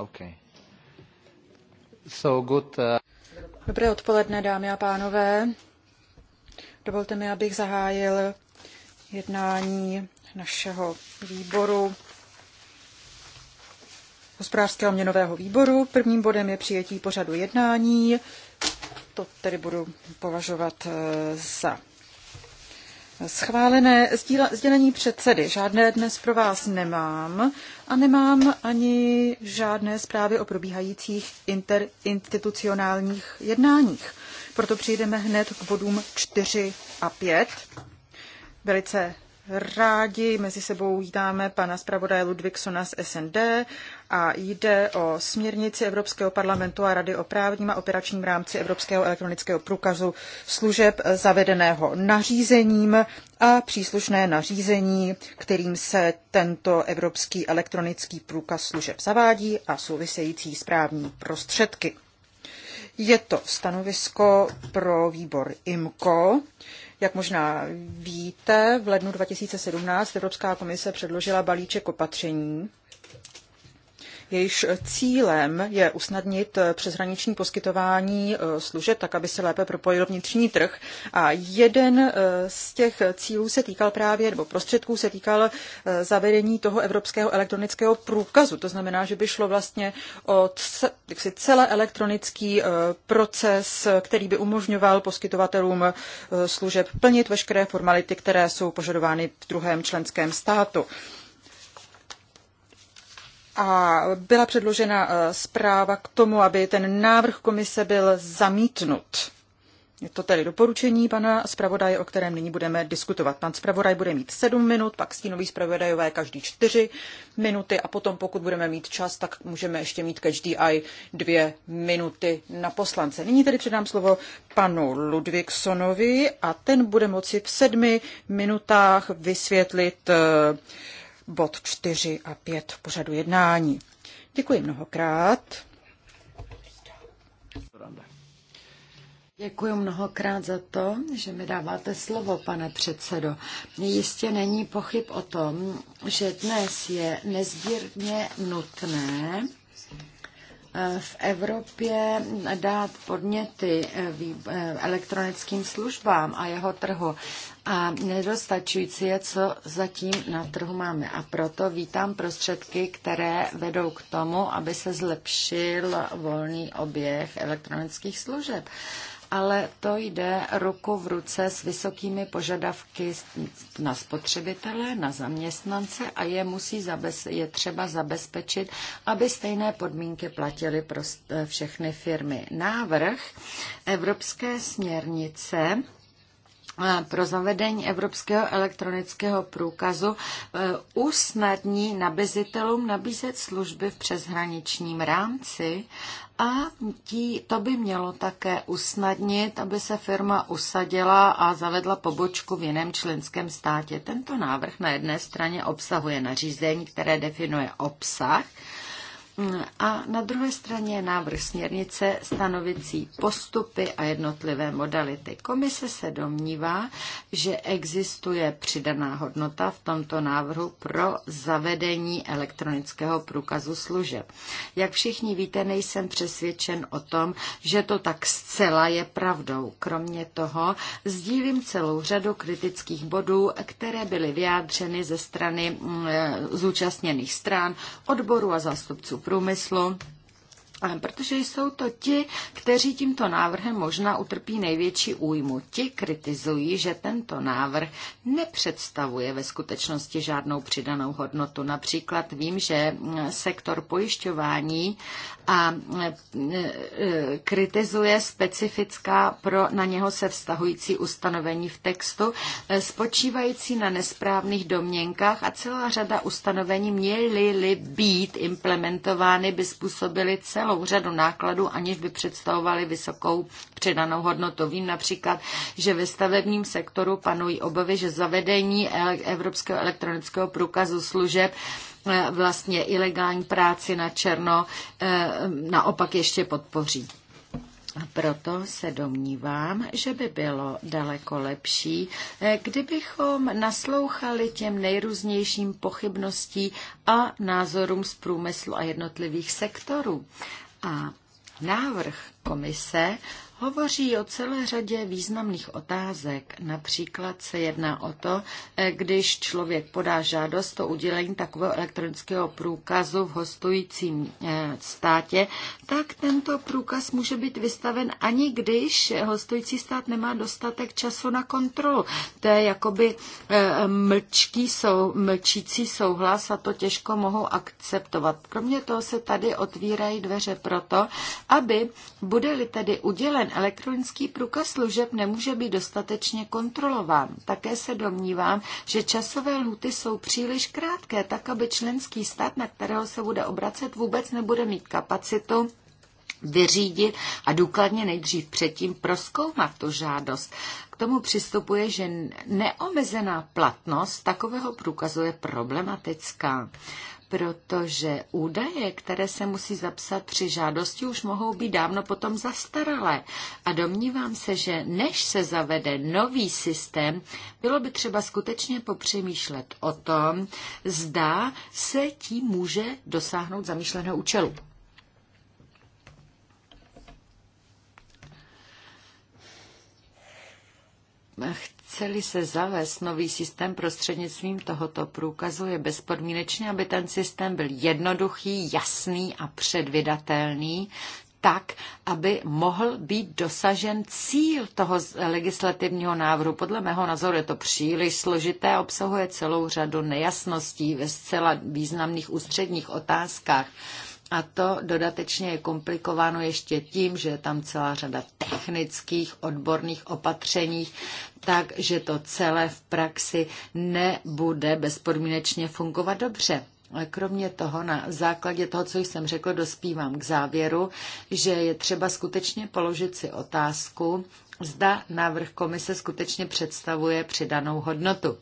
Okay. So good, uh... Dobré odpoledne, dámy a pánové. Dovolte mi, abych zahájil jednání našeho výboru, hospodářského měnového výboru. Prvním bodem je přijetí pořadu jednání. To tedy budu považovat eh, za Schválené sdělení předsedy. Žádné dnes pro vás nemám a nemám ani žádné zprávy o probíhajících interinstitucionálních jednáních. Proto přijdeme hned k bodům 4 a 5. Velice rádi mezi sebou vítáme pana zpravodaje Ludvíksona z SND a jde o směrnici Evropského parlamentu a Rady o právním a operačním rámci Evropského elektronického průkazu služeb zavedeného nařízením a příslušné nařízení, kterým se tento Evropský elektronický průkaz služeb zavádí a související správní prostředky. Je to stanovisko pro výbor IMCO. Jak možná víte, v lednu 2017 Evropská komise předložila balíček opatření, jejíž cílem je usnadnit přeshraniční poskytování eh, služeb tak, aby se lépe propojil vnitřní trh. A jeden eh, z těch cílů se týkal právě, nebo prostředků se týkal eh, zavedení toho evropského elektronického průkazu. To znamená, že by šlo vlastně o celé elektronický proces, který by umožňoval poskytovatelům služeb plnit veškeré formality, které jsou požadovány v druhém členském státu a byla předložena eh, zpráva k tomu, aby ten návrh komise byl zamítnut. Je to tedy doporučení pana zpravodaje, o kterém nyní budeme diskutovat. Pan zpravodaj bude mít sedm minut, pak stínový zpravodajové každý čtyři minuty a potom, pokud budeme mít čas, tak můžeme ještě mít každý aj dvě minuty na poslance. Nyní tedy předám slovo panu Ludvíksonovi a ten bude moci v sedmi minutách vysvětlit uh, bod 4 a 5 pořadu jednání. Děkuji mnohokrát. Děkuji mnohokrát za to, že mi dáváte slovo, pane předsedo. Jistě není pochyb o tom, že dnes je nezbírně nutné, v Evropě dát podněty eh, eh, elektronickým službám a jeho trhu. A nedostačující je, co zatím na trhu máme. A proto vítám prostředky, které vedou k tomu, aby se zlepšil volný oběh elektronických služeb ale to jde ruku v ruce s vysokými požadavky na spotřebitele, na zaměstnance a je, musí zabez, je třeba zabezpečit, aby stejné podmínky platily pro eh, všechny firmy. Návrh Evropské směrnice eh, pro zavedení Evropského elektronického průkazu eh, usnadní nabizitelům nabízet služby v přeshraničním rámci a tí, to by mělo také usnadnit, aby se firma usadila a zavedla pobočku v jiném členském státě. Tento návrh na jedné straně obsahuje nařízení, které definuje obsah a na druhé straně je návrh směrnice stanovicí postupy a jednotlivé modality. Komise se domnívá, že existuje přidaná hodnota v tomto návrhu pro zavedení elektronického průkazu služeb. Jak všichni víte, nejsem přesvědčen o tom, že to tak zcela je pravdou. Kromě toho sdílím celou řadu kritických bodů, které byly vyjádřeny ze strany mm, e, zúčastněných stran, odborů a zástupců průmyslu Protože jsou to ti, kteří tímto návrhem možná utrpí největší újmu. Ti kritizují, že tento návrh nepředstavuje ve skutečnosti žádnou přidanou hodnotu. Například vím, že sektor pojišťování a e, e, kritizuje specifická pro na něho se vztahující ustanovení v textu, e, spočívající na nesprávných domněnkách a celá řada ustanovení měly-li být implementovány, by způsobily celou celou řadu nákladů, aniž by představovaly vysokou přidanou hodnotu. Vím například, že ve stavebním sektoru panují obavy, že zavedení Evropského elektronického průkazu služeb eh, vlastně ilegální práci na černo eh, naopak ještě podpoří. A proto se domnívám, že by bylo daleko lepší, eh, kdybychom naslouchali těm nejrůznějším pochybností a názorům z průmyslu a jednotlivých sektorů. A návrh komise hovoří o celé řadě významných otázek. Například se jedná o to, eh, když člověk podá žádost o udělení takového elektronického průkazu v hostujícím eh, státě, tak tento průkaz může být vystaven ani když hostující stát nemá dostatek času na kontrolu. To je jakoby eh, mlčký sou, mlčící souhlas a to těžko mohou akceptovat. Kromě toho se tady otvírají dveře proto, aby bude-li tedy udělen elektronický průkaz služeb nemůže být dostatečně kontrolován. Také se domnívám, že časové lhuty jsou příliš krátké, tak aby členský stát, na kterého se bude obracet, vůbec nebude mít kapacitu vyřídit a důkladně nejdřív předtím proskoumat tu žádost. K tomu přistupuje, že neomezená platnost takového průkazu je problematická, protože údaje, které se musí zapsat při žádosti, už mohou být dávno potom zastaralé. A domnívám se, že než se zavede nový systém, bylo by třeba skutečně popřemýšlet o tom, zda se tím může dosáhnout zamýšleného účelu. Chceli se zavést nový systém prostřednictvím tohoto průkazu je bezpodmínečně, aby ten systém byl jednoduchý, jasný a předvydatelný, tak, aby mohl být dosažen cíl toho legislativního návrhu. Podle mého názoru je to příliš složité obsahuje celou řadu nejasností ve zcela významných ústředních otázkách. A to dodatečně je komplikováno ještě tím, že je tam celá řada technických odborných opatření, takže to celé v praxi nebude bezpodmínečně fungovat dobře. Kromě toho, na základě toho, co jsem řekl, dospívám k závěru, že je třeba skutečně položit si otázku, zda návrh komise skutečně představuje přidanou hodnotu.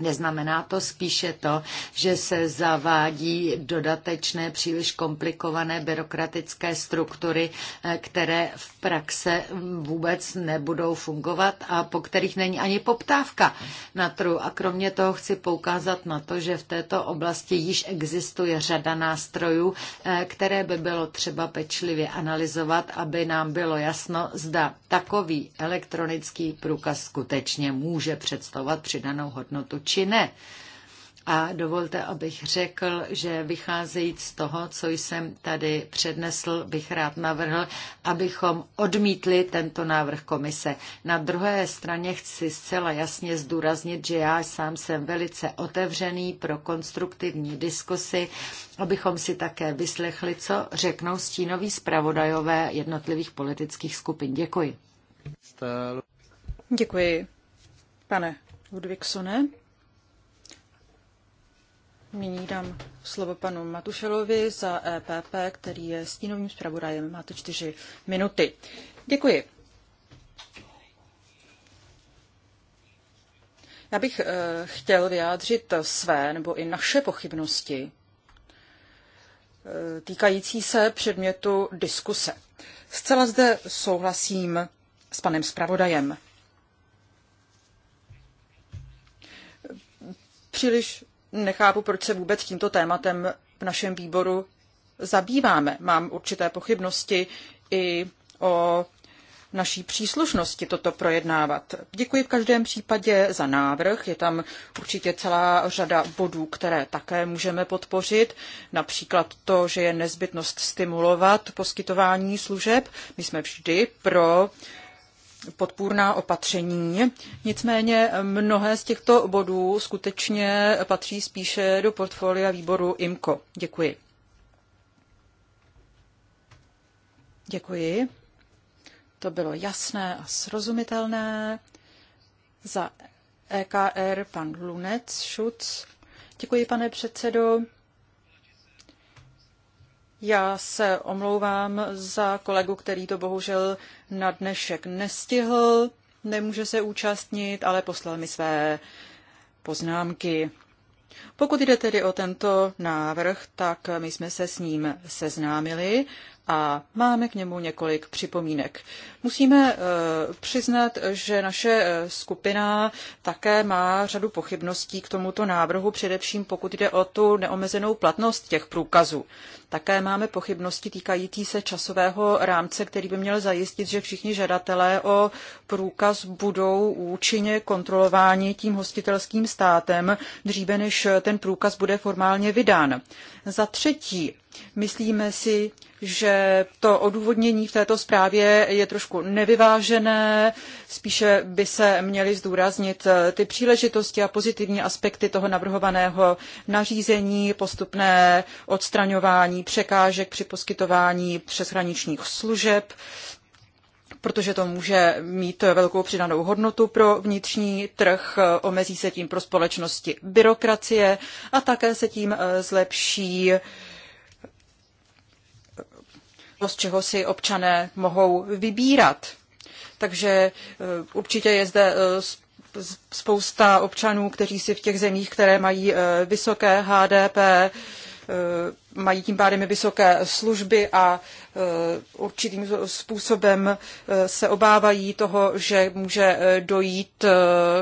Neznamená to spíše to, že se zavádí dodatečné příliš komplikované byrokratické struktury, eh, které v praxe vůbec nebudou fungovat a po kterých není ani poptávka na trhu. A kromě toho chci poukázat na to, že v této oblasti již existuje řada nástrojů, eh, které by bylo třeba pečlivě analyzovat, aby nám bylo jasno, zda takový elektronický průkaz skutečně může představovat přidanou hodnotu či ne. A dovolte, abych řekl, že vycházejíc z toho, co jsem tady přednesl, bych rád navrhl, abychom odmítli tento návrh komise. Na druhé straně chci zcela jasně zdůraznit, že já sám jsem velice otevřený pro konstruktivní diskusy, abychom si také vyslechli, co řeknou stínoví zpravodajové jednotlivých politických skupin. Děkuji. Děkuji, pane Ludvíksone. Nyní dám slovo panu Matušelovi za EPP, který je stínovým zpravodajem. Máte čtyři minuty. Děkuji. Já bych eh, chtěl vyjádřit své nebo i naše pochybnosti eh, týkající se předmětu diskuse. Zcela zde souhlasím s panem zpravodajem. Příliš nechápu, proč se vůbec tímto tématem v našem výboru zabýváme. Mám určité pochybnosti i o naší příslušnosti toto projednávat. Děkuji v každém případě za návrh. Je tam určitě celá řada bodů, které také můžeme podpořit. Například to, že je nezbytnost stimulovat poskytování služeb. My jsme vždy pro uh, podpůrná opatření. Nicméně mnohé z těchto bodů skutečně patří spíše do portfolia výboru IMCO. Děkuji. Děkuji. To bylo jasné a srozumitelné. Za EKR pan Lunec Šuc. Děkuji, pane předsedo. Já se omlouvám za kolegu, který to bohužel na dnešek nestihl, nemůže se účastnit, ale poslal mi své poznámky. Pokud jde tedy o tento návrh, tak my jsme se s ním seznámili a máme k němu několik připomínek. Musíme eh, přiznat, že naše eh, skupina také má řadu pochybností k tomuto návrhu, především pokud jde o tu neomezenou platnost těch průkazů. Také máme pochybnosti týkající se časového rámce, který by měl zajistit, že všichni žadatelé o průkaz budou účinně kontrolováni tím hostitelským státem dříve, než ten průkaz bude formálně vydán. Za třetí, Myslíme si, že to odůvodnění v této zprávě je trošku nevyvážené, spíše by se měly zdůraznit eh, ty příležitosti a pozitivní aspekty toho navrhovaného nařízení, postupné odstraňování překážek při poskytování přeshraničních služeb, protože to může mít velkou přidanou hodnotu pro vnitřní trh, eh, omezí se tím pro společnosti byrokracie a také se tím eh, zlepší z čeho si občané mohou vybírat. Takže eh, určitě je zde eh, spousta občanů, kteří si v těch zemích, které mají eh, vysoké HDP, mají tím pádem vysoké služby a určitým způsobem se obávají toho, že může dojít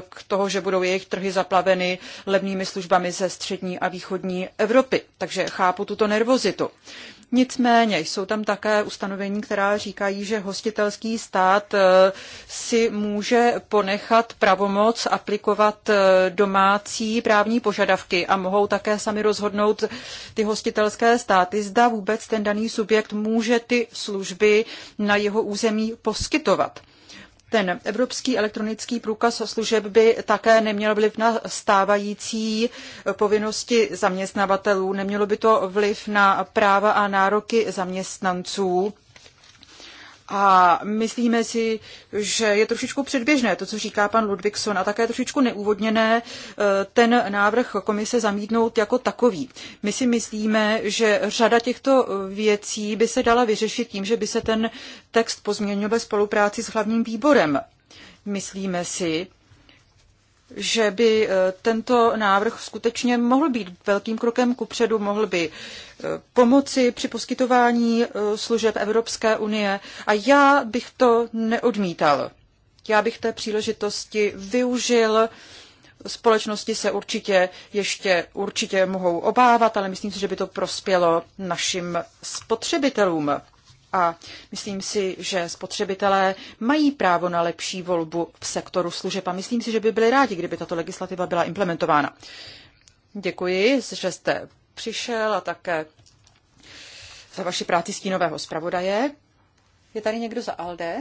k toho, že budou jejich trhy zaplaveny levnými službami ze střední a východní Evropy. Takže chápu tuto nervozitu. Nicméně jsou tam také ustanovení, která říkají, že hostitelský stát eh, si může ponechat pravomoc aplikovat eh, domácí právní požadavky a mohou také sami rozhodnout ty hostitelské státy, zda vůbec ten daný subjekt může ty služby na jeho území poskytovat. Ten evropský elektronický průkaz služeb by také neměl vliv na stávající povinnosti zaměstnavatelů, nemělo by to vliv na práva a nároky zaměstnanců a myslíme si, že je trošičku předběžné to, co říká pan Ludvigson a také trošičku neúvodněné eh, ten návrh komise zamítnout jako takový. My si myslíme, že řada těchto eh, věcí by se dala vyřešit tím, že by se ten text pozměnil ve spolupráci s hlavním výborem. Myslíme si, že by eh, tento návrh skutečně mohl být velkým krokem kupředu, mohl by eh, pomoci při poskytování eh, služeb Evropské unie a já bych to neodmítal. Já bych té příležitosti využil. Společnosti se určitě ještě určitě mohou obávat, ale myslím si, že by to prospělo našim spotřebitelům a myslím si, že spotřebitelé mají právo na lepší volbu v sektoru služeb a myslím si, že by byli rádi, kdyby tato legislativa byla implementována. Děkuji, že jste přišel a také za vaši práci stínového zpravodaje. Je tady někdo za ALDE?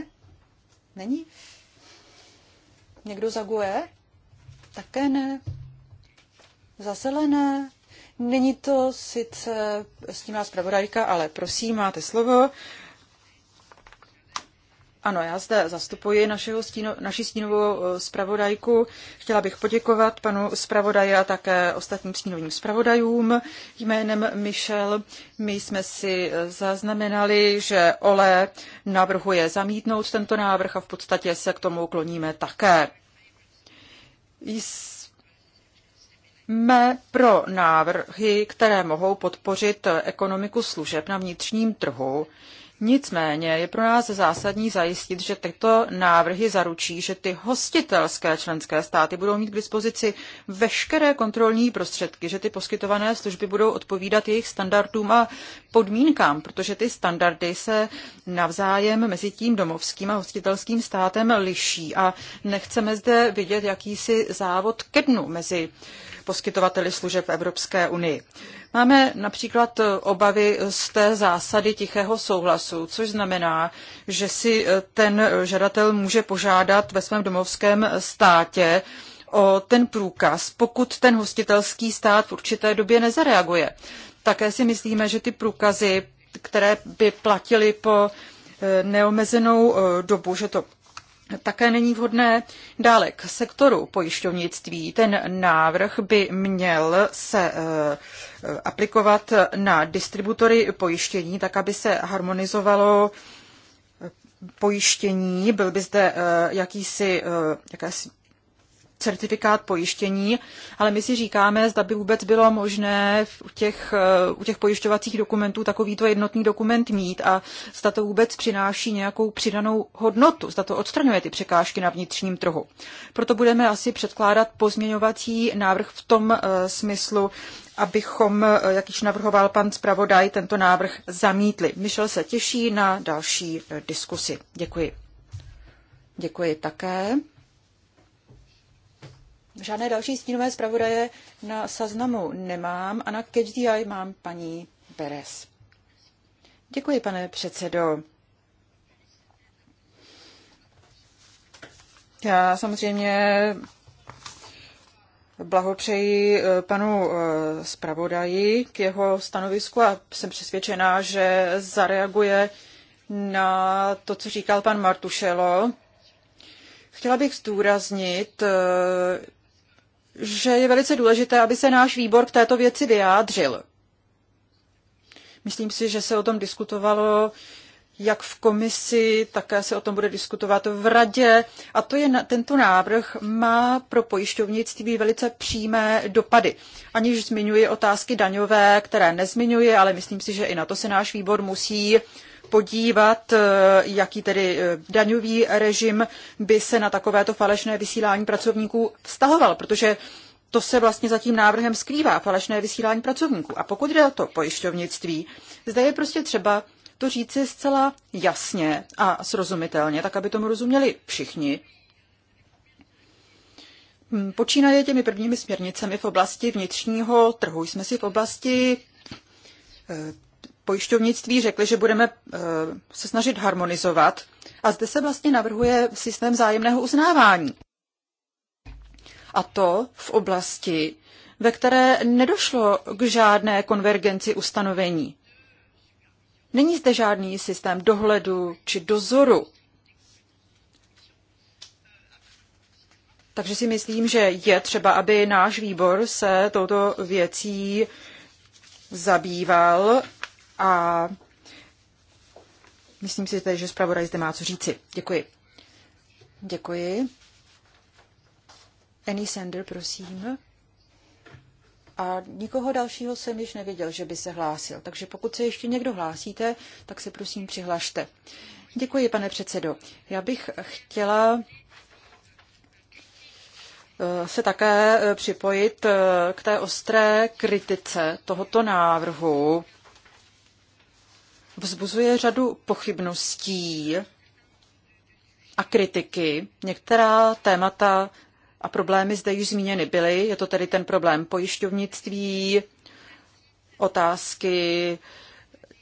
Není? Někdo za GUE? Také ne. Za zelené? Není to sice tím zpravodajka, ale prosím, máte slovo. Ano, já zde zastupuji našeho stíno, naši stínovou eh, zpravodajku. Chtěla bych poděkovat panu zpravodaji a také ostatním stínovým zpravodajům jménem Michel. My jsme si eh, zaznamenali, že Ole navrhuje zamítnout tento návrh a v podstatě se k tomu kloníme také jsme pro návrhy, které mohou podpořit ekonomiku služeb na vnitřním trhu. Nicméně je pro nás zásadní zajistit, že tyto návrhy zaručí, že ty hostitelské členské státy budou mít k dispozici veškeré kontrolní prostředky, že ty poskytované služby budou odpovídat jejich standardům a podmínkám, protože ty standardy se navzájem mezi tím domovským a hostitelským státem liší a nechceme zde vidět jakýsi závod ke dnu mezi uh, poskytovateli služeb v Evropské unii. Máme například e, obavy z té zásady tichého souhlasu, což znamená, že si e, ten žadatel může požádat ve svém domovském státě o ten průkaz, pokud ten hostitelský stát v určité době nezareaguje. Také si myslíme, že ty průkazy, které by platily po e, neomezenou dobu, že to také není vhodné. Dále k sektoru pojišťovnictví. Ten návrh by měl se eh, eh, aplikovat na distributory pojištění, tak aby se harmonizovalo eh, pojištění. Byl by zde jakýsi, jakési certifikát pojištění, ale my si říkáme, zda by vůbec bylo možné u těch, eh, u těch pojišťovacích dokumentů takovýto jednotný dokument mít a zda to vůbec přináší nějakou přidanou hodnotu, zda to odstraňuje ty překážky na vnitřním trhu. Proto budeme asi předkládat pozměňovací návrh v tom eh, smyslu, abychom, eh, jak již navrhoval pan zpravodaj, tento návrh zamítli. Myšel se těší na další diskusi. Děkuji. Děkuji také. Žádné další stínové zpravodaje na seznamu nemám a na KDI mám paní Beres. Děkuji, pane předsedo. Já samozřejmě blahopřeji eh, panu eh, zpravodaji k jeho stanovisku a jsem přesvědčená, že zareaguje na to, co říkal pan Martušelo. Chtěla bych zdůraznit, eh, že je velice důležité, aby se náš výbor k této věci vyjádřil. Myslím si, že se o tom diskutovalo jak v komisi, také se o tom bude diskutovat v radě. A to je, tento návrh má pro pojišťovnictví velice přímé dopady. Aniž zmiňuji otázky daňové, které nezmiňuji, ale myslím si, že i na to se náš výbor musí podívat, eh, jaký tedy eh, daňový režim by se na takovéto falešné vysílání pracovníků vztahoval, protože to se vlastně za tím návrhem skrývá, falešné vysílání pracovníků. A pokud jde o to pojišťovnictví, zde je prostě třeba to říci zcela jasně a srozumitelně, tak aby tomu rozuměli všichni. Hm, počínaje těmi prvními směrnicemi v oblasti vnitřního trhu. Jsme si v oblasti eh, pojišťovnictví řekli, že budeme eh, se snažit harmonizovat. A zde se vlastně navrhuje systém zájemného uznávání. A to v oblasti, ve které nedošlo k žádné konvergenci ustanovení. Není zde žádný systém dohledu či dozoru. Takže si myslím, že je třeba, aby náš výbor se touto věcí zabýval a myslím si, že zpravodaj zde má co říci. Děkuji. Děkuji. Annie Sender, prosím. A nikoho dalšího jsem již nevěděl, že by se hlásil. Takže pokud se ještě někdo hlásíte, tak se prosím přihlašte. Děkuji, pane předsedo. Já bych chtěla eh, se také eh, připojit eh, k té ostré kritice tohoto návrhu vzbuzuje řadu pochybností a kritiky. Některá témata a problémy zde již zmíněny byly. Je to tedy ten problém pojišťovnictví, otázky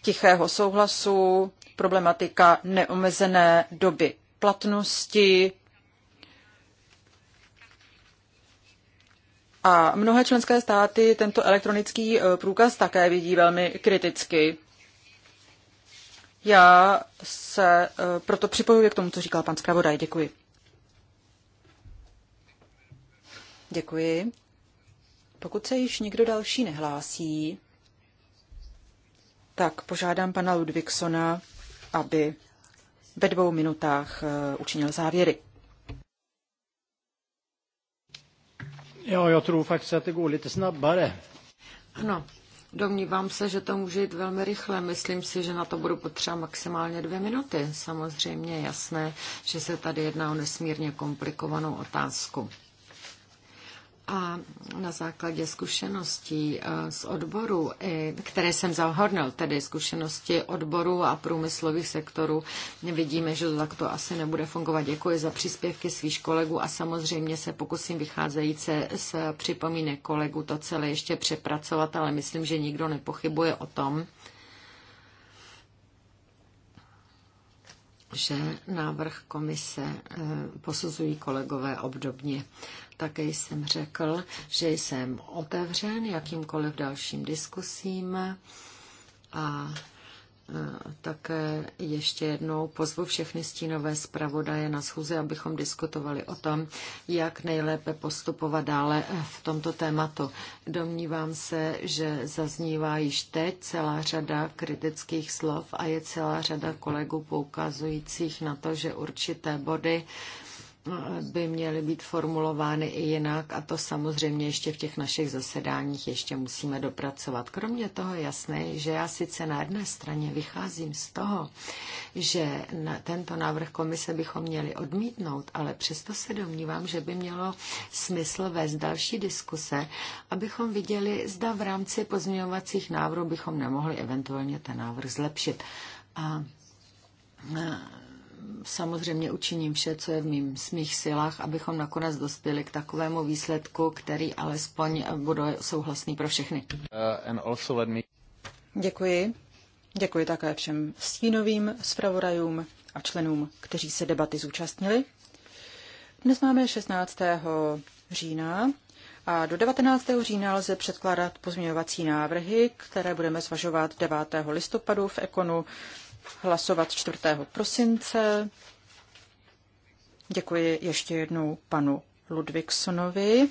tichého souhlasu, problematika neomezené doby platnosti a mnohé členské státy tento elektronický eh, průkaz také vidí velmi kriticky. Já se eh, proto připojuji k tomu, co říkal pan zpravodaj. Děkuji. Děkuji. Pokud se již někdo další nehlásí, tak požádám pana Ludvigsona, aby ve dvou minutách eh, učinil závěry. Jo, já tror že att det går snabbare. Ano, Domnívám se, že to může jít velmi rychle. Myslím si, že na to budu potřeba maximálně dvě minuty. Samozřejmě jasné, že se tady jedná o nesmírně komplikovanou otázku. A na základě zkušeností eh, z odboru, které jsem zahornil, tedy zkušenosti odboru a průmyslových sektorů, vidíme, že to asi nebude fungovat. Děkuji za příspěvky svých kolegů a samozřejmě se pokusím vycházejíce z připomínek kolegů to celé ještě přepracovat, ale myslím, že nikdo nepochybuje o tom, že návrh komise eh, posuzují kolegové obdobně. Také jsem řekl, že jsem otevřen jakýmkoliv dalším diskusím a e, také ještě jednou pozvu všechny stínové zpravodaje na schůzi, abychom diskutovali o tom, jak nejlépe postupovat dále v tomto tématu. Domnívám se, že zaznívá již teď celá řada kritických slov a je celá řada kolegů poukazujících na to, že určité body by měly být formulovány i jinak a to samozřejmě ještě v těch našich zasedáních ještě musíme dopracovat. Kromě toho je jasné, že já sice na jedné straně vycházím z toho, že na tento návrh komise bychom měli odmítnout, ale přesto se domnívám, že by mělo smysl vést další diskuse, abychom viděli, zda v rámci pozměňovacích návrhů bychom nemohli eventuálně ten návrh zlepšit. A, a samozřejmě učiním vše, co je v mým smích silách, abychom nakonec dospěli k takovému výsledku, který alespoň bude souhlasný pro všechny. Uh, me... Děkuji. Děkuji také všem stínovým zpravodajům a členům, kteří se debaty zúčastnili. Dnes máme 16. října a do 19. října lze předkládat pozměňovací návrhy, které budeme zvažovat 9. listopadu v Ekonu hlasovat 4. prosince. Děkuji ještě jednou panu Ludvigsonovi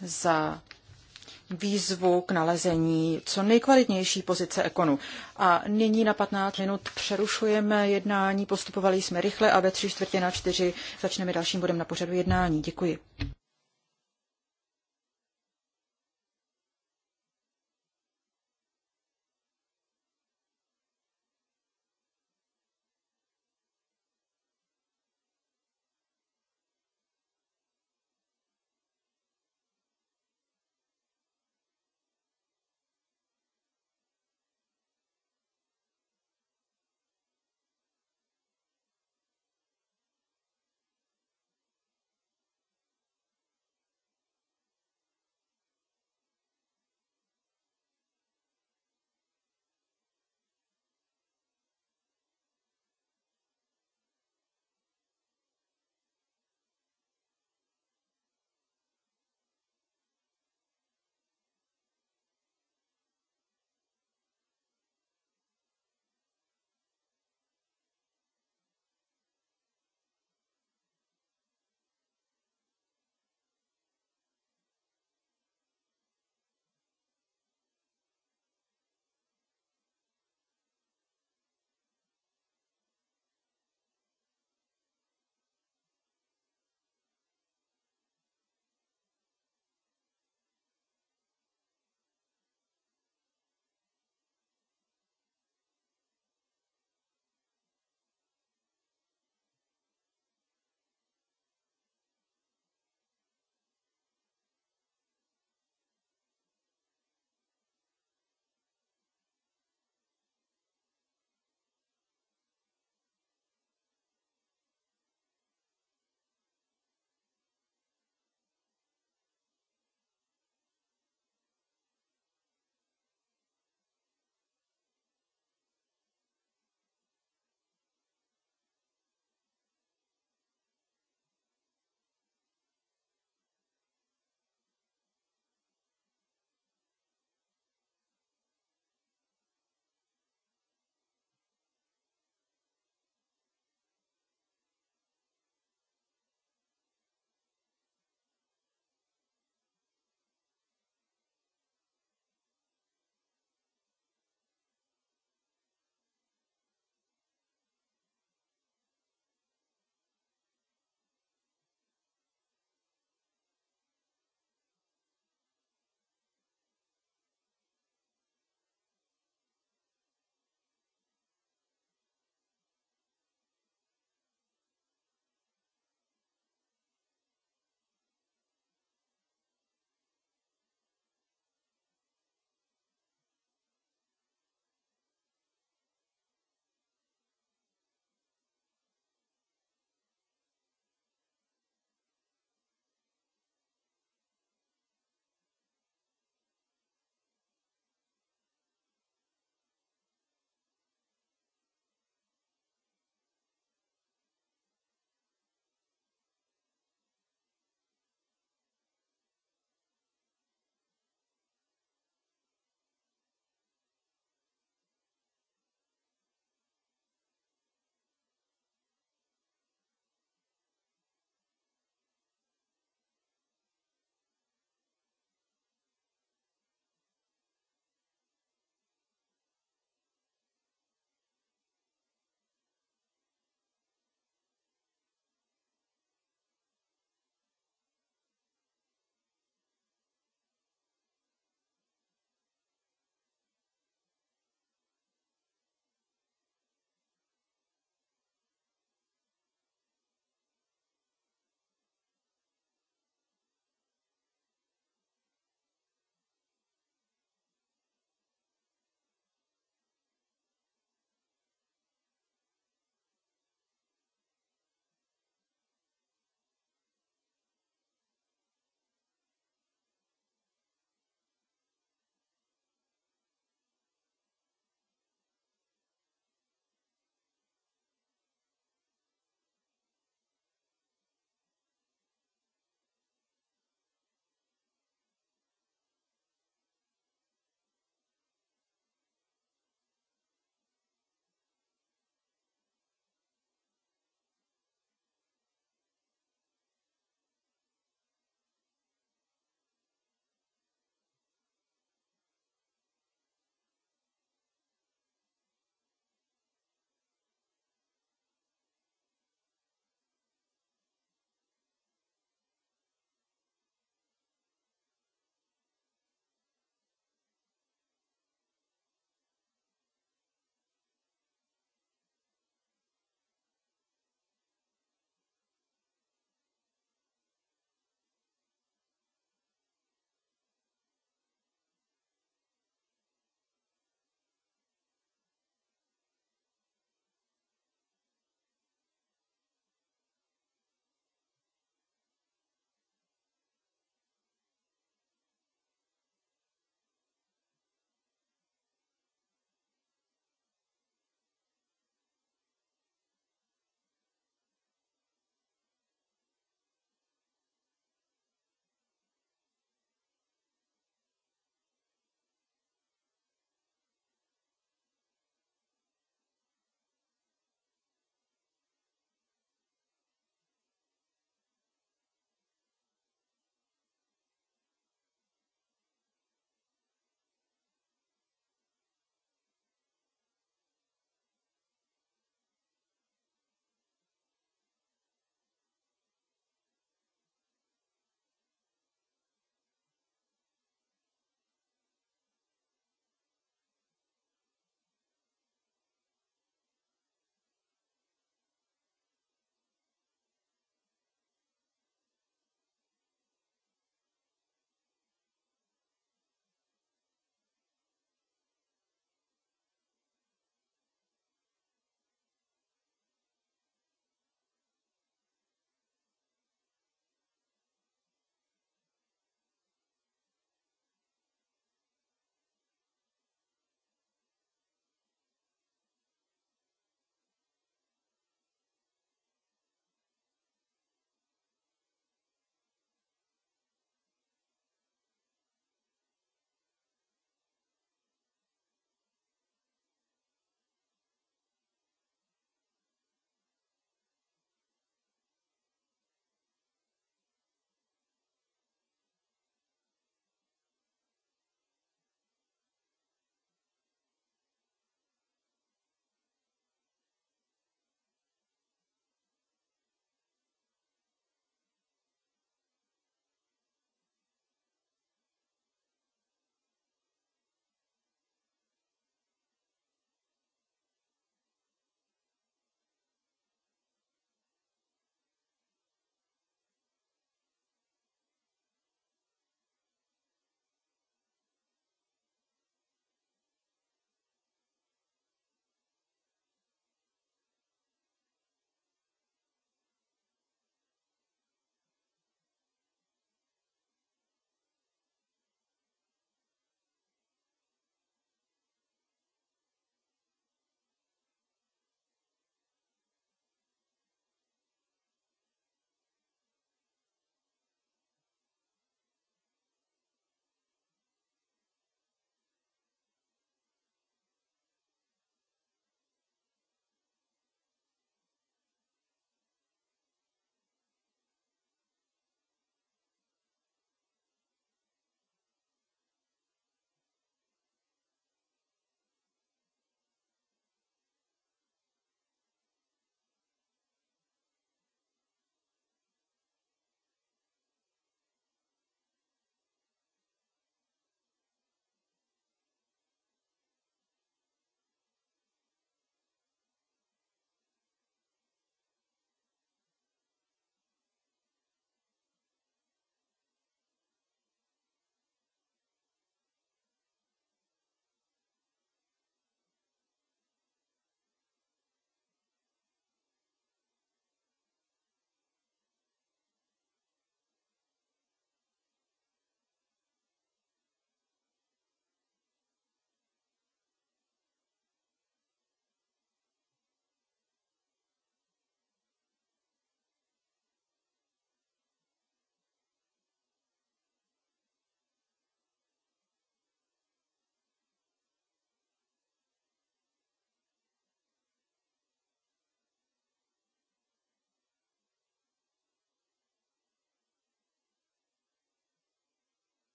za výzvu k nalezení co nejkvalitnější pozice ekonu. A nyní na 15 minut přerušujeme jednání, postupovali jsme rychle a ve tři čtvrtě na čtyři začneme dalším bodem na pořadu jednání. Děkuji.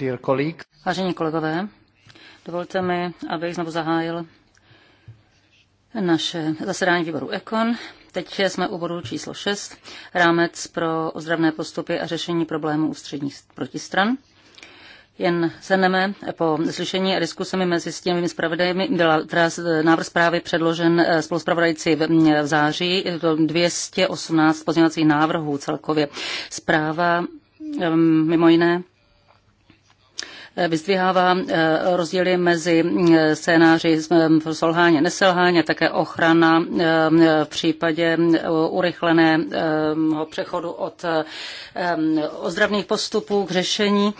dear colleagues. Vážení kolegové, dovolte mi, abych znovu zahájil naše zasedání výboru ECON. Teď jsme u bodu číslo 6, rámec pro ozdravné postupy a řešení problémů ústředních protistran. Jen sedneme po slyšení a diskusemi mezi stěnovými zpravodajmi. Byl návrh zprávy předložen eh, spoluzpravodajci v září. Je to 218 pozměňovacích návrhů celkově. Zpráva mimo jiné Eh, vyzdvihává eh, rozdíly mezi eh, scénáři selhání, neselhání a také ochrana v případě urychleného přechodu od ozdravných postupů k řešení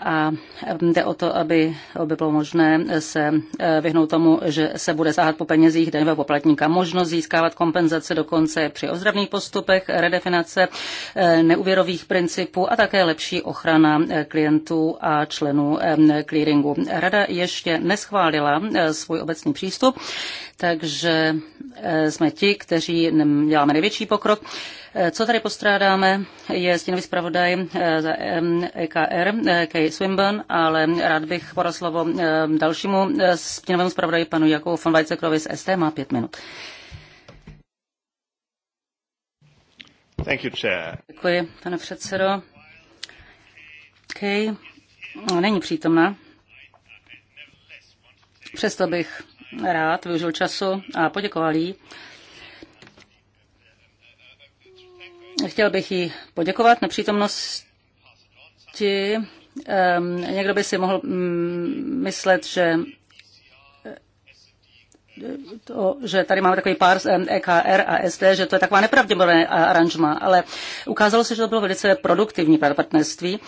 a jde o to, aby, aby bylo možné se vyhnout tomu, že se bude sáhat po penězích daňového poplatníka. Možnost získávat kompenzace dokonce při ozdravných postupech, redefinace neuvěrových principů a také lepší ochrana klientů a členů clearingu. Rada ještě neschválila eh, svůj obecný přístup, takže eh, jsme ti, kteří děláme největší pokrok. Eh, co tady postrádáme, je stínový zpravodaj za EKR, e Kay Swinburne, ale rád bych podal slovo dalšímu stínovému zpravodaji, panu Jakovu von Weizsäckerovi z ST, má pět minut. Thank you, chair. Děkuji, pane předsedo. Kay No, není přítomna. Přesto bych rád využil času a poděkoval jí. Chtěl bych jí poděkovat na Um, ehm, Někdo by si mohl mm, myslet, že to, že tady máme takový pár z EKR a SD, že to je taková nepravděpodobné aranžma, ale ukázalo se, že to bylo velice produktivní partnerství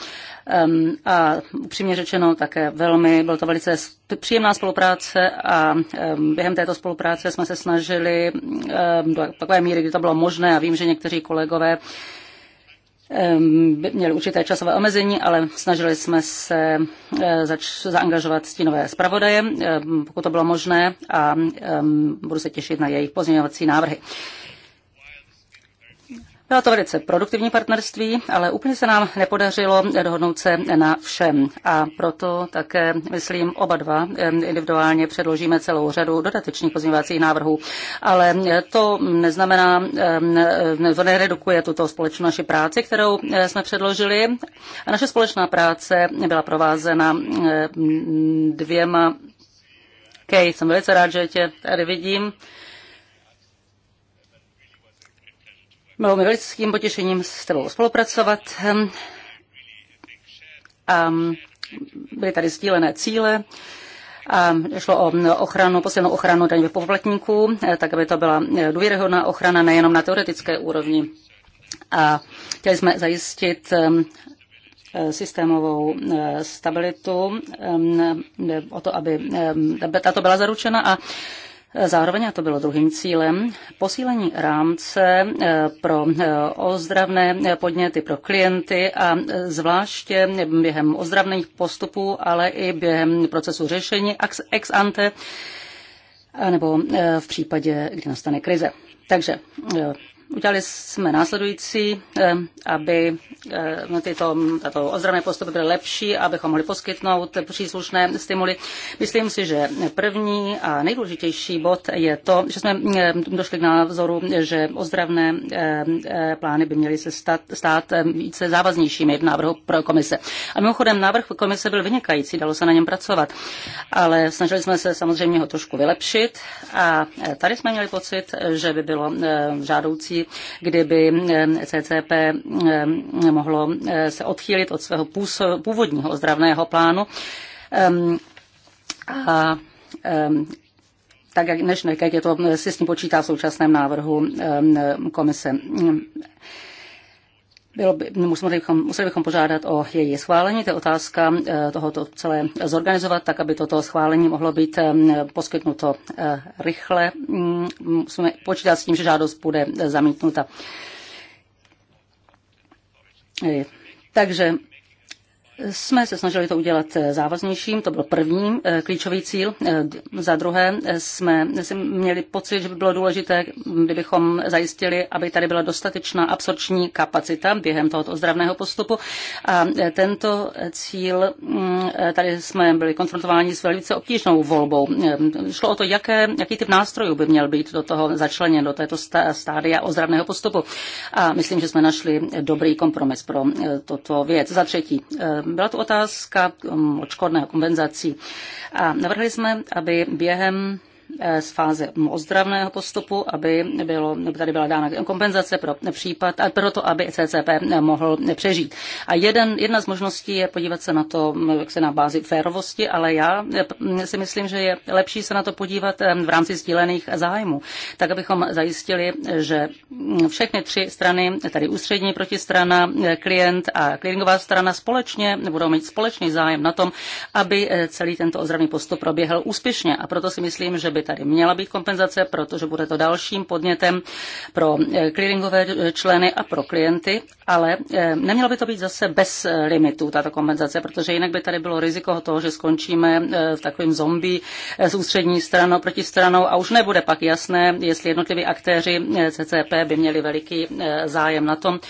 a upřímně řečeno také velmi, bylo to velice příjemná spolupráce a během této spolupráce jsme se snažili do takové míry, kdy to bylo možné a vím, že někteří kolegové měli určité časové omezení, ale snažili jsme se e, zač- zaangažovat stínové zpravodaje, e, pokud to bylo možné, a budu se těšit na jejich pozměňovací návrhy. Byla to velice produktivní partnerství, ale úplně se nám nepodařilo dohodnout se na všem. A proto také, myslím, oba dva individuálně předložíme celou řadu dodatečných pozměňovacích návrhů. Ale to neznamená, to neredukuje tuto společnou naši práci, kterou eh, jsme předložili. A naše společná práce byla provázena dvěma Kej, jsem velice rád, že tě tady vidím. Bylo mi velickým potěšením s tebou spolupracovat. Ehm, a byly tady sdílené cíle. A ehm, šlo o ochranu, posilnou ochranu daňových poplatníků, eh, tak aby to byla eh, důvěryhodná ochrana nejenom na teoretické úrovni. A chtěli jsme zajistit ehm, eh, systémovou stabilitu, o to, aby tato byla zaručena a Zároveň, a to bylo druhým cílem, posílení rámce eh, pro eh, ozdravné podněty pro klienty a eh, zvláště během ozdravných postupů, ale i během procesu řešení ex ante, nebo v případě, kdy nastane krize. Takže Udělali jsme následující, eh, aby eh, tyto, tato ozdravné postupy byly lepší, abychom mohli poskytnout příslušné stimuly. Myslím si, že první a nejdůležitější bod je to, že jsme eh, došli k názoru, že ozdravné plány by měly se stát, stát více závaznějšími v návrhu pro komise. A mimochodem návrh komise byl vynikající, dalo se na něm pracovat, ale snažili jsme se samozřejmě ho trošku vylepšit a tady jsme měli pocit, že by bylo žádoucí kdyby CCP mohlo eh, se odchýlit od svého původního ozdravného plánu. A tak jak, než, jak je to, eh, si s tím počítá v současném návrhu komise. Bylo by, no, museli, bychom, museli bychom požádat o její schválení. To je otázka eh, tohoto celé zorganizovat, tak aby toto schválení mohlo být eh, poskytnuto eh, rychle. Mm, musíme počítat s tím, že žádost bude zamítnuta. Takže jsme se snažili to udělat eh, závaznějším, to byl první eh, klíčový cíl. Eh, za druhé jsme si měli pocit, že by bylo důležité, kdybychom zajistili, aby tady byla dostatečná absorční kapacita během tohoto ozdravného postupu. A tento cíl, mm, tady jsme byli konfrontováni s velice obtížnou volbou. Šlo o to, jaké, jaký typ nástrojů by měl být do toho začleněn, do této stádia ozdravného postupu. A myslím, že jsme našli dobrý kompromis pro toto věc. Za třetí, byla to otázka um, odškodné kompenzací. A navrhli jsme, aby během Eh, z fáze ozdravného postupu, aby bylo, tady byla dána kompenzace pro případ, a eh, proto, aby CCP mohl přežít. A jeden, jedna z možností je podívat se na to, eh, jak se na bázi férovosti, ale já si myslím, že je lepší se na to podívat v rámci sdílených zájmů, tak abychom zajistili, že mm, všechny tři strany, tady ústřední protistrana, klient a clearingová strana společně budou mít společný zájem na tom, aby celý tento ozdravný postup proběhl úspěšně. A proto si myslím, že by tady měla být kompenzace, protože bude to dalším podnětem pro eh, clearingové členy a pro klienty, ale eh, nemělo by to být zase bez limitů, tato kompenzace, protože jinak by tady bylo riziko toho, že skončíme eh, v takovým zombie s ústřední stranou proti stranou a už nebude pak jasné, jestli jednotliví aktéři CCP by měli veliký zájem na tom,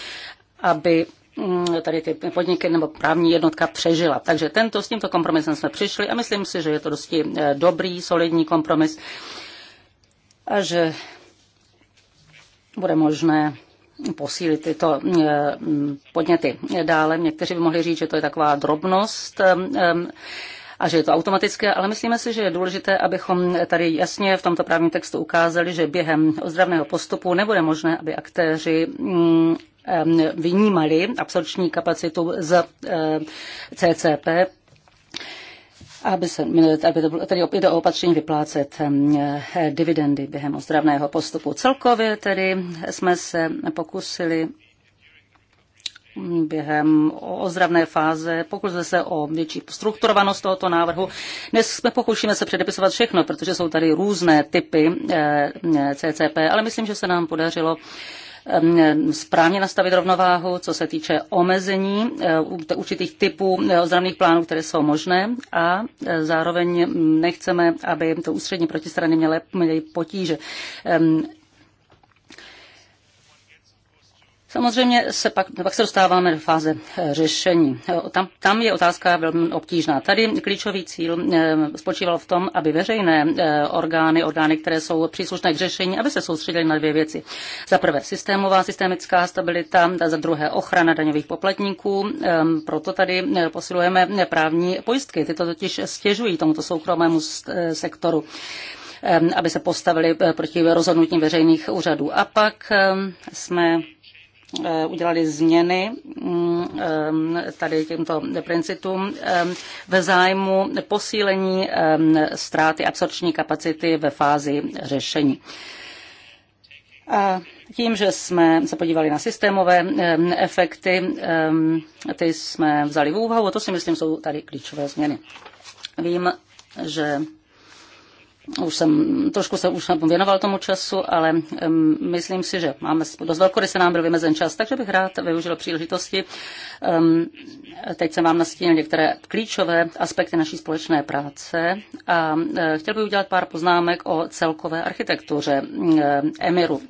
aby Mm, tady ty podniky nebo právní jednotka přežila. Takže tento, s tímto kompromisem jsme přišli a myslím si, že je to dosti eh, dobrý, solidní kompromis a že bude možné posílit tyto eh, podněty. Dále někteří by mohli říct, že to je taková drobnost eh, a že je to automatické, ale myslíme si, že je důležité, abychom tady jasně v tomto právním textu ukázali, že během ozdravného postupu nebude možné, aby aktéři mm, Ehm, vynímali absorpční kapacitu z eh, CCP, aby, se, aby to bylo, tedy jde o opatření vyplácet ehm, eh, dividendy během ozdravného postupu. Celkově tedy jsme se pokusili mm, během ozdravné fáze, pokusíme se o větší strukturovanost tohoto návrhu. Dnes jsme pokoušíme se předepisovat všechno, protože jsou tady různé typy eh, CCP, ale myslím, že se nám podařilo Ehm, správně nastavit rovnováhu, co se týče omezení eh, určitých typů eh, ozdravných plánů, které jsou možné a eh, zároveň hm, nechceme, aby to ústřední protistrany měly, potíže. Ehm, Samozřejmě se pak, pak se dostáváme do fáze eh, řešení. Eh, tam, tam je otázka velmi obtížná. Tady klíčový cíl eh, spočíval v tom, aby veřejné orgány, orgány, které jsou příslušné k řešení, aby se soustředili na dvě věci. Za prvé systémová, systemická stabilita, za druhé ochrana daňových poplatníků. Ehm, proto tady posilujeme právní pojistky. Ty to totiž stěžují tomuto soukromému sektoru ehm, aby se postavili proti rozhodnutím veřejných úřadů. A pak ehm, jsme Eh, udělali změny mm, eh, tady těmto principům eh, ve zájmu posílení ztráty absorpční kapacity ve fázi řešení. A tím, že jsme se podívali na systémové efekty, ty jsme vzali v úvahu, a to si myslím jsou tady klíčové změny. Vím, že už jsem, trošku se už věnoval tomu času, ale um, myslím si, že máme dost velkory se nám byl vymezen čas, takže bych rád využil příležitosti. Um, teď jsem vám nastínil některé klíčové aspekty naší společné práce a uh, chtěl bych udělat pár poznámek o celkové architektuře uh, Emiru. Uh,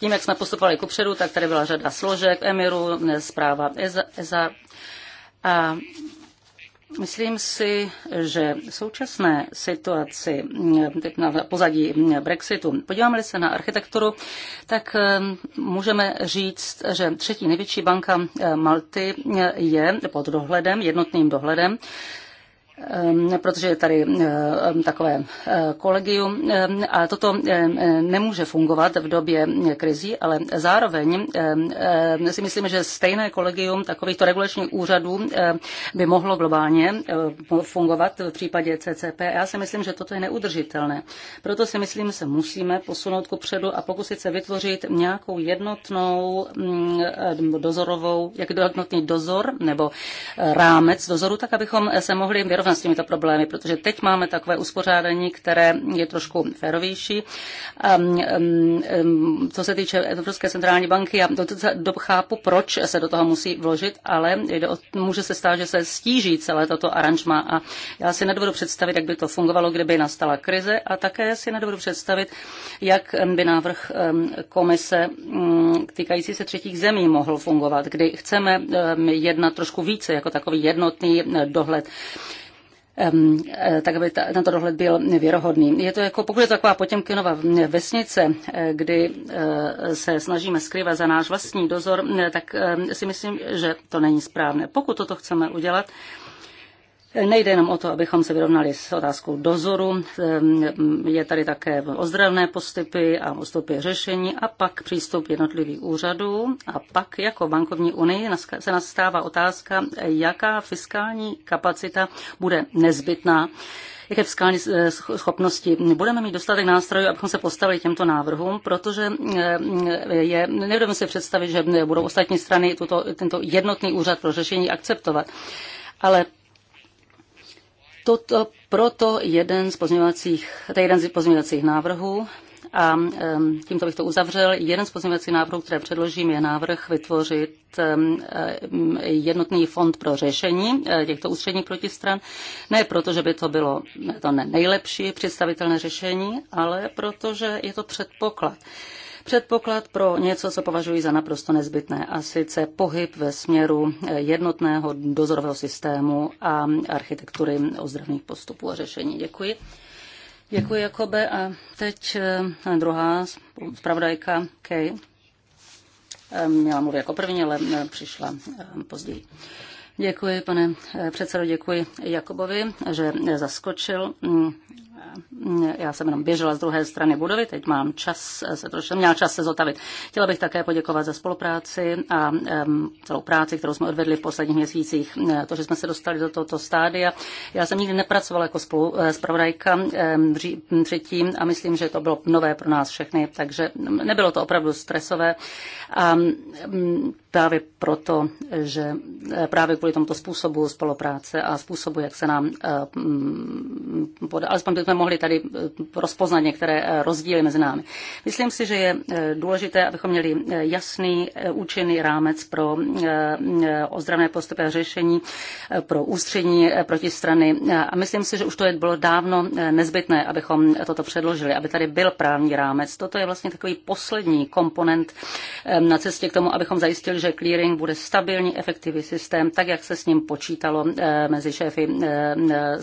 tím, jak jsme postupovali kupředu, tak tady byla řada složek Emiru, e, zpráva EZA, EZA a Myslím si, že v současné situaci na pozadí Brexitu, podíváme-li se na architekturu, tak eh, můžeme říct, že třetí největší banka eh, Malty eh, je pod dohledem, jednotným dohledem Ehm, protože je tady ehm, takové eh, kolegium ehm, a toto nemůže fungovat v době krizí, ale zároveň si myslím, že stejné kolegium takovýchto regulačních úřadů by mohlo globálně fungovat v případě CCP. Já si myslím, že toto je neudržitelné. Proto si myslím, že se musíme posunout ku předu a pokusit se vytvořit nějakou jednotnou mm, dozorovou, jak jednotný dozor nebo eh, rámec dozoru, tak abychom se mohli vyrovnat zrovna s těmito problémy, protože teď máme takové uspořádání, které je trošku férovější. Ehm, ehm, ehm, co se týče Evropské centrální banky, já chápu, proč se do toho musí vložit, ale může se stát, že se stíží celé toto aranžma a já si nedovedu představit, jak by to fungovalo, kdyby nastala krize a také si nedovedu představit, jak by návrh komise mm, týkající se třetích zemí mohl fungovat, kdy chceme jednat trošku více jako takový jednotný eh, dohled. E, tak aby ta, tento dohled byl věrohodný. Je to jako, pokud je to taková potěmkinová vesnice, e, kdy e, se snažíme skrývat za náš vlastní dozor, tak si myslím, že to není správné. Pokud toto chceme udělat, Nejde jenom o to, abychom se vyrovnali s otázkou dozoru, ehm, je tady také ozdravné postupy a postupy řešení a pak přístup jednotlivých úřadů a pak jako bankovní unii se nastává otázka, jaká fiskální kapacita bude nezbytná jaké fiskální eh, schopnosti. Budeme mít dostatek nástrojů, abychom se postavili těmto návrhům, protože ehm, je, nebudeme si představit, že budou ostatní strany tuto, tento jednotný úřad pro řešení akceptovat. Ale Toto, proto jeden z pozměňovacích, to je jeden z pozměňovacích návrhů, a tímto bych to uzavřel. Jeden z pozměňovacích návrhů, které předložím, je návrh vytvořit jednotný fond pro řešení eh, těchto ústředních protistran. Ne proto, že by to bylo to nejlepší představitelné řešení, ale protože je to předpoklad předpoklad pro něco, co považuji za naprosto nezbytné, a sice pohyb ve směru eh, jednotného dozorového systému a architektury ozdravných postupů a řešení. Děkuji. Děkuji, Jakobe. A teď eh, druhá zpravodajka, Kay. Eh, měla mluvit jako první, ale přišla později. Děkuji, pane předsedo, děkuji Jakobovi, že zaskočil mm, já jsem jenom běžela z druhé strany budovy, teď mám čas, eh, se trošku měla čas se zotavit. Chtěla bych také poděkovat za spolupráci a celou práci, kterou jsme odvedli v posledních měsících. Eh, to, že jsme se dostali do tohoto stádia. Já jsem nikdy nepracovala jako spravodajka eh, předtím a myslím, že to bylo nové pro nás všechny, takže nebylo to opravdu stresové. A právě proto, že eh, právě kvůli tomuto způsobu spolupráce a způsobu, jak se nám eh, mm, podá, alespoň bychom mohli tady eh, rozpoznat některé rozdíly mezi námi. Myslím si, že je důležité, abychom měli jasný, účinný rámec pro ozdravné postupy a řešení pro ústřední protistrany. A myslím si, že už to je bylo dávno nezbytné, abychom toto předložili, aby tady byl právní rámec. Toto je vlastně takový poslední komponent na cestě k tomu, abychom zajistili, že že clearing bude stabilní, efektivní systém, tak jak se s ním počítalo eh, mezi šéfy eh, eh,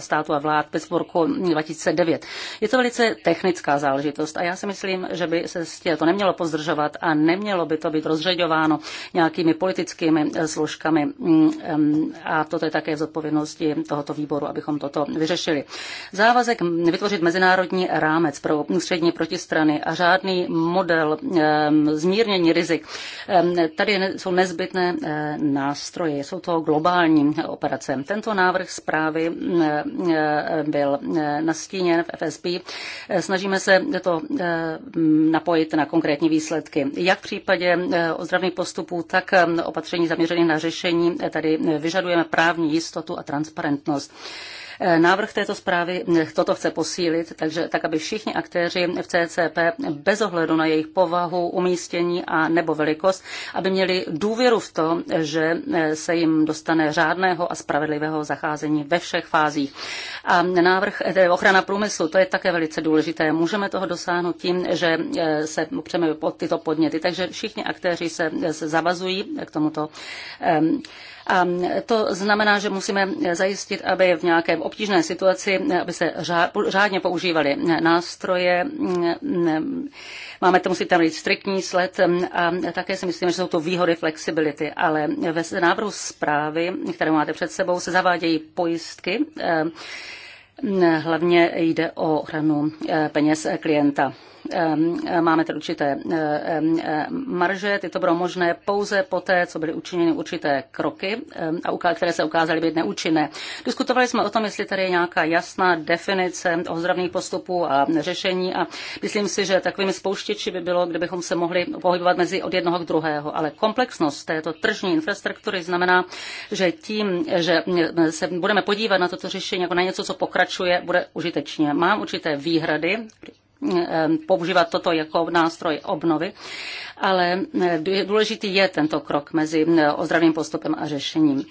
státu a vlád bez roku 2009. Je to velice technická záležitost a já si myslím, že by se to nemělo pozdržovat a nemělo by to být rozřeďováno nějakými politickými složkami mm, a toto je také v zodpovědnosti tohoto výboru, abychom toto vyřešili. Závazek vytvořit mezinárodní rámec pro ústřední protistrany a řádný model zmírnění rizik. Tady tady jsou nezbytné eh, nástroje, jsou to globální operace. Tento návrh zprávy mm, eh, byl eh, nastíněn v FSB. Snažíme se to mm, napojit na konkrétní výsledky. Jak v případě ozdravných postupů, tak opatření zaměřených na řešení tady vyžadujeme právní jistotu a transparentnost. Návrh této zprávy toto chce posílit, takže tak, aby všichni aktéři v CCP bez ohledu na jejich povahu, umístění a nebo velikost, aby měli důvěru v to, že eh, se jim dostane řádného a spravedlivého zacházení ve všech fázích. A návrh eh, ochrana průmyslu, to je také velice důležité. Můžeme toho dosáhnout tím, že eh, se přeme pod tyto podněty. Takže všichni aktéři se zavazují k tomuto a to znamená, že musíme zajistit, aby v nějaké obtížné situaci, aby se řádně používaly nástroje. Máme to, musí tam být striktní sled a také si myslím, že jsou to výhody flexibility, ale ve návrhu zprávy, které máte před sebou, se zavádějí pojistky. Hlavně jde o ochranu eh, peněz klienta. Ehm, e, máme tedy určité e, e, marže, tyto bylo možné pouze poté, co byly učiněny určité kroky, ehm, které se ukázaly být neúčinné. Diskutovali jsme o tom, jestli tady je nějaká jasná definice ozdravných postupů a řešení a myslím si, že takovými spouštěči by bylo, kdybychom se mohli pohybovat mezi od jednoho k druhého, ale komplexnost této tržní infrastruktury znamená, že tím, že se budeme podívat na toto řešení jako na něco, co pokračuje, bude užitečně. Mám určité výhrady, Ehm, používat toto jako nástroj obnovy, ale eh, důležitý je tento krok mezi eh, ozdravným postupem a řešením.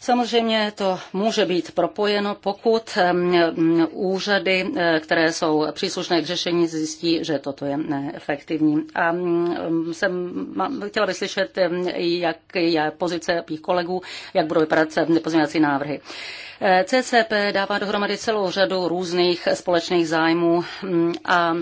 Samozřejmě to může být propojeno, pokud ehm, úřady, eh, které jsou příslušné k řešení, zjistí, že toto je neefektivní. A mm, ehm, jsem chtěla bych slyšet, jak je pozice mých kolegů, jak budou vypadat pozměňovací návrhy. CCP dává dohromady celou řadu různých společných zájmů mm, a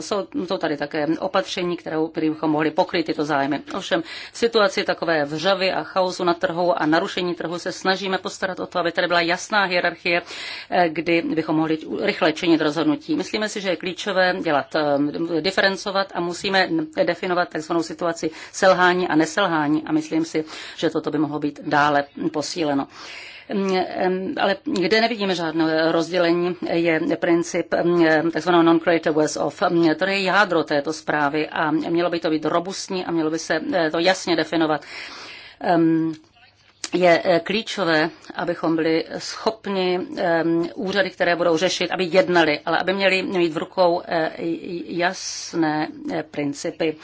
jsou to tady také opatření, které bychom mohli pokryt tyto zájmy. Ovšem, situaci takové vřavy a chaosu na trhu a narušení trhu se snažíme postarat o to, aby tady byla jasná hierarchie, eh, kdy bychom mohli rychle činit rozhodnutí. Myslíme si, že je klíčové dělat, eh, diferencovat a musíme definovat takzvanou situaci selhání a neselhání a myslím si, že toto by mohlo být dále posíleno ale kde nevidíme žádné rozdělení, je princip tzv. non-creative was of. To je jádro této zprávy a mělo by to být robustní a mělo by se eh, to jasně definovat je eh, klíčové, abychom byli schopni úřady, které budou řešit, aby jednali, ale aby měli mít v rukou eh, jasné principy.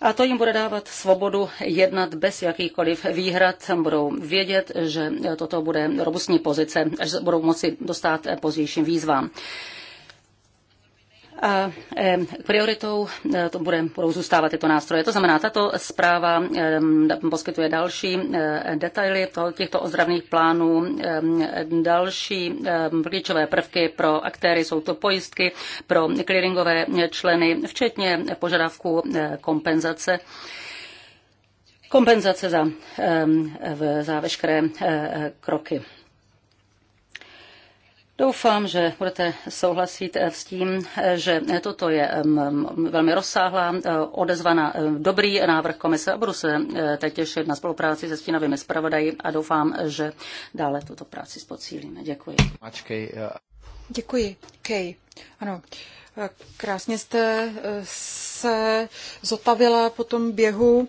A to jim bude dávat svobodu jednat bez jakýchkoliv výhrad. Budou vědět, že toto bude robustní pozice, až budou moci dostat pozdějším výzvám. A prioritou e, to bude, budou zůstávat tyto nástroje. To znamená, tato zpráva poskytuje další e, detaily těchto ozdravných plánů, další klíčové prvky pro aktéry, jsou to pojistky pro clearingové členy, včetně požadavků e, kompenzace kompenzace za, za veškeré kroky. Doufám, že budete souhlasit eh, s tím, eh, že toto je velmi rozsáhlá eh, odezva na dobrý návrh komise a budu se teď těšit na spolupráci se stínovými zpravodaji a doufám, že dále tuto práci spocílíme. Děkuji. Děkuji, Kej. Ano. Krásně jste se zotavila po tom běhu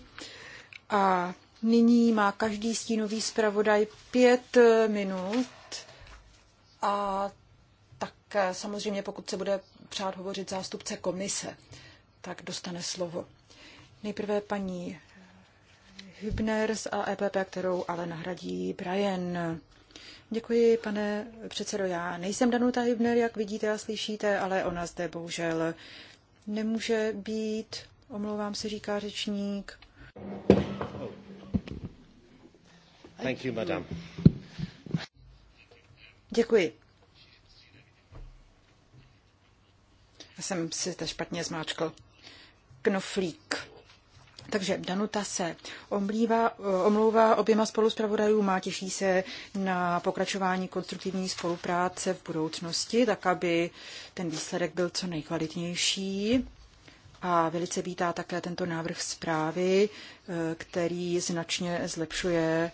a nyní má každý stínový zpravodaj pět minut a tak eh, samozřejmě, pokud se bude přát hovořit zástupce komise, tak dostane slovo. Nejprve paní Hübner z AEPP, kterou ale nahradí Brian. Děkuji, pane předsedo. Já nejsem Danuta Hübner, jak vidíte a slyšíte, ale ona zde bohužel nemůže být. Omlouvám se, říká řečník. Thank you, madam. Děkuji. Já jsem si to špatně zmáčkl. Knoflík. Takže Danuta se omlívá, omlouvá oběma spoluspravodajům a těší se na pokračování konstruktivní spolupráce v budoucnosti, tak aby ten výsledek byl co nejkvalitnější. A velice vítá také tento návrh zprávy, který značně zlepšuje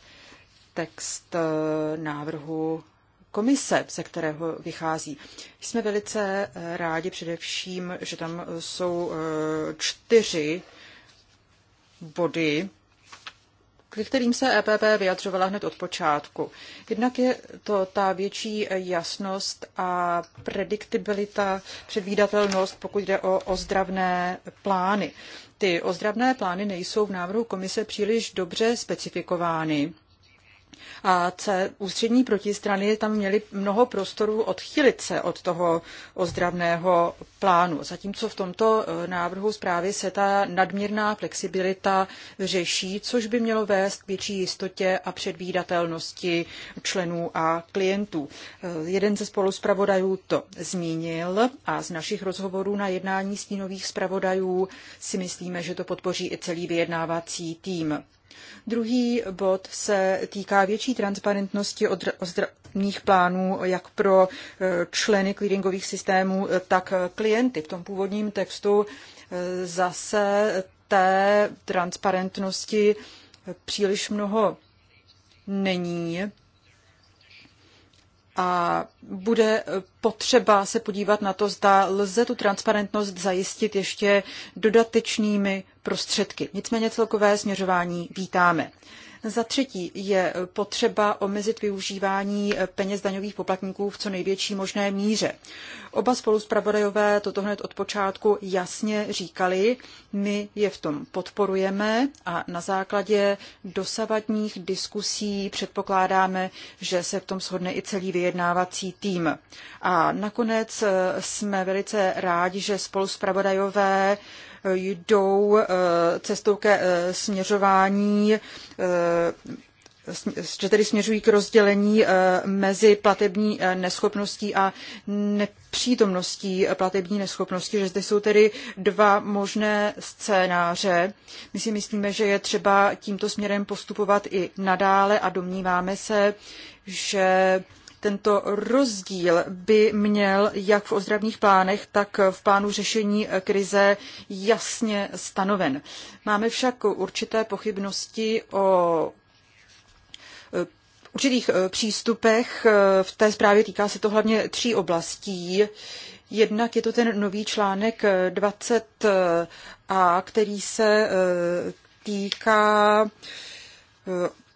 text návrhu komise, ze kterého vychází. Jsme velice eh, rádi především, že tam eh, jsou eh, čtyři body, k kterým se EPP vyjadřovala hned od počátku. Jednak je to ta větší jasnost a prediktibilita, předvídatelnost, pokud jde o ozdravné plány. Ty ozdravné plány nejsou v návrhu komise příliš dobře specifikovány a ústřední protistrany tam měly mnoho prostoru odchylit se od toho ozdravného plánu. Zatímco v tomto e, návrhu zprávy se ta nadměrná flexibilita řeší, což by mělo vést k větší jistotě a předvídatelnosti členů a klientů. E, jeden ze spoluzpravodajů to zmínil a z našich rozhovorů na jednání stínových zpravodajů si myslíme, že to podpoří i celý vyjednávací tým. Druhý bod se týká větší transparentnosti od ozdravných plánů jak pro eh, členy clearingových systémů, eh, tak klienty. V tom původním textu eh, zase té transparentnosti příliš mnoho není a bude eh, potřeba se podívat na to, zda lze tu transparentnost zajistit ještě dodatečnými prostředky. Nicméně celkové směřování vítáme. Za třetí je potřeba omezit využívání peněz daňových poplatníků v co největší možné míře. Oba spoluspravodajové toto hned od počátku jasně říkali, my je v tom podporujeme a na základě dosavadních diskusí předpokládáme, že se v tom shodne i celý vyjednávací tým. A nakonec eh, jsme velice rádi, že spoluspravodajové jdou eh, cestou ke eh, směřování eh, že tedy směřují k rozdělení mezi platební neschopností a nepřítomností platební neschopnosti, že zde jsou tedy dva možné scénáře. My si myslíme, že je třeba tímto směrem postupovat i nadále a domníváme se, že tento rozdíl by měl jak v ozdravných plánech, tak v plánu řešení krize jasně stanoven. Máme však určité pochybnosti o eh, určitých eh, přístupech. Eh, v té zprávě týká se to hlavně tří oblastí. Jednak je to ten nový článek 20a, který se týká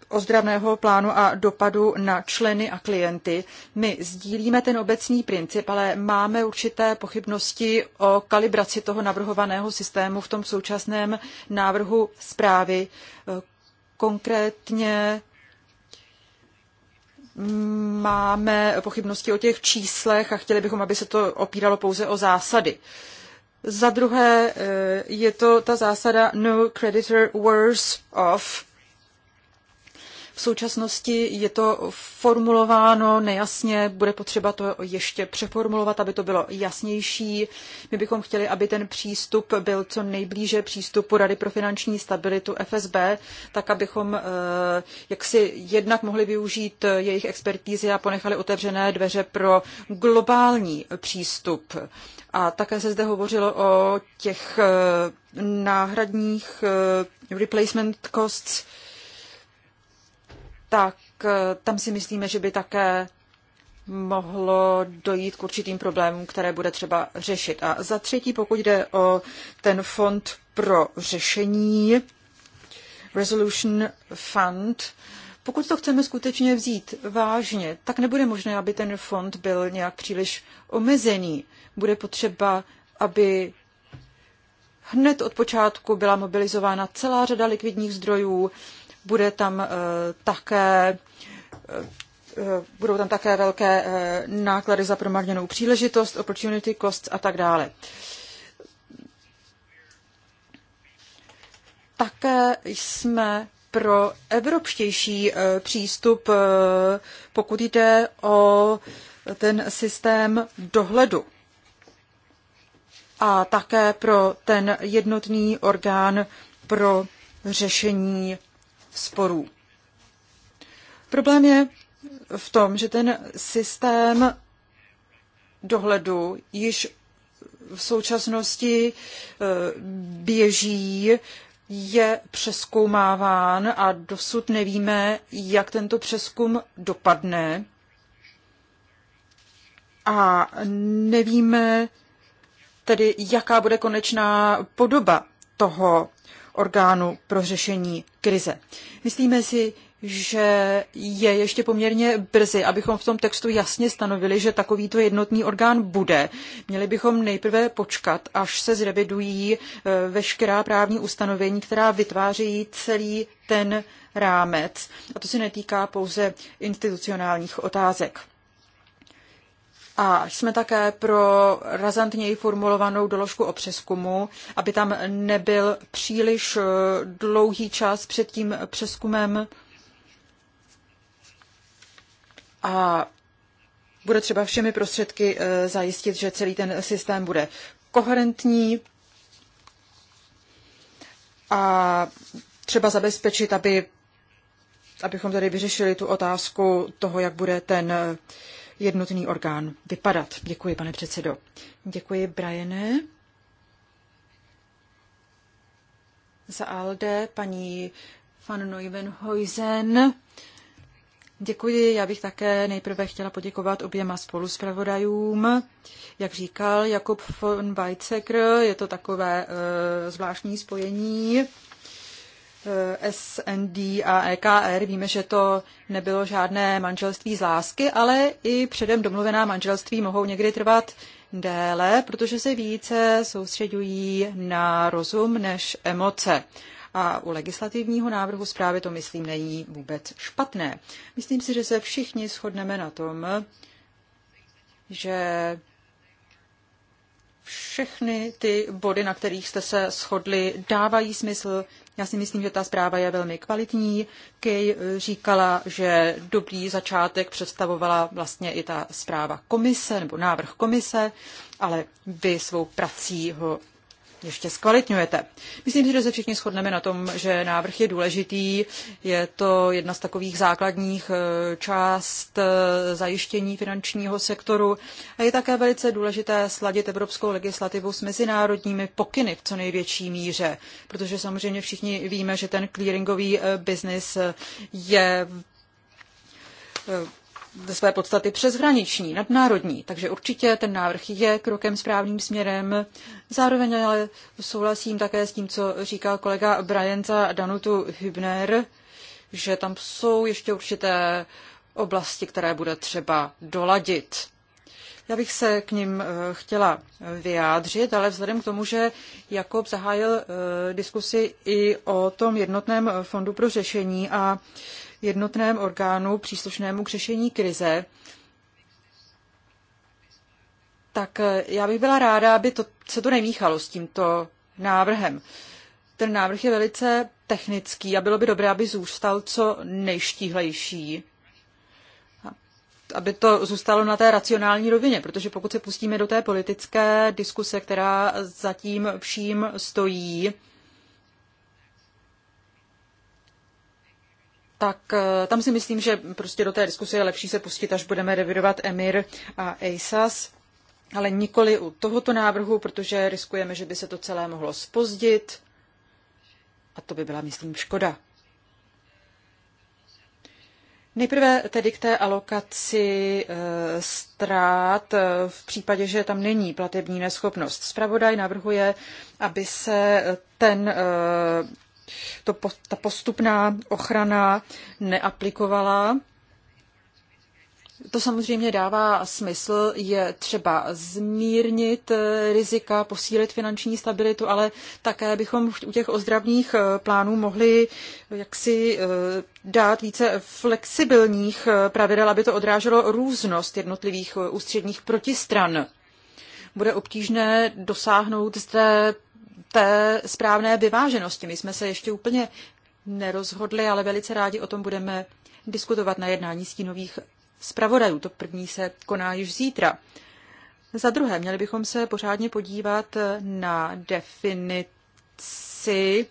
ozdravného plánu a dopadu na členy a klienty. My sdílíme ten obecný princip, ale máme určité pochybnosti o kalibraci toho navrhovaného systému v tom současném návrhu zprávy. Konkrétně máme pochybnosti o těch číslech a chtěli bychom, aby se to opíralo pouze o zásady. Za druhé eh, je to ta zásada no creditor worse off, v současnosti je to formulováno nejasně, bude potřeba to ještě přeformulovat, aby to bylo jasnější. My bychom chtěli, aby ten přístup byl co nejblíže přístupu Rady pro finanční stabilitu FSB, tak abychom eh, jaksi jednak mohli využít jejich expertízy a ponechali otevřené dveře pro globální přístup. A také se zde hovořilo o těch eh, náhradních eh, replacement costs, tak eh, tam si myslíme, že by také mohlo dojít k určitým problémům, které bude třeba řešit. A za třetí, pokud jde o ten fond pro řešení, Resolution Fund, pokud to chceme skutečně vzít vážně, tak nebude možné, aby ten fond byl nějak příliš omezený. Bude potřeba, aby hned od počátku byla mobilizována celá řada likvidních zdrojů, bude tam eh, také eh, eh, budou tam také velké náklady za promarněnou příležitost, opportunity costs a tak dále. Také jsme pro evropštější přístup, pokud jde o ten systém dohledu a také pro ten jednotný orgán pro řešení sporů. Problém je v tom, že ten systém dohledu již v současnosti e, běží, je přeskoumáván a dosud nevíme, jak tento přeskum dopadne. A nevíme tedy, jaká bude konečná podoba toho orgánu pro řešení krize. Myslíme si, že je ještě poměrně brzy, abychom v tom textu jasně stanovili, že takovýto jednotný orgán bude. Měli bychom nejprve počkat, až se zrevidují e, veškerá právní ustanovení, která vytváří celý ten rámec. A to se netýká pouze institucionálních otázek. A jsme také pro razantněji formulovanou doložku o přeskumu, aby tam nebyl příliš eh, dlouhý čas před tím přeskumem. A bude třeba všemi prostředky eh, zajistit, že celý ten systém bude koherentní a třeba zabezpečit, aby, abychom tady vyřešili tu otázku toho, jak bude ten eh, jednotný orgán vypadat. Děkuji, pane předsedo. Děkuji, Briane. Za ALDE paní van Neuvenhuizen. Děkuji, já bych také nejprve chtěla poděkovat oběma spoluspravodajům. Jak říkal Jakub von Weizsäcker, je to takové e, zvláštní spojení. Eh, SND a EKR. Víme, že to nebylo žádné manželství z lásky, ale i předem domluvená manželství mohou někdy trvat déle, protože se více soustředují na rozum než emoce. A u legislativního návrhu zprávy to, myslím, není vůbec špatné. Myslím si, že se všichni shodneme na tom, že všechny ty body, na kterých jste se shodli, dávají smysl, já si myslím, že ta zpráva je velmi kvalitní. Kej eh, říkala, že dobrý začátek představovala vlastně i ta zpráva komise nebo návrh komise, ale vy svou prací ho ještě zkvalitňujete. Myslím si, že se všichni shodneme na tom, že návrh je důležitý. Je to jedna z takových základních eh, část eh, zajištění finančního sektoru a je také velice důležité sladit evropskou legislativu s mezinárodními pokyny v co největší míře, protože samozřejmě všichni víme, že ten clearingový eh, biznis je ze své podstaty přeshraniční, nadnárodní, takže určitě ten návrh je krokem správným směrem. Zároveň ale souhlasím také s tím, co říkal kolega Brian za Danutu Hübner, že tam jsou ještě určité oblasti, které bude třeba doladit. Já bych se k ním eh, chtěla vyjádřit, ale vzhledem k tomu, že Jakob zahájil eh, diskusi i o tom jednotném fondu pro řešení a jednotném orgánu příslušnému k řešení krize, tak já bych byla ráda, aby to, se to nemíchalo s tímto návrhem. Ten návrh je velice technický a bylo by dobré, aby zůstal co nejštíhlejší, aby to zůstalo na té racionální rovině, protože pokud se pustíme do té politické diskuse, která zatím vším stojí, tak eh, tam si myslím, že prostě do té diskuse je lepší se pustit, až budeme revidovat EMIR a ASAS, ale nikoli u tohoto návrhu, protože riskujeme, že by se to celé mohlo spozdit a to by byla, myslím, škoda. Nejprve tedy k té alokaci eh, ztrát eh, v případě, že tam není platební neschopnost. Spravodaj navrhuje, aby se ten to, ta postupná ochrana neaplikovala. To samozřejmě dává smysl, je třeba zmírnit eh, rizika, posílit finanční stabilitu, ale také bychom u těch ozdravných eh, plánů mohli eh, jaksi dát více flexibilních pravidel, aby to odráželo různost jednotlivých ústředních protistran. Bude obtížné dosáhnout zde té správné vyváženosti. My jsme se ještě úplně nerozhodli, ale velice rádi o tom budeme diskutovat na jednání stínových zpravodajů. To první se koná již zítra. Za druhé, měli bychom se pořádně podívat na definici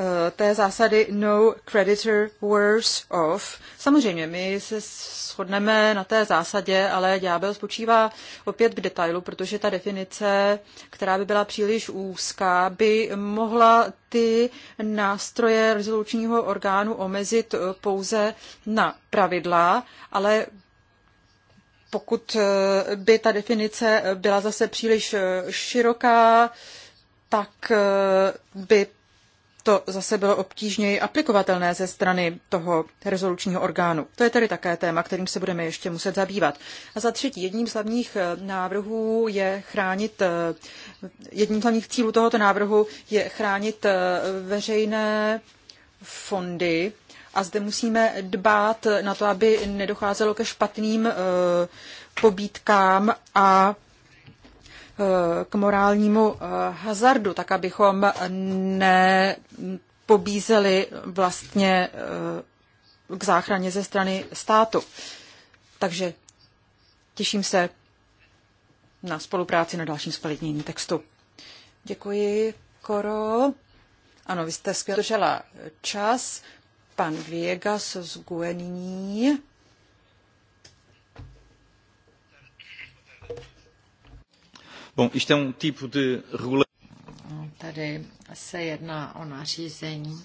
Eh, té zásady no creditor worse off. Samozřejmě, my se shodneme na té zásadě, ale ďábel spočívá opět v detailu, protože ta definice, která by byla příliš úzká, by mohla ty nástroje rezolučního orgánu omezit eh, pouze na pravidla, ale pokud eh, by ta definice byla zase příliš široká, tak by to zase bylo obtížněji aplikovatelné ze strany toho rezolučního orgánu. To je tedy také téma, kterým se budeme ještě muset zabývat. A za třetí, jedním z hlavních eh, návrhů je chránit, eh, jedním z hlavních cílů tohoto návrhu je chránit eh, veřejné fondy a zde musíme dbát na to, aby nedocházelo ke špatným pobítkám a k morálnímu eh, hazardu, tak abychom nepobízeli vlastně eh, k záchraně ze strany státu. Takže těším se na spolupráci na dalším zkvalitnění textu. Děkuji, Koro. Ano, vy jste skvěle čas. Pan Viegas z Guenini. Um tady se jedná o nařízení,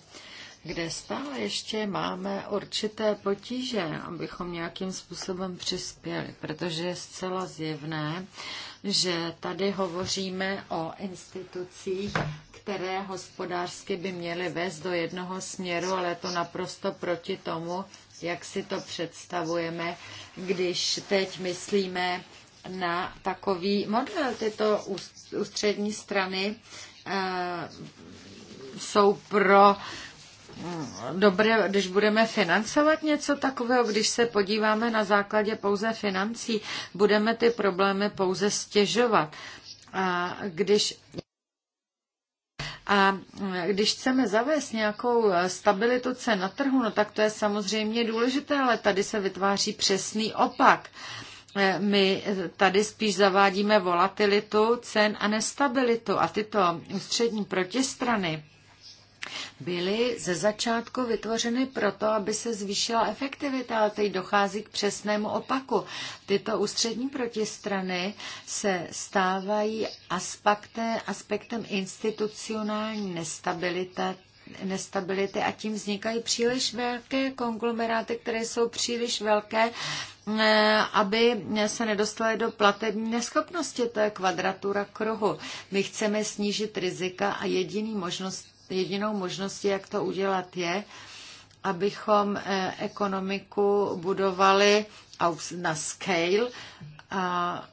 kde stále ještě máme určité potíže, abychom nějakým způsobem přispěli, protože je zcela zjevné, že tady hovoříme o institucích, které hospodářsky by měly vést do jednoho směru, ale to naprosto proti tomu, jak si to představujeme, když teď myslíme na takový model. Tyto ústřední strany eh, jsou pro hm, dobré, když budeme financovat něco takového, když se podíváme na základě pouze financí, budeme ty problémy pouze stěžovat. A když a když chceme zavést nějakou stabilitu cen na trhu, no tak to je samozřejmě důležité, ale tady se vytváří přesný opak. Uh, Eh, my tady spíš zavádíme volatilitu cen a nestabilitu. A tyto střední protistrany byly ze začátku vytvořeny proto, aby se zvýšila efektivita, ale teď dochází k přesnému opaku. Tyto ústřední protistrany se stávají aspektem, aspektem institucionální nestabilita, nestability a tím vznikají příliš velké konglomeráty, které jsou příliš velké Eh, aby se nedostali do platební neschopnosti. To je kvadratura kruhu. My chceme snížit rizika a jediný možnost, jedinou možností, jak to udělat, je, abychom eh, ekonomiku budovali na scale a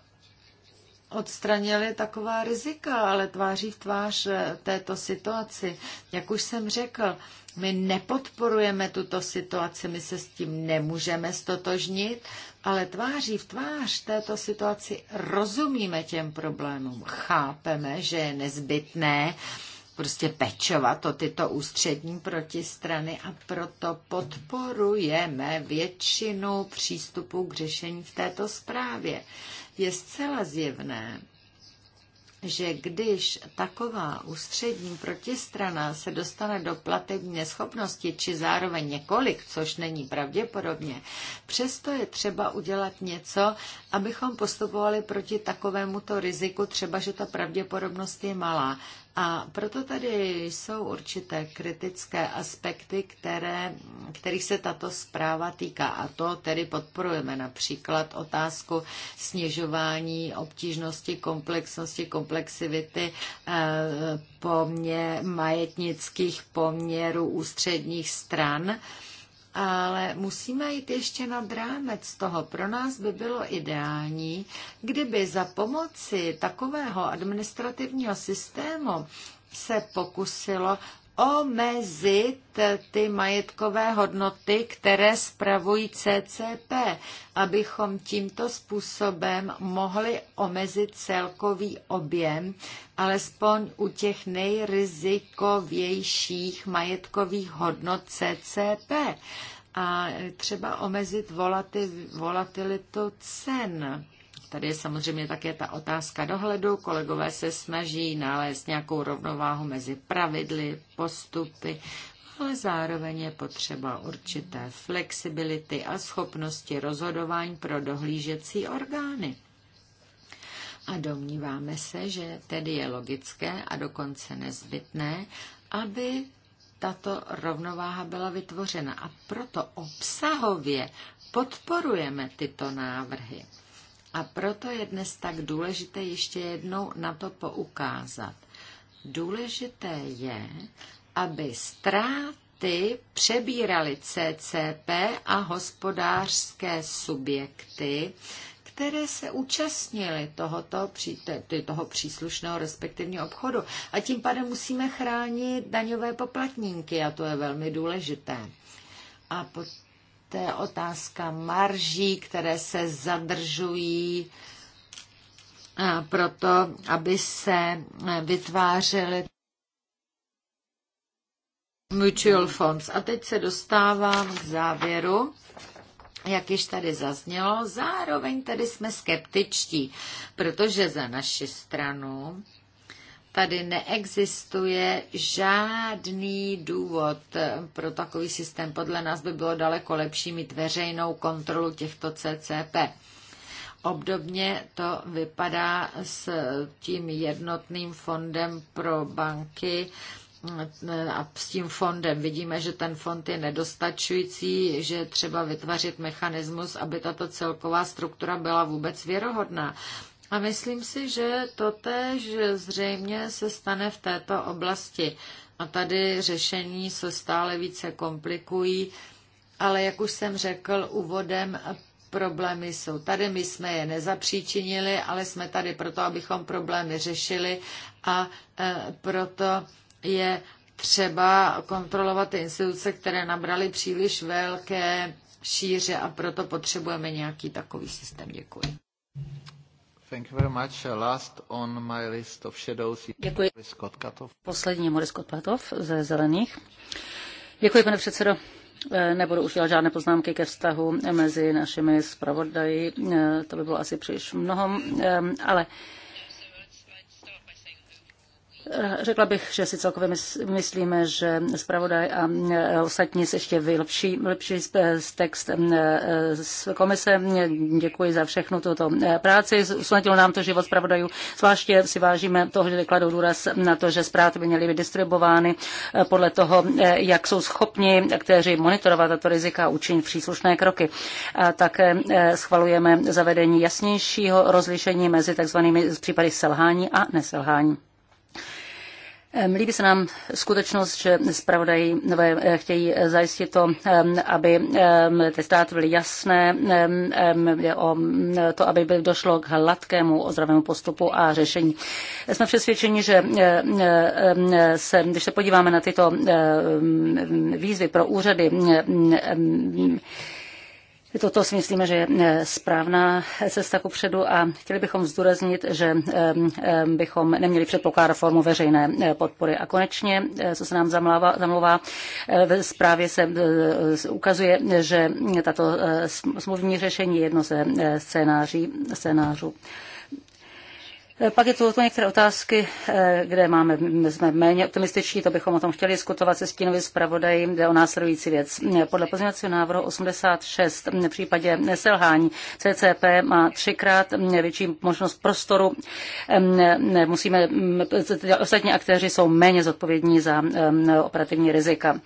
odstranili taková rizika, ale tváří v tvář eh, této situaci. Jak už jsem řekl, my nepodporujeme tuto situaci, my se s tím nemůžeme stotožnit, ale tváří v tvář této situaci rozumíme těm problémům, chápeme, že je nezbytné prostě pečovat o tyto ústřední protistrany a proto podporujeme většinu přístupů k řešení v této zprávě je zcela zjevné, že když taková ústřední protistrana se dostane do platební neschopnosti, či zároveň několik, což není pravděpodobně, přesto je třeba udělat něco, abychom postupovali proti takovémuto riziku, třeba že ta pravděpodobnost je malá. A proto tady jsou určité kritické aspekty, které, kterých se tato zpráva týká. A to tedy podporujeme například otázku snižování obtížnosti, komplexnosti, komplexivity eh, poměr, majetnických poměrů ústředních stran ale musíme jít ještě nad rámec toho. Pro nás by bylo ideální, kdyby za pomoci takového administrativního systému se pokusilo omezit ty majetkové hodnoty, které spravují CCP, abychom tímto způsobem mohli omezit celkový objem, alespoň u těch nejrizikovějších majetkových hodnot CCP a třeba omezit volatilitu cen Tady je samozřejmě také ta otázka dohledu. Kolegové se snaží nalézt nějakou rovnováhu mezi pravidly, postupy, ale zároveň je potřeba určité flexibility a schopnosti rozhodování pro dohlížecí orgány. A domníváme se, že tedy je logické a dokonce nezbytné, aby tato rovnováha byla vytvořena. A proto obsahově podporujeme tyto návrhy. A proto je dnes tak důležité ještě jednou na to poukázat. Důležité je, aby ztráty přebíraly CCP a hospodářské subjekty, které se účastnily tohoto, toho příslušného respektivního obchodu. A tím pádem musíme chránit daňové poplatníky a to je velmi důležité. A potom to je otázka marží, které se zadržují proto, aby se vytvářely mutual funds. A teď se dostávám k závěru jak již tady zaznělo, zároveň tady jsme skeptičtí, protože za naši stranu tady neexistuje žádný důvod pro takový systém. Podle nás by bylo daleko lepší mít veřejnou kontrolu těchto CCP. Obdobně to vypadá s tím jednotným fondem pro banky a s tím fondem. Vidíme, že ten fond je nedostačující, že třeba vytvořit mechanismus, aby tato celková struktura byla vůbec věrohodná. A myslím si, že tež zřejmě se stane v této oblasti. A tady řešení se stále více komplikují, ale jak už jsem řekl úvodem, problémy jsou tady, my jsme je nezapříčinili, ale jsme tady proto, abychom problémy řešili a e, proto je třeba kontrolovat ty instituce, které nabraly příliš velké šíře a proto potřebujeme nějaký takový systém. Děkuji. Děkuji. Scott Katov. Poslední Moris Katov ze Zelených. Děkuji, pane předsedo. Eh, nebudu už dělat žádné poznámky ke vztahu mezi našimi zpravodaji, eh, to by bylo asi příliš mnoho, eh, ale Eh, řekla bych, že si celkově myslíme, že zpravodaj a eh, ostatní se ještě vylepší z eh, text z komise. Děkuji za všechnu tuto práci. Usnadilo nám to život zpravodajů. Zvláště si vážíme toho, že kladou důraz na to, že zprávy by měly být distribuovány podle toho, jak jsou schopni kteří monitorovat tato rizika a učinit příslušné kroky. A také schvalujeme zavedení jasnějšího rozlišení mezi tzv. případy selhání a neselhání. Líbí se nám skutečnost, že zpravodajové eh, chtějí eh, zajistit to, aby ty státy byly jasné, o mm, to, aby by došlo k hladkému ozdravému postupu a řešení. Jsme přesvědčeni, že eh, se, když se podíváme na tyto výzvy pro úřady, Toto si myslíme, že je e, správná cesta ku předu a chtěli bychom zdůraznit, že e, e, bychom neměli předpokládat formu veřejné podpory. A konečně, co se nám zamlává, zamlouvá, ve zprávě se ukazuje, že tato smluvní řešení je jedno ze scénáří, scénářů. Eh, pak je tu některé otázky, eh, kde máme, jsme méně optimističní, to bychom o tom chtěli diskutovat se stínovým zpravodajem, jde o následující věc. Eh, podle pozměňovacího návrhu 86 v případě selhání CCP má třikrát větší možnost prostoru. Musíme, mm, ostatní aktéři jsou méně zodpovědní za operativní rizika.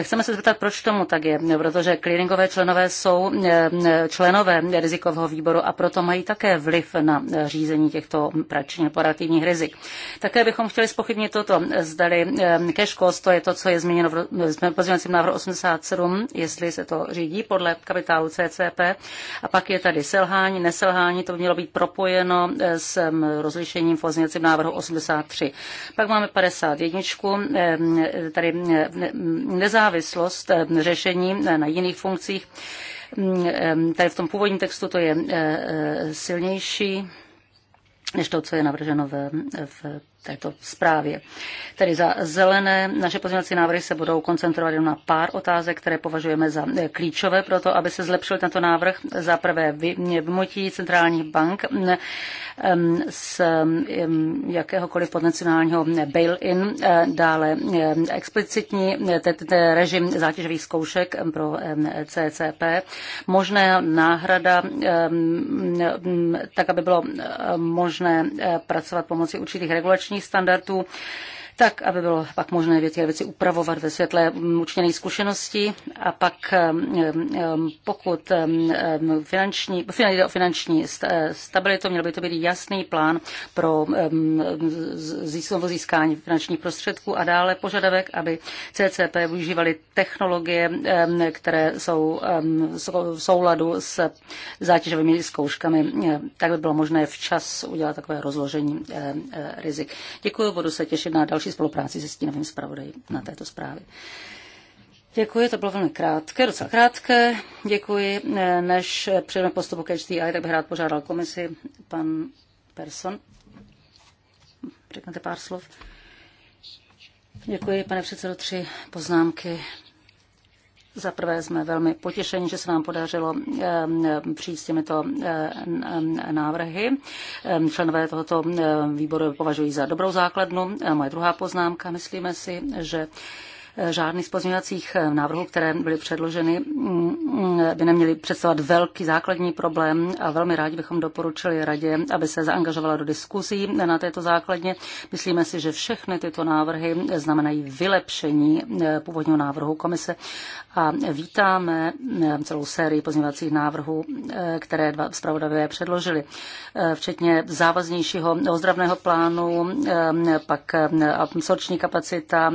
Chceme se zeptat, proč tomu tak je, no, protože clearingové členové jsou členové rizikového výboru a proto mají také vliv na řízení těchto pračně operativních rizik. Také bychom chtěli spochybnit toto, zdali cash to je to, co je změněno v pozměňovacím návrhu 87, jestli se to řídí podle kapitálu CCP. A pak je tady selhání, neselhání, to by mělo být propojeno e, s rozlišením v pozměňovacím návrhu 83. Pak máme 51, tady nezávislost řešení na jiných funkcích. Tady v tom původním textu to je e, e, silnější než to, co je navrženo v, v této zprávě. Tedy za zelené naše pozměňovací návrhy se budou koncentrovat jenom na pár otázek, které považujeme za eh, klíčové pro to, aby se zlepšil tento návrh. Za prvé vymutí centrálních bank z mm, ehm, ehm, jakéhokoliv potenciálního mm, bail-in, eh, dále ehm, explicitní eh, režim zátěžových zkoušek pro CCP, možná náhrada, mm, tak aby bylo možné pracovat pomocí určitých regulačních společných standardů tak aby bylo pak možné věci, věci upravovat ve světle mm, učněné zkušenosti. A pak mm, mm, pokud finanční, finanční stabilitu, měl by to být jasný plán pro získání finančních prostředků a dále požadavek, aby CCP využívali technologie, které jsou v souladu s zátěžovými zkouškami. Tak by bylo možné včas udělat takové rozložení eh, rizik. Děkuji, budu se těšit na další spolupráci se stínovým zpravodají na této zprávě. Děkuji, to bylo velmi krátké, docela krátké. Děkuji. Eh, než přejdeme k postupu ke HDI, tak bych rád požádal komisi pan Person. Řeknete pár slov. Děkuji, pane předsedo, tři poznámky za prvé jsme velmi potěšeni, že se nám podařilo přijít s těmito návrhy. Členové tohoto výboru považují za dobrou základnu. Moje druhá poznámka, myslíme si, že žádný z pozměňovacích eh, návrhů, které byly předloženy, mm, mm, by neměly představovat velký základní problém a velmi rádi bychom doporučili radě, aby se zaangažovala do diskuzí na této základně. Myslíme si, že všechny tyto návrhy znamenají vylepšení eh, původního návrhu komise a vítáme eh, celou sérii pozměňovacích návrhů, které dva zpravodajové předložili, včetně závaznějšího ozdravného plánu, pak absorční kapacita,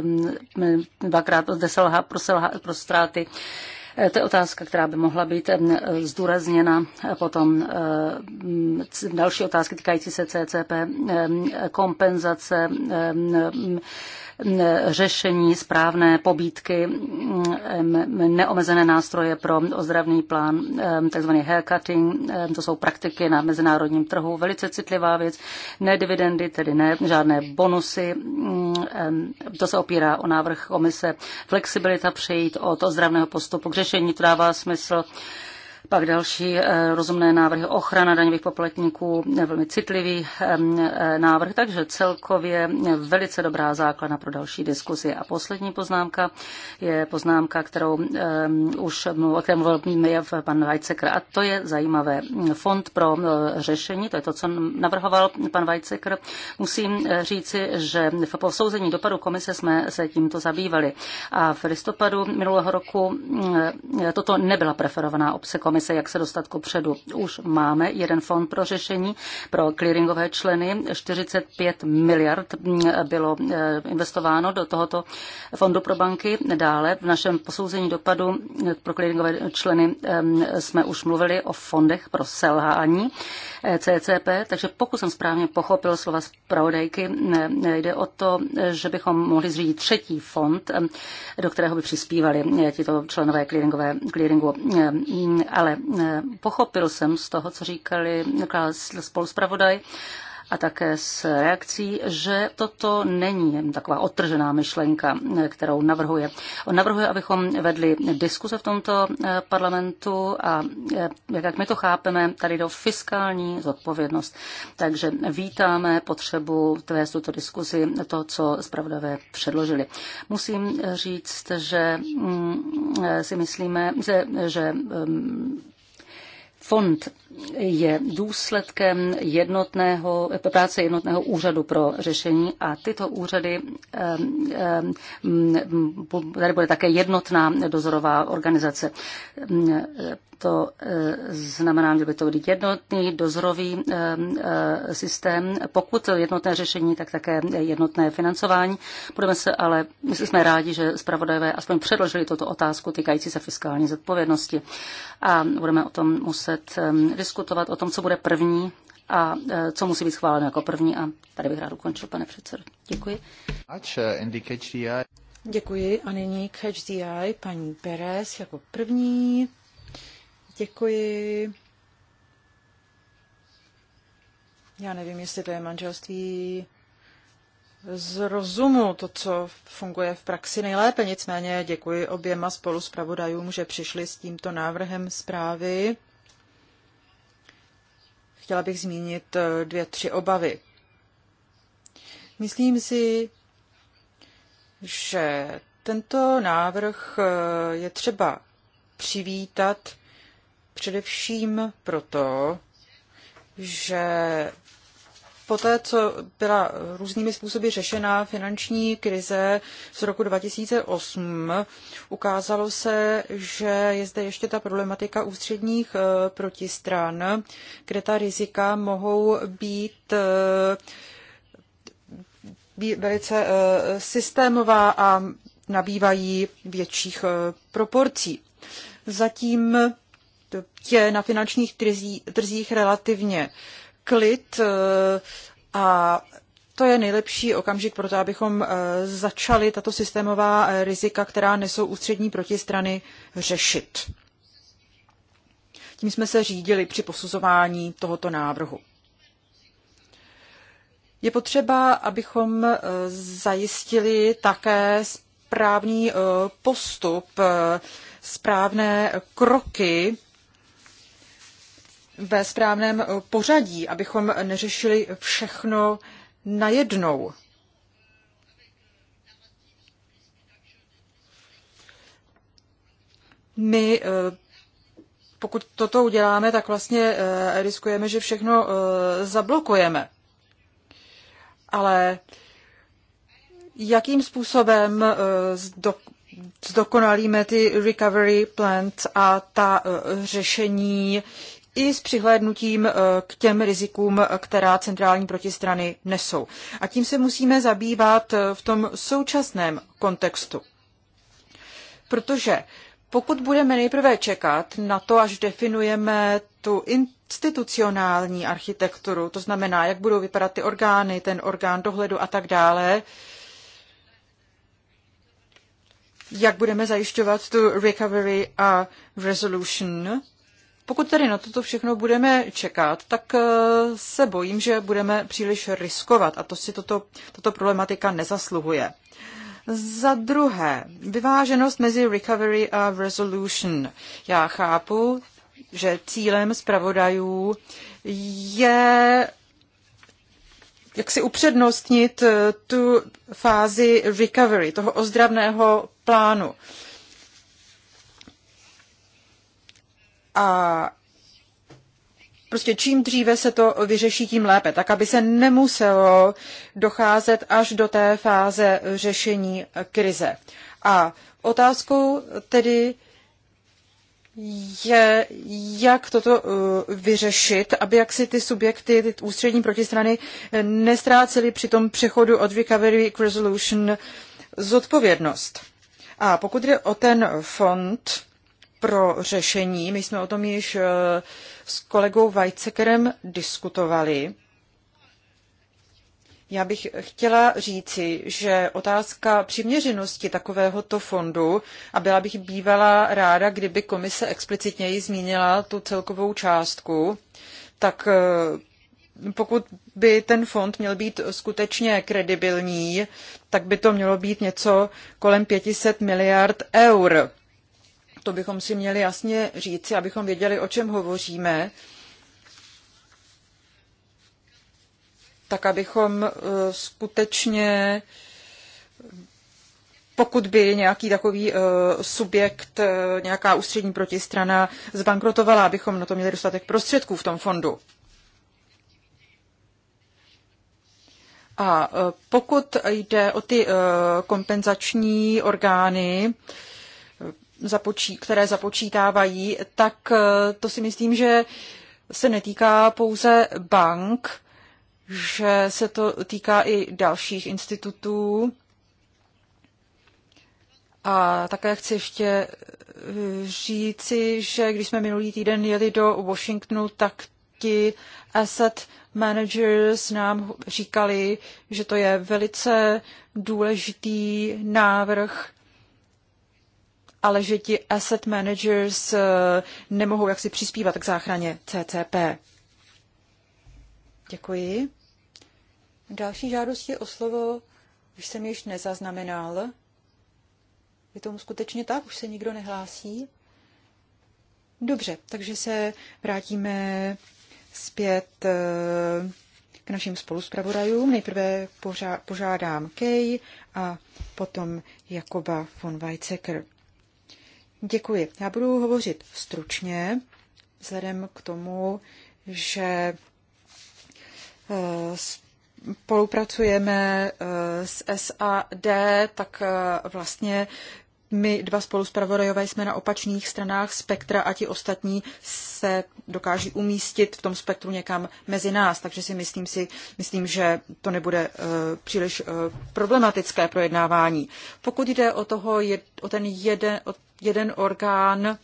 Eh, dvakrát deselha pro, selha, pro ztráty. Eh, to je otázka, která by mohla být eh, zdůrazněna. Potom další otázky týkající se CCP, kompenzace řešení, správné pobídky, neomezené nástroje pro ozdravný plán, takzvaný haircutting, to jsou praktiky na mezinárodním trhu, velice citlivá věc, ne dividendy, tedy ne žádné bonusy, to se opírá o návrh komise, flexibilita přejít od ozdravného postupu k řešení, to dává smysl pak další eh, rozumné návrhy ochrana daňových poplatníků, eh, velmi citlivý ehm, eh, návrh, takže celkově velice dobrá základna pro další diskuzi. A poslední poznámka je poznámka, kterou ehm, už o které mluvil pan Weizsäcker, a to je zajímavé. Fond pro řešení, to je to, co navrhoval pan Weizsäcker. Musím říci, že v posouzení dopadu komise jsme se tímto zabývali. A v listopadu minulého roku mm, toto nebyla preferovaná komise komise, jak se dostat ku předu. Už máme jeden fond pro řešení pro clearingové členy. 45 miliard mm, bylo eh, investováno do tohoto fondu pro banky. Dále v našem posouzení dopadu eh, pro clearingové členy ehm, jsme už mluvili o fondech pro selhání eh, CCP, takže pokud jsem správně pochopil slova pravodajky, jde o to, že bychom mohli zřídit třetí fond, ehm, do kterého by přispívali tito členové clearingové, clearingu. A ehm, ale eh, pochopil jsem z toho, co říkali spoluspravodaj a také s reakcí, že toto není jen taková otržená myšlenka, kterou navrhuje. On navrhuje, abychom vedli diskuse v tomto eh, parlamentu a eh, jak my to chápeme, tady do fiskální zodpovědnost. Takže vítáme potřebu vést tuto diskuzi, to, co zpravodavé předložili. Musím říct, že mm, eh, si myslíme, že, že mm, fond je důsledkem jednotného, práce jednotného úřadu pro řešení a tyto úřady, tady bude také jednotná dozorová organizace. To e, znamená, že by to byl jednotný dozorový e, systém. Pokud jednotné řešení, tak také jednotné financování. Budeme se ale, my jsme rádi, že zpravodajové aspoň předložili tuto otázku týkající se fiskální zodpovědnosti a budeme o tom muset diskutovat o tom, co bude první a e, co musí být schváleno jako první. A tady bych rád ukončil, pane předsedo. Děkuji. Uh, děkuji a nyní k HDI paní Perez jako první. Děkuji. Já nevím, jestli to je manželství z rozumu, to, co funguje v praxi nejlépe. Nicméně děkuji oběma spoluspravodajům, že přišli s tímto návrhem zprávy chtěla bych zmínit eh, dvě, tři obavy. Myslím si, že tento návrh eh, je třeba přivítat především proto, že poté, co byla různými způsoby řešena finanční krize z roku 2008, ukázalo se, že je zde ještě ta problematika ústředních eh, protistran, kde ta rizika mohou být eh, velice eh, systémová a nabývají větších proporcí. Zatím je na finančních trzích relativně klid eh, a to je nejlepší okamžik pro to, abychom eh, začali tato systémová eh, rizika, která nesou ústřední protistrany, řešit. Tím jsme se řídili při posuzování tohoto návrhu. Je potřeba, abychom zajistili také správný postup, správné kroky ve správném eh, pořadí, abychom neřešili všechno najednou. My, eh, pokud toto uděláme, tak vlastně eh, riskujeme, že všechno zablokujeme. Ale jakým způsobem zdokonalíme ty recovery plans a ta řešení, i s přihlédnutím eh, k těm rizikům, která centrální protistrany nesou. A tím se musíme zabývat eh, v tom současném kontextu. Protože pokud budeme nejprve čekat na to, až definujeme tu institucionální architekturu, to znamená, jak budou vypadat ty orgány, ten orgán dohledu a tak dále, jak budeme zajišťovat tu recovery a resolution, pokud tedy na toto všechno budeme čekat, tak eh, se bojím, že budeme příliš riskovat a to si toto, toto problematika nezasluhuje. Za druhé, vyváženost mezi recovery a resolution. Já chápu, že cílem zpravodajů je jak si upřednostnit eh, tu fázi recovery, toho ozdravného plánu. Uh, A prostě čím dříve se to vyřeší, tím lépe, tak aby se nemuselo docházet až do té fáze řešení krize. A otázkou tedy je, jak toto uh, vyřešit, aby jak si ty subjekty, ty ústřední protistrany nestrácely při tom přechodu od recovery k resolution zodpovědnost. A pokud jde o ten fond, pro řešení. My jsme o tom již eh, s kolegou Weizsäckerem diskutovali. Já bych chtěla říci, že otázka přiměřenosti takovéhoto fondu, a byla bych bývala ráda, kdyby komise explicitněji zmínila tu celkovou částku, tak eh, pokud by ten fond měl být skutečně kredibilní, tak by to mělo být něco kolem 500 miliard eur. To bychom si měli jasně říci, abychom věděli, o čem hovoříme, tak abychom e, skutečně pokud by nějaký takový e, subjekt, e, nějaká ústřední protistrana zbankrotovala, abychom na to měli dostatek prostředků v tom fondu. A pokud jde o ty kompenzační orgány, započí, které započítávají, tak eh, to si myslím, že se netýká pouze bank, že se to týká i dalších institutů. A také chci ještě eh, říci, že když jsme minulý týden jeli do Washingtonu, tak ti asset managers nám říkali, že to je velice důležitý návrh ale že ti asset managers eh, nemohou jaksi přispívat k záchraně CCP. Děkuji. Další žádosti o slovo už jsem již nezaznamenal. Je tomu skutečně tak? Už se nikdo nehlásí? Dobře, takže se vrátíme zpět eh, k našim spoluspravodajům. Nejprve požádám Kej a potom Jakoba von Weizsäcker. Děkuji. Já budu hovořit stručně, vzhledem k tomu, že eh, spolupracujeme eh, s SAD, tak eh, vlastně my dva spoluspravodajové jsme na opačných stranách spektra a ti ostatní se dokáží umístit v tom spektru někam mezi nás, takže si myslím, si, myslím že to nebude uh, příliš uh, problematické projednávání. Pokud jde o, toho, je, o ten jeden, o jeden orgán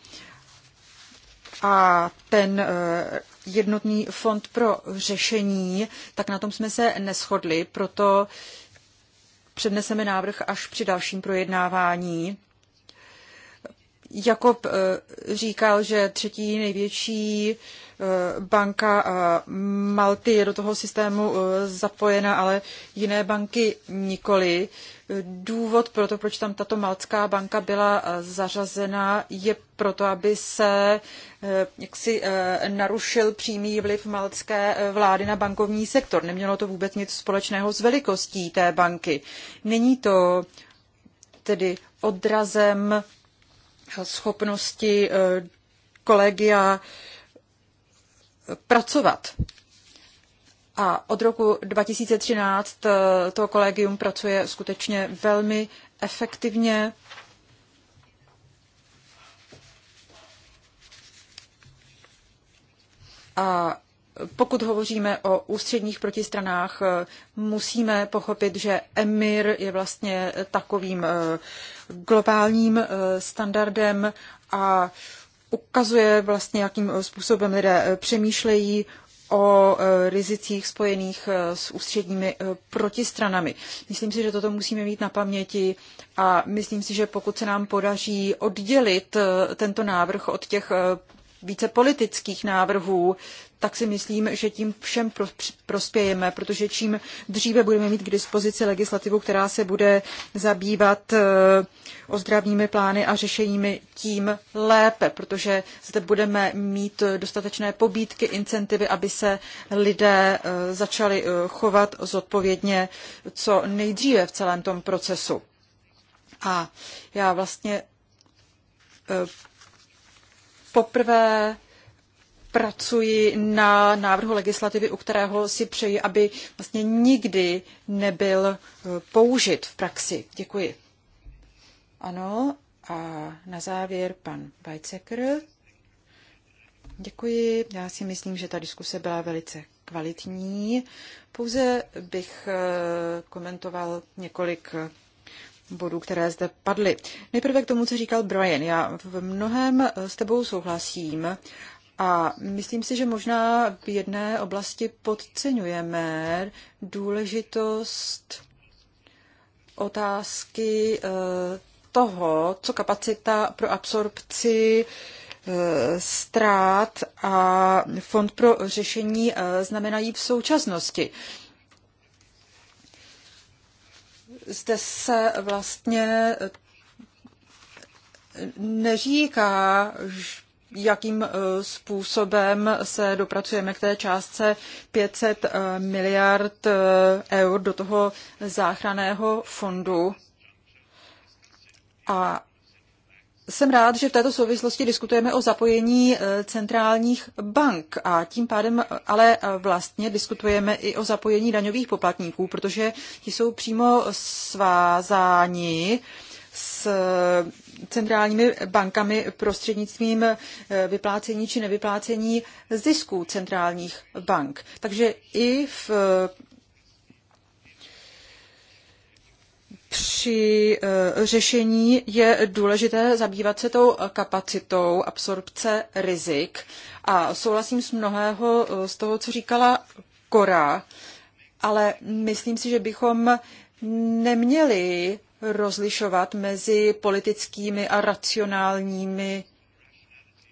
a ten uh, jednotný fond pro řešení, tak na tom jsme se neschodli, proto předneseme návrh až při dalším projednávání Jakob eh, říkal, že třetí největší eh, banka eh, Malty je do toho systému zapojena, ale jiné banky nikoli. Důvod pro to, proč tam tato maltská banka byla zařazena, je proto, aby se jaksi narušil přímý vliv maltské vlády na bankovní sektor. Nemělo to vůbec nic společného s velikostí té banky. Není to tedy odrazem schopnosti eh, kolegia pracovat. A od roku 2013 eh, to kolegium pracuje skutečně velmi efektivně. A pokud hovoříme o ústředních protistranách, eh, musíme pochopit, že Emir je vlastně eh, takovým eh, globálním standardem a ukazuje vlastně, jakým způsobem lidé přemýšlejí o rizicích spojených s ústředními protistranami. Myslím si, že toto musíme mít na paměti a myslím si, že pokud se nám podaří oddělit tento návrh od těch více politických návrhů, tak si myslím, že tím všem prospějeme, protože čím dříve budeme mít k dispozici legislativu, která se bude zabývat eh, ozdravními plány a řešeními, tím lépe, protože zde budeme mít dostatečné pobídky, incentivy, aby se lidé eh, začali eh, chovat zodpovědně co nejdříve v celém tom procesu. A já vlastně poprvé pracuji na návrhu legislativy, u kterého si přeji, aby vlastně nikdy nebyl e, použit v praxi. Děkuji. Ano, a na závěr pan Weizsäcker. Děkuji. Já si myslím, že ta diskuse byla velice kvalitní. Pouze bych e, komentoval několik bodů, které zde padly. Nejprve k tomu, co říkal Brian. Já v mnohem e, s tebou souhlasím a myslím si, že možná v jedné oblasti podceňujeme důležitost otázky eh, toho, co kapacita pro absorpci eh, ztrát a fond pro řešení eh, znamenají v současnosti. Zde se vlastně neříká, jakým e, způsobem se dopracujeme k té částce 500 e, miliard e, eur do toho záchraného fondu. A jsem rád, že v této souvislosti diskutujeme o zapojení centrálních bank a tím pádem ale vlastně diskutujeme i o zapojení daňových poplatníků, protože ti jsou přímo svázáni s eh, centrálními bankami prostřednictvím eh, vyplácení či nevyplácení zisků centrálních bank. Takže i v eh, při řešení je důležité zabývat se tou kapacitou absorpce rizik a souhlasím s mnohého z toho, co říkala Kora, ale myslím si, že bychom neměli rozlišovat mezi politickými a racionálními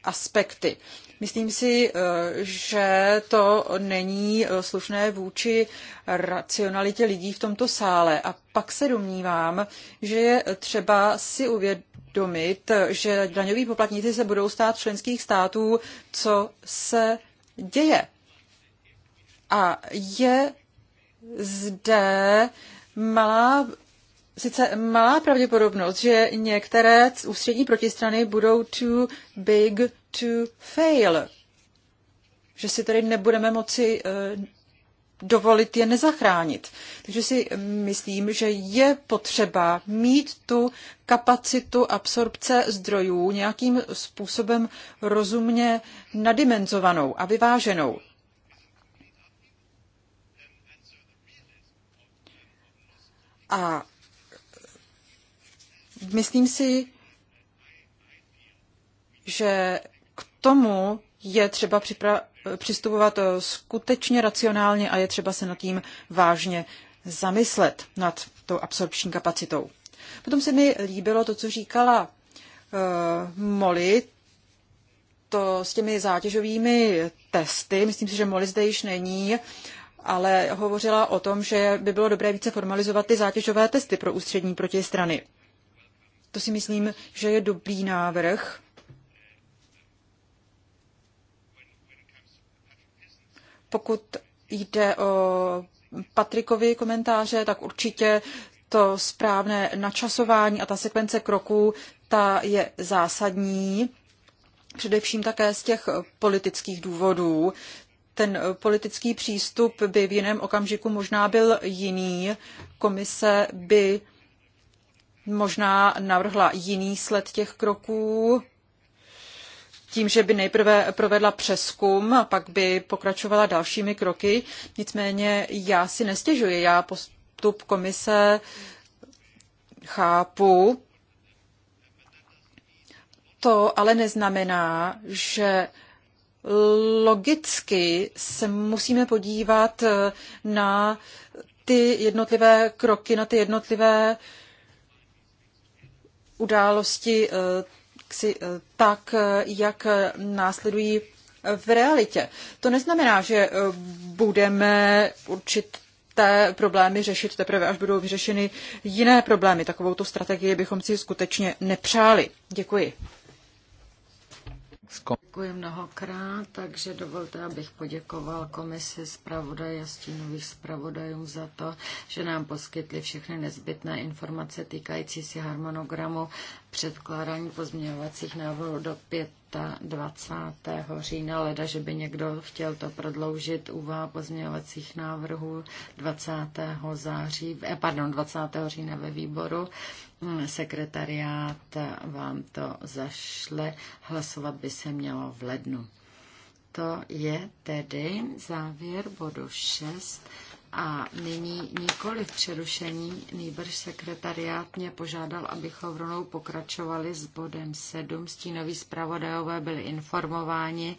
aspekty. Myslím si, eh, že to není eh, slušné vůči racionalitě lidí v tomto sále. A pak se domnívám, že je třeba si uvědomit, že daňoví poplatníci se budou stát členských států, co se děje. A je zde malá sice malá pravděpodobnost, že některé ústřední protistrany budou too big to fail. Že si tedy nebudeme moci eh, dovolit je nezachránit. Takže si myslím, že je potřeba mít tu kapacitu absorpce zdrojů nějakým způsobem rozumně nadimenzovanou a vyváženou. A myslím si, že k tomu je třeba přistupovat skutečně racionálně a je třeba se nad tím vážně zamyslet nad tou absorpční kapacitou. Potom se mi líbilo to, co říkala uh, Molly, to s těmi zátěžovými testy. Myslím si, že Molly zde již není, ale hovořila o tom, že by bylo dobré více formalizovat ty zátěžové testy pro ústřední protistrany. To si myslím, že je dobrý návrh. Pokud jde o Patrikovi komentáře, tak určitě to správné načasování a ta sekvence kroků, ta je zásadní, především také z těch politických důvodů. Ten politický přístup by v jiném okamžiku možná byl jiný. Komise by možná navrhla jiný sled těch kroků, tím, že by nejprve provedla přeskum a pak by pokračovala dalšími kroky. Nicméně já si nestěžuji, já postup komise chápu. To ale neznamená, že logicky se musíme podívat na ty jednotlivé kroky, na ty jednotlivé uh, události eh, eh, tak, eh, jak následují v realitě. To neznamená, že budeme určit té problémy řešit teprve, až budou vyřešeny jiné problémy. Takovou tu strategii bychom si skutečně nepřáli. Děkuji. Děkuji mnohokrát, takže dovolte, abych poděkoval komisi zpravodaje a stínových zpravodajů za to, že nám poskytli všechny nezbytné informace týkající se harmonogramu předkládání pozměňovacích návrhů do 25. října, leda, že by někdo chtěl to prodloužit úvaha pozměňovacích návrhů 20. září, eh, pardon, 20. října ve výboru Sekretariát vám to zašle. Hlasovat by se mělo v lednu. To je tedy závěr bodu 6 a nyní nikoli v přerušení, nejbrž sekretariát mě požádal, abychom rovnou pokračovali s bodem 7. Stínoví zpravodajové byli informováni,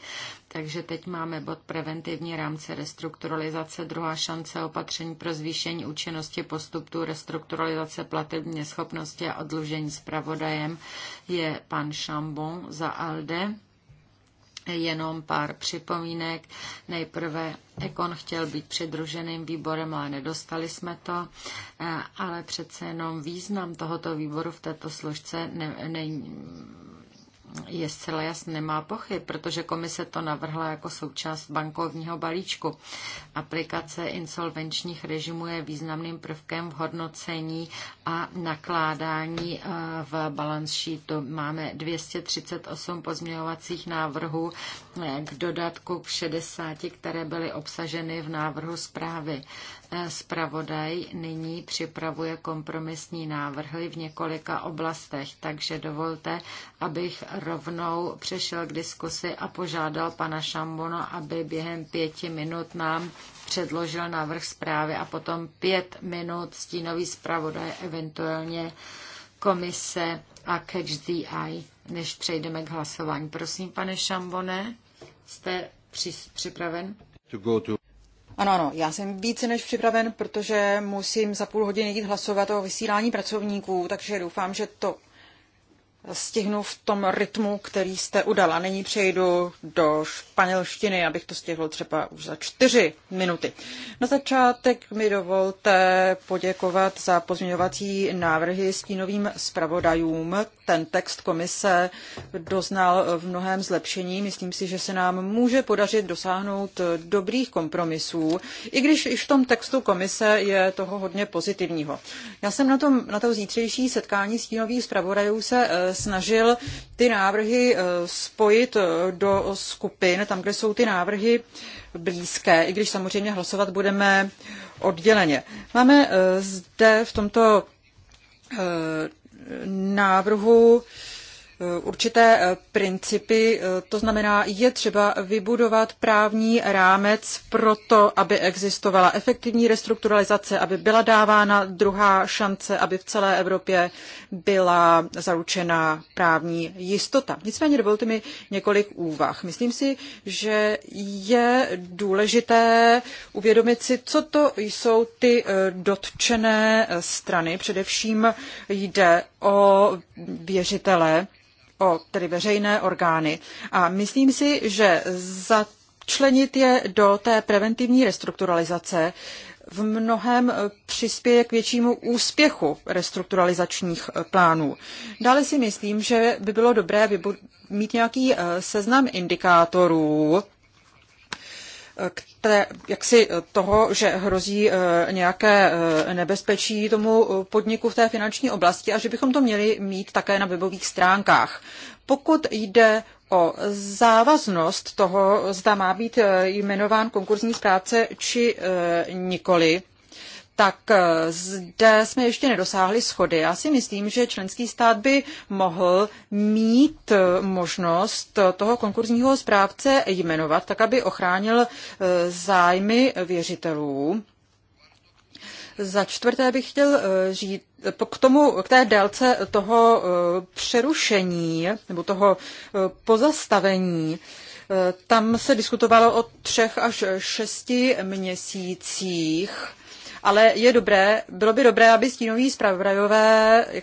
takže teď máme bod preventivní rámce restrukturalizace, druhá šance opatření pro zvýšení účinnosti postupů restrukturalizace platební neschopnosti a odlužení zpravodajem je pan Šambon za ALDE. Jenom pár připomínek. Nejprve Ekon chtěl být předruženým výborem, ale nedostali jsme to, eh, ale přece jenom význam tohoto výboru v této složce ne, ne, je zcela jasný, nemá pochyb, protože komise to navrhla jako součást bankovního balíčku. Aplikace insolvenčních režimů je významným prvkem v hodnocení a nakládání eh, v balance sheetu. Máme 238 pozměňovacích návrhů eh, k dodatku k 60, které byly obsaženy v návrhu zprávy. Spravodaj nyní připravuje kompromisní návrhy v několika oblastech, takže dovolte, abych rovnou přešel k diskusi a požádal pana Šambono, aby během pěti minut nám předložil návrh zprávy a potom pět minut stínový zpravodaj, eventuálně komise a catch the eye, než přejdeme k hlasování. Prosím, pane Šambone, jste připraven? To go to... Ano, ano, já jsem více než připraven, protože musím za půl hodiny jít hlasovat o vysílání pracovníků, takže doufám, že to stihnu v tom rytmu, který jste udala. Nyní přejdu do španělštiny, abych to stihl třeba už za čtyři minuty. Na začátek mi dovolte poděkovat za pozměňovací návrhy stínovým zpravodajům. Ten text komise doznal v mnohem zlepšení. Myslím si, že se nám může podařit dosáhnout dobrých kompromisů, i když i v tom textu komise je toho hodně pozitivního. Já jsem na, tom, na to zítřejší setkání stínových zpravodajů se eh, snažil ty návrhy eh, spojit eh, do skupin, tam, kde jsou ty návrhy blízké, i když samozřejmě hlasovat budeme odděleně. Máme eh, zde v tomto návrhu Eh, určité eh, principy, eh, to znamená, je třeba vybudovat právní rámec pro to, aby existovala efektivní restrukturalizace, aby byla dávána druhá šance, aby v celé Evropě byla zaručena právní jistota. Nicméně dovolte mi několik úvah. Myslím si, že je důležité uvědomit si, co to jsou ty dotčené strany. Především jde o věřitele, o tedy veřejné orgány. A myslím si, že začlenit je do té preventivní restrukturalizace v mnohem přispěje k většímu úspěchu restrukturalizačních plánů. Dále si myslím, že by bylo dobré mít nějaký eh, seznam indikátorů, eh, té, jaksi toho, že hrozí eh, nějaké eh, nebezpečí tomu eh, podniku v té finanční oblasti a že bychom to měli mít také na webových stránkách. Pokud jde o závaznost toho, zda má být jmenován konkurzní správce či nikoli, tak eh, zde jsme ještě nedosáhli schody. Já si myslím, že členský stát by mohl mít eh, možnost toho konkurzního zprávce jmenovat, tak aby ochránil eh, zájmy věřitelů. Za čtvrté bych chtěl říct, k tomu, k té délce toho přerušení nebo toho pozastavení, tam se diskutovalo o třech až šesti měsících ale je dobré, bylo by dobré, aby stínoví zpravodajové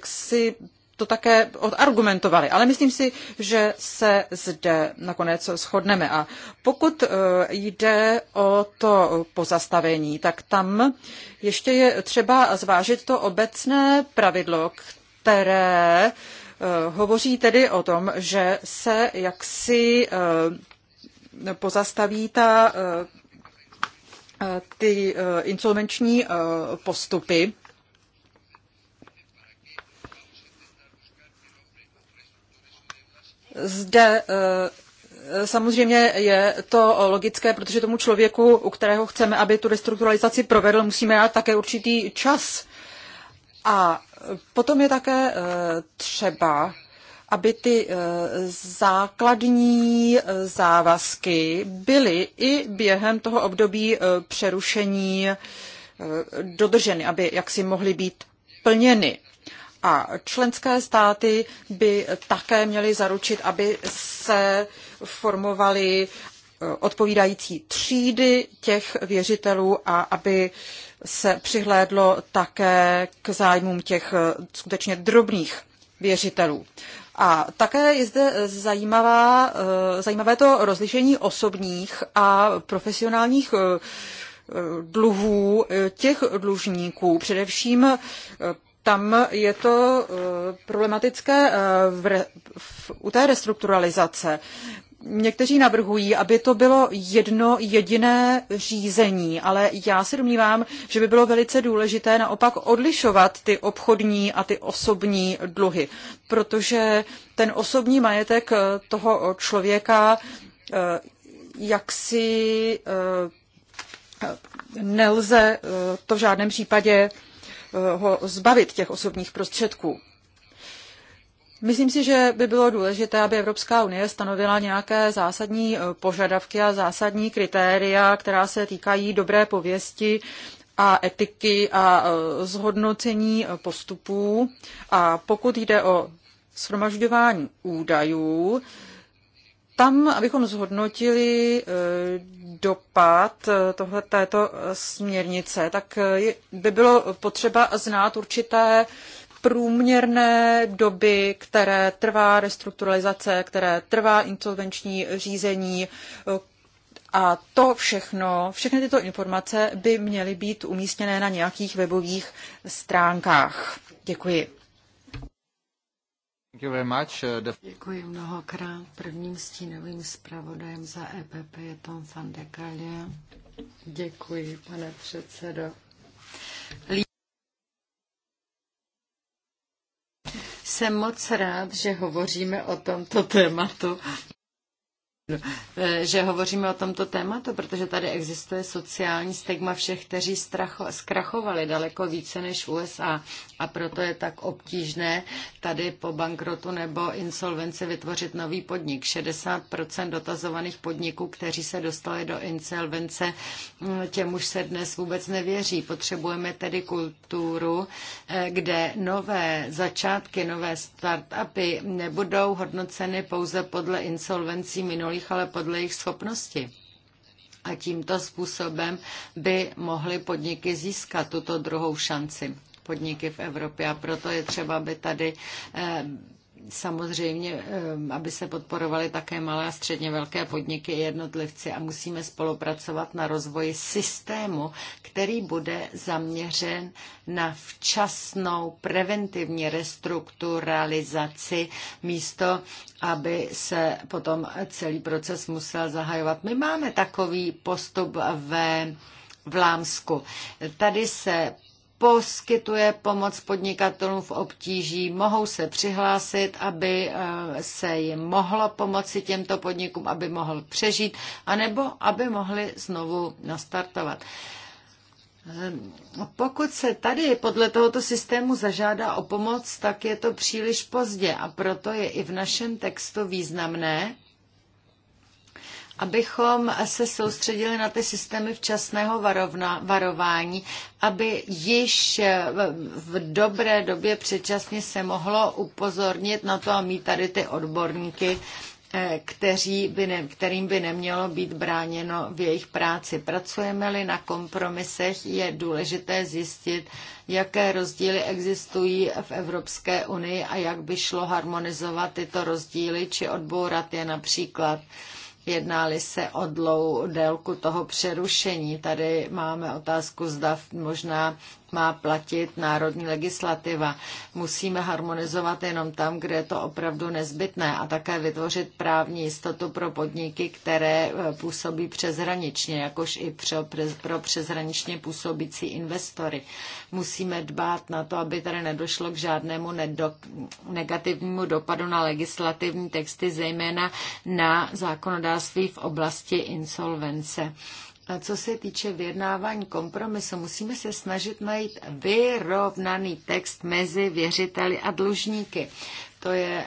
si to také odargumentovali. Ale myslím si, že se zde nakonec shodneme. A pokud e, jde o to pozastavení, tak tam ještě je třeba zvážit to obecné pravidlo, které e, hovoří tedy o tom, že se jaksi e, pozastaví ta Eh, ty eh, insolvenční eh, postupy. Zde samozřejmě je to logické, protože tomu člověku, u kterého chceme, aby tu restrukturalizaci provedl, musíme dát také určitý čas. A potom je také třeba aby ty eh, základní eh, závazky byly i během toho období eh, přerušení dodrženy, aby jaksi mohly být plněny. A členské státy by také měly zaručit, aby se formovaly odpovídající třídy těch věřitelů a aby se přihlédlo také k zájmům těch skutečně drobných věřitelů. A také je zde zajímavá, eh, zajímavé to rozlišení osobních a profesionálních eh, dluhů eh, těch dlužníků, především tam je to problematické v, v, u té restrukturalizace, někteří navrhují, aby to bylo jedno jediné řízení, ale já se domnívám, že by bylo velice důležité naopak odlišovat ty obchodní a ty osobní dluhy, protože ten osobní majetek eh, toho člověka eh, jaksi eh, nelze to v žádném případě ho zbavit těch osobních prostředků. Myslím si, že by bylo důležité, aby Evropská unie stanovila nějaké zásadní e, požadavky a zásadní kritéria, která se týkají dobré pověsti a etiky a e, zhodnocení e, postupů. A pokud jde o shromažďování údajů, tam, abychom zhodnotili dopad tohle, této směrnice, tak by bylo potřeba znát určité průměrné doby, které trvá restrukturalizace, které trvá insolvenční řízení, eh, a to všechno, všechny tyto informace by měly být umístěné na nějakých webových stránkách. Děkuji. Eh, Děkuji mnohokrát. Prvním stínovým zpravodajem za EPP je Tom van de Kalle. Děkuji, pane předsedo. Jsem moc rád, že hovoříme o tomto tématu, eh, že hovoříme o tomto tématu, protože tady existuje sociální stigma všech, kteří zkrachovali daleko více než USA a proto je tak obtížné tady po bankrotu nebo insolvenci vytvořit nový podnik. 60% dotazovaných podniků, kteří se dostali do insolvence, těm už se dnes vůbec nevěří. Potřebujeme tedy kulturu, kde nové začátky, nové startupy nebudou hodnoceny pouze podle insolvencí minulých, ale podle jejich schopnosti a tímto způsobem by mohly podniky získat tuto druhou šanci podniky v Evropě a proto je třeba, aby tady eh, samozřejmě, eh, aby se podporovaly také malé a středně velké podniky i jednotlivci a musíme spolupracovat na rozvoji systému, který bude zaměřen na včasnou preventivní restrukturalizaci místo, aby se potom celý proces musel zahajovat. My máme takový postup ve v Lámsku. Tady se poskytuje pomoc podnikatelům v obtíží, mohou se přihlásit, aby eh, se jim mohlo pomoci těmto podnikům, aby mohl přežít, anebo aby mohli znovu nastartovat. Eh, pokud se tady podle tohoto systému zažádá o pomoc, tak je to příliš pozdě a proto je i v našem textu významné, abychom se soustředili na ty systémy včasného varovna, varování, aby již v dobré době předčasně se mohlo upozornit na to a mít tady ty odborníky, eh, kteří by ne, kterým by nemělo být bráněno v jejich práci. Pracujeme-li na kompromisech, je důležité zjistit, jaké rozdíly existují v Evropské unii a jak by šlo harmonizovat tyto rozdíly či odbourat je například jednáli se o dlou délku toho přerušení. Tady máme otázku, zda možná má platit národní legislativa. Musíme harmonizovat jenom tam, kde je to opravdu nezbytné a také vytvořit právní jistotu pro podniky, které e, působí přeshraničně, jakož i pro přeshraničně působící investory. Musíme dbát na to, aby tady nedošlo k žádnému negativnímu dopadu na legislativní texty, zejména na zákonodárství v oblasti insolvence co se týče vyjednávání kompromisu, musíme se snažit najít vyrovnaný text mezi věřiteli a dlužníky. To je eh,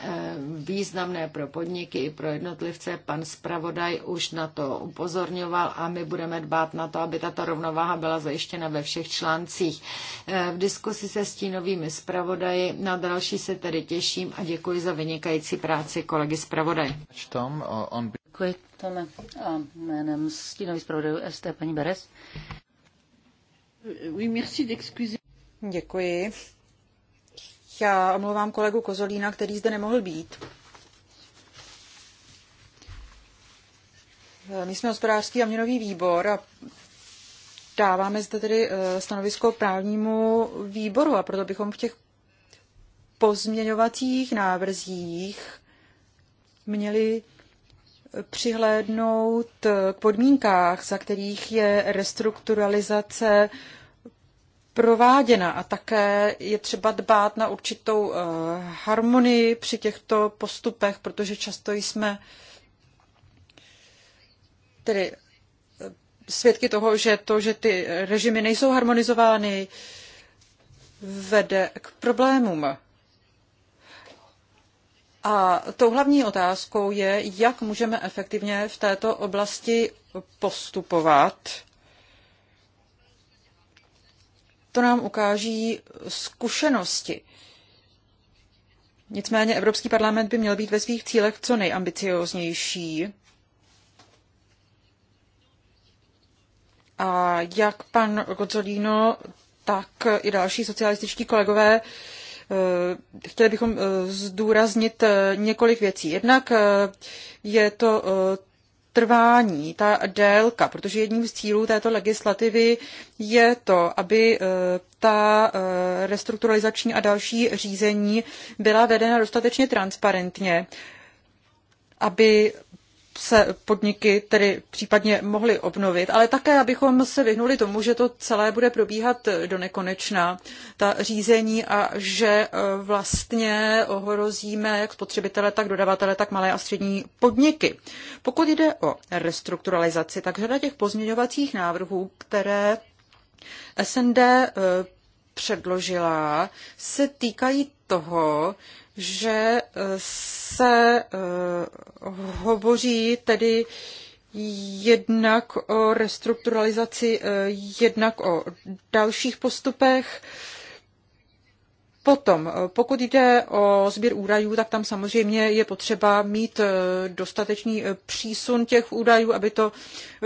významné pro podniky i pro jednotlivce. Pan zpravodaj už na to upozorňoval a my budeme dbát na to, aby tato rovnováha byla zajištěna ve všech článcích. Eh, v diskusi se stínovými zpravodaji na další se tedy těším a děkuji za vynikající práci kolegy zpravodaj. Děkuji, Tome. A jménem stínový zpravodajů ST paní Beres. Děkuji. Já omlouvám kolegu Kozolína, který zde nemohl být. My jsme hospodářský a měnový výbor a dáváme zde tedy eh, stanovisko právnímu výboru a proto bychom v těch pozměňovacích návrzích měli přihlédnout k podmínkách, za kterých je restrukturalizace prováděna a také je třeba dbát na určitou eh, harmonii při těchto postupech, protože často jsme tedy eh, svědky toho, že to, že ty režimy nejsou harmonizovány, vede k problémům. A tou hlavní otázkou je, jak můžeme efektivně v této oblasti postupovat to nám ukáží zkušenosti. Nicméně Evropský parlament by měl být ve svých cílech co nejambicioznější. A jak pan Gozzolino, tak i další socialističtí kolegové eh, chtěli bychom eh, zdůraznit eh, několik věcí. Jednak je to trvání, ta délka, protože jedním z cílů této legislativy je to, aby eh, ta eh, restrukturalizační a další řízení byla vedena dostatečně transparentně, aby se podniky tedy případně mohly obnovit, ale také, abychom se vyhnuli tomu, že to celé bude probíhat do nekonečna, ta řízení a že e, vlastně ohrozíme jak spotřebitele, tak dodavatele, tak malé a střední podniky. Pokud jde o restrukturalizaci, tak řada těch pozměňovacích návrhů, které SND e, předložila, se týkají toho, že eh, se eh, hovoří tedy jednak o restrukturalizaci, eh, jednak o dalších postupech. Potom, pokud jde o sběr údajů, tak tam samozřejmě je potřeba mít dostatečný přísun těch údajů, aby to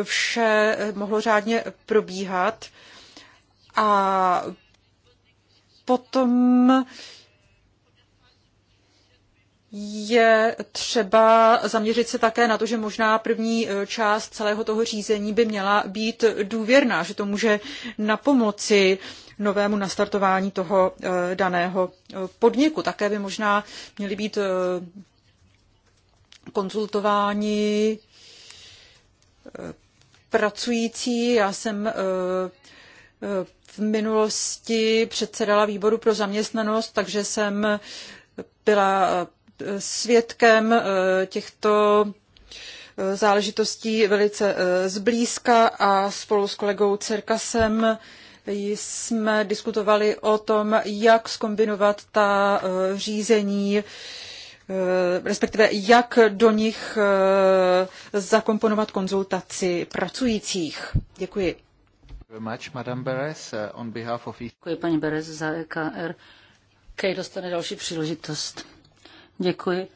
vše mohlo řádně probíhat. A potom je třeba zaměřit se také na to, že možná první e, část celého toho řízení by měla být důvěrná, že to může pomoci novému nastartování toho e, daného e, podniku. Také by možná měly být konzultováni pracující. Já jsem v minulosti předsedala výboru pro zaměstnanost, takže jsem byla svědkem eh, těchto eh, záležitostí velice eh, zblízka a spolu s kolegou Cerkasem jsme diskutovali o tom, jak skombinovat ta řízení, respektive jak do nich zakomponovat konzultaci pracujících. Děkuji. Děkuji paní Beres za EKR. Kej dostane další příležitost. Děkuji.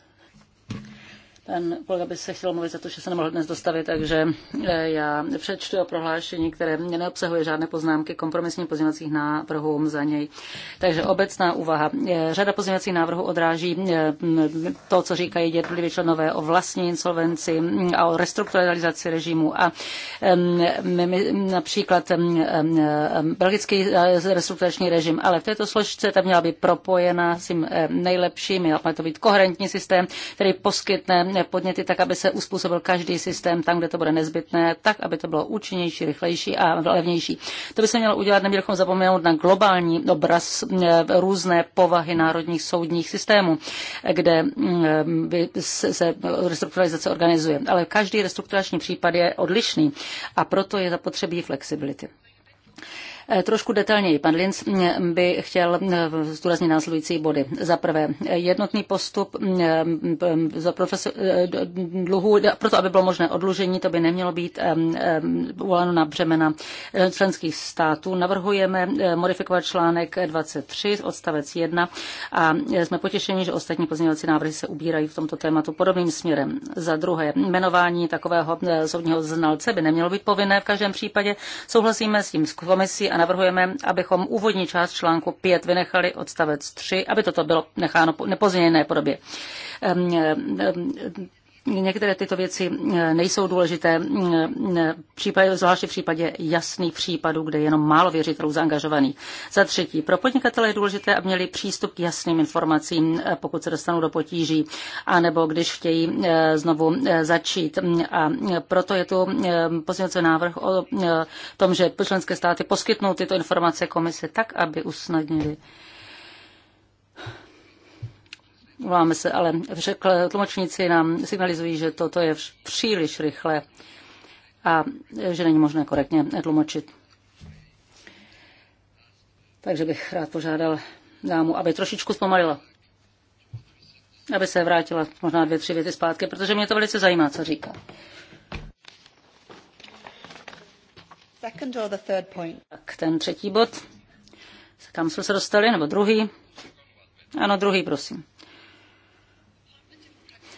Pan kolega by se chtěl mluvit za to, že se nemohl dnes dostavit, takže eh, já přečtu o prohlášení, které mě neobsahuje žádné poznámky kompromisním pozměňovacích návrhům za něj. Takže obecná úvaha. Eh, řada pozměňovacích návrhů odráží eh, to, co říkají jednotliví členové o vlastní insolvenci mm, a o restrukturalizaci režimu. A například belgický restrukturační režim, ale v této složce ta měla být propojena s tím nejlepším, měl to být koherentní systém, který poskytne podněty, tak aby se uspůsobil každý systém tam, kde to bude nezbytné, tak, aby to bylo účinnější, rychlejší a levnější. To by se mělo udělat, neměli bychom zapomenout na globální obraz eh, různé povahy národních soudních systémů, kde mm, se restrukturalizace organizuje. Ale každý restrukturační případ je odlišný a proto je zapotřebí flexibility. Eh, trošku detailněji. pan Linz mm, by chtěl eh, zdůraznit následující body. Za prvé, jednotný postup mm, mm, za profes, eh, dluhu, proto aby bylo možné odlužení, to by nemělo být uvoleno na břemena členských států. Navrhujeme modifikovat článek 23, odstavec 1 a jsme potěšeni, že ostatní pozměňovací návrhy se ubírají v tomto tématu podobným směrem. Za druhé, jmenování takového soudního znalce by nemělo být povinné v každém případě. Souhlasíme s tím s komisí a navrhujeme, abychom úvodní část článku 5 vynechali odstavec 3, aby toto bylo necháno nepozměněné podobě některé tyto věci eh, nejsou důležité, eh, eh, případě, zvláště v případě jasných případů, kde je jenom málo věřitelů zaangažovaných. Za třetí, pro podnikatele je důležité, aby měli přístup k jasným informacím, pokud se dostanou do potíží, anebo když chtějí znovu začít. Mm, a proto je tu pozměňovací návrh o tom, že členské státy poskytnou tyto informace komise tak, aby usnadnili Voláme se, ale řekl, tlumočníci nám signalizují, že toto je příliš rychle a že není možné korektně tlumočit. Takže bych rád požádal dámu, aby trošičku zpomalila. Aby se vrátila možná dvě, tři věty zpátky, protože mě to velice zajímá, co říká. Tak ten třetí bod, kam jsme se dostali, nebo druhý? Ano, druhý, prosím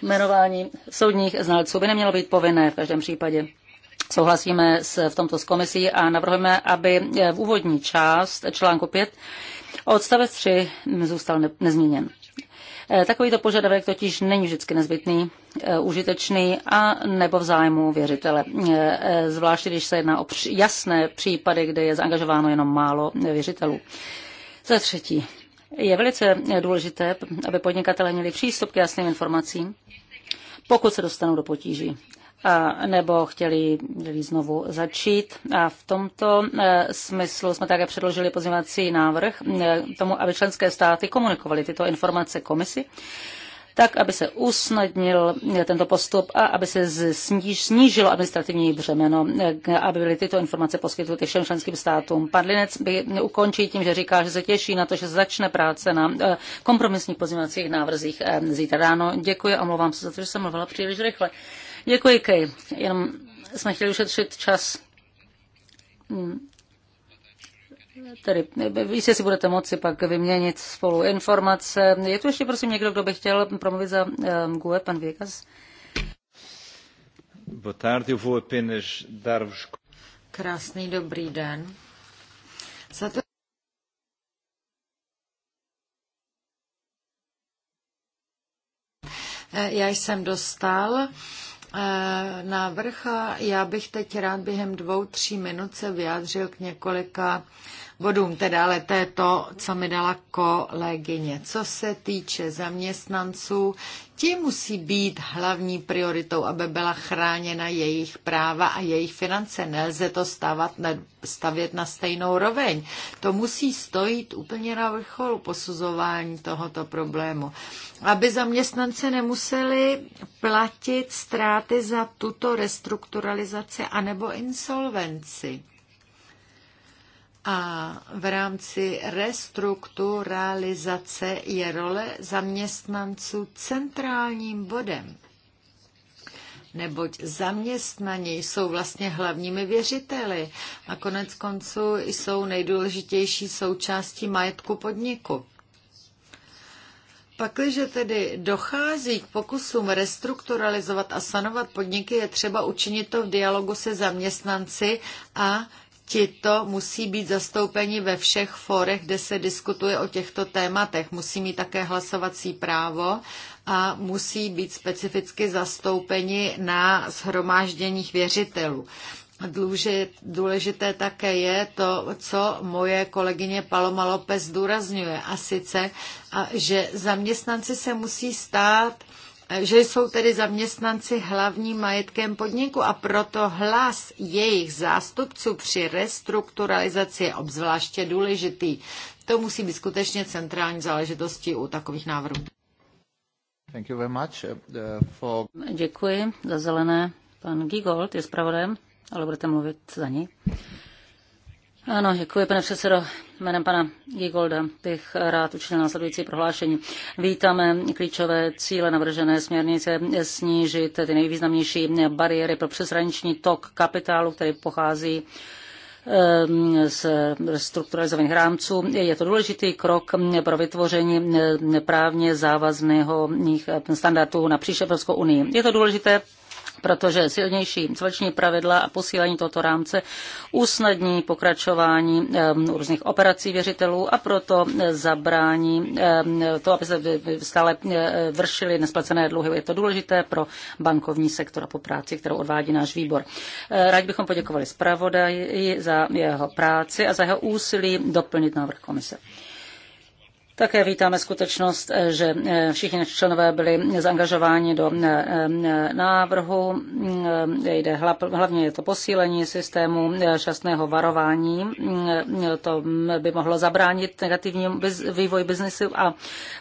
jmenování soudních znalců by nemělo být povinné v každém případě. Souhlasíme s, v tomto s komisí a navrhujeme, aby v úvodní část článku 5 odstavec 3 zůstal ne, nezměněn. Eh, takovýto požadavek totiž není vždycky nezbytný, eh, užitečný a nebo v zájmu věřitele. Eh, zvláště když se jedná o jasné případy, kde je zaangažováno jenom málo věřitelů. Za třetí, je velice důležité, aby podnikatelé měli přístup k jasným informacím, pokud se dostanou do potíží a nebo chtěli, chtěli znovu začít. A v tomto eh, smyslu jsme také předložili pozměňovací návrh eh, tomu, aby členské státy komunikovaly tyto informace komisi tak aby se usnadnil tento postup a aby se snížilo administrativní břemeno, aby byly tyto informace poskytnuty všem členským státům. Pan Linec by ukončí tím, že říká, že se těší na to, že začne práce na eh, kompromisních pozměňovacích návrzích eh, zítra ráno. Děkuji a omlouvám se za to, že jsem mluvila příliš rychle. Děkuji, Kej. Jenom jsme chtěli ušetřit čas hmm. Tedy vy si budete moci pak vyměnit spolu informace. Je tu ještě prosím někdo, kdo by chtěl promluvit za um, GUE, pan Věkas? Krásný dobrý den. Za to eh, Já jsem dostal eh, návrh a já bych teď rád během dvou, tří minut se vyjádřil k několika bodům, teda ale to je to, co mi dala kolegyně. Co se týče zaměstnanců, ti musí být hlavní prioritou, aby byla chráněna jejich práva a jejich finance. Nelze to stavat, ne, stavět na stejnou roveň. To musí stojit úplně na vrcholu posuzování tohoto problému. Aby zaměstnance nemuseli platit ztráty za tuto restrukturalizaci anebo insolvenci. A v rámci restrukturalizace je role zaměstnanců centrálním bodem, neboť zaměstnaní jsou vlastně hlavními věřiteli a konec konců jsou nejdůležitější součástí majetku podniku. Pakliže tedy dochází k pokusům restrukturalizovat a sanovat podniky, je třeba učinit to v dialogu se zaměstnanci a tito musí být zastoupeni ve všech fórech, kde se diskutuje o těchto tématech. Musí mít také hlasovací právo a musí být specificky zastoupeni na shromážděních věřitelů. Důležité také je to, co moje kolegyně Paloma López zdůrazňuje, a sice, že zaměstnanci se musí stát že jsou tedy zaměstnanci hlavním majetkem podniku a proto hlas jejich zástupců při restrukturalizaci je obzvláště důležitý. To musí být skutečně centrální záležitostí u takových návrhů. Thank you very much uh, for... Děkuji za zelené. Pan Gigold je zpravodajem, ale budete mluvit za ní. Ano, děkuji, pane předsedo. Jménem pana Gigolda bych rád učinil následující prohlášení. Vítáme klíčové cíle navržené směrnice snížit ty nejvýznamnější bariéry pro přeshraniční tok kapitálu, který pochází ehm, z strukturalizovaných rámců. Je to důležitý krok pro vytvoření ehm, právně závazného standardů na příště Evropskou unii. Je to důležité protože silnější cviční pravidla a posílení tohoto rámce usnadní pokračování různých operací věřitelů a proto eh, zabrání to, aby se stále eh, vršily nesplacené dluhy. Je to důležité pro bankovní sektor a po práci, kterou odvádí náš výbor. Eh, Rád bychom poděkovali zpravodaji za jeho práci a za jeho úsilí doplnit návrh komise. Také vítáme skutečnost, že eh, všichni členové byli zaangažováni do eh, eh, návrhu. Jde hlavně je to posílení systému časného varování. To by mohlo zabránit negativním vývoj biznesu a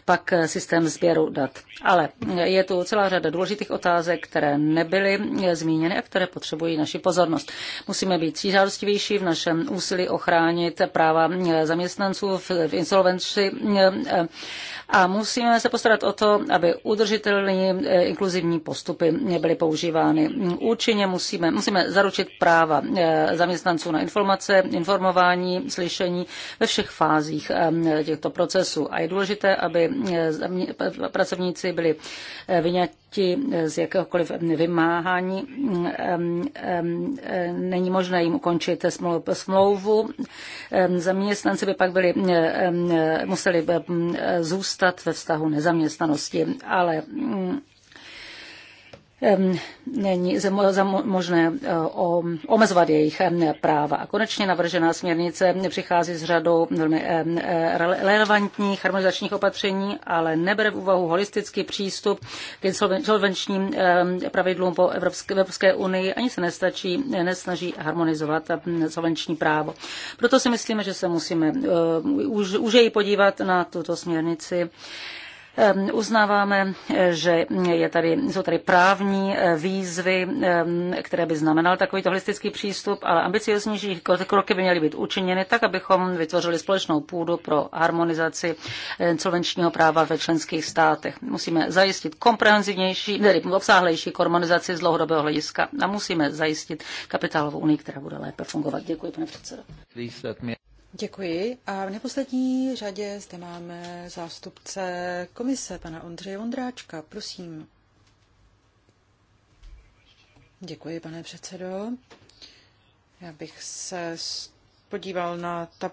pak systém sběru dat. Ale je tu celá řada důležitých otázek, které nebyly zmíněny a které potřebují naši pozornost. Musíme být přířádostivější v našem úsilí ochránit práva zaměstnanců v insolvenci äh, a musíme se postarat o to, aby udržitelné eh, inkluzivní postupy byly používány. Účinně musíme, musíme zaručit práva eh, zaměstnanců na informace, informování, slyšení ve všech fázích eh, těchto procesů. A je důležité, aby pracovníci byli vyňati z jakéhokoliv vymáhání. Mm, není možné jim ukončit smlouvu. Zaměstnanci by pak byli, museli zůstat zůstat ve vztahu nezaměstnanosti, ale mm, není možné eh, omezovat jejich práva. A konečně navržená směrnice přichází s řadou velmi eh, relevantních harmonizačních opatření, ale nebere v úvahu holistický přístup k insolvenčním pravidlům po Evropské, Evropské unii, ani se nestačí, nesnaží harmonizovat insolvenční právo. Proto si myslíme, že se musíme eh, už, už podívat na tuto směrnici Uznáváme, že je tady, jsou tady právní eh, výzvy, které by znamenal takovýto holistický přístup, ale ambicioznější kroky by měly být učiněny tak, abychom vytvořili společnou půdu pro harmonizaci eh, insolvenčního práva ve členských státech. Musíme zajistit komprehenzivnější, tedy obsáhlejší harmonizaci z dlouhodobého hlediska a musíme zajistit kapitálovou unii, která bude lépe fungovat. Děkuji, pane předsedo. Děkuji. A v neposlední řadě zde máme zástupce komise, pana Ondřeje Ondráčka. Prosím. Děkuji, pane předsedo. Já bych se podíval na ta,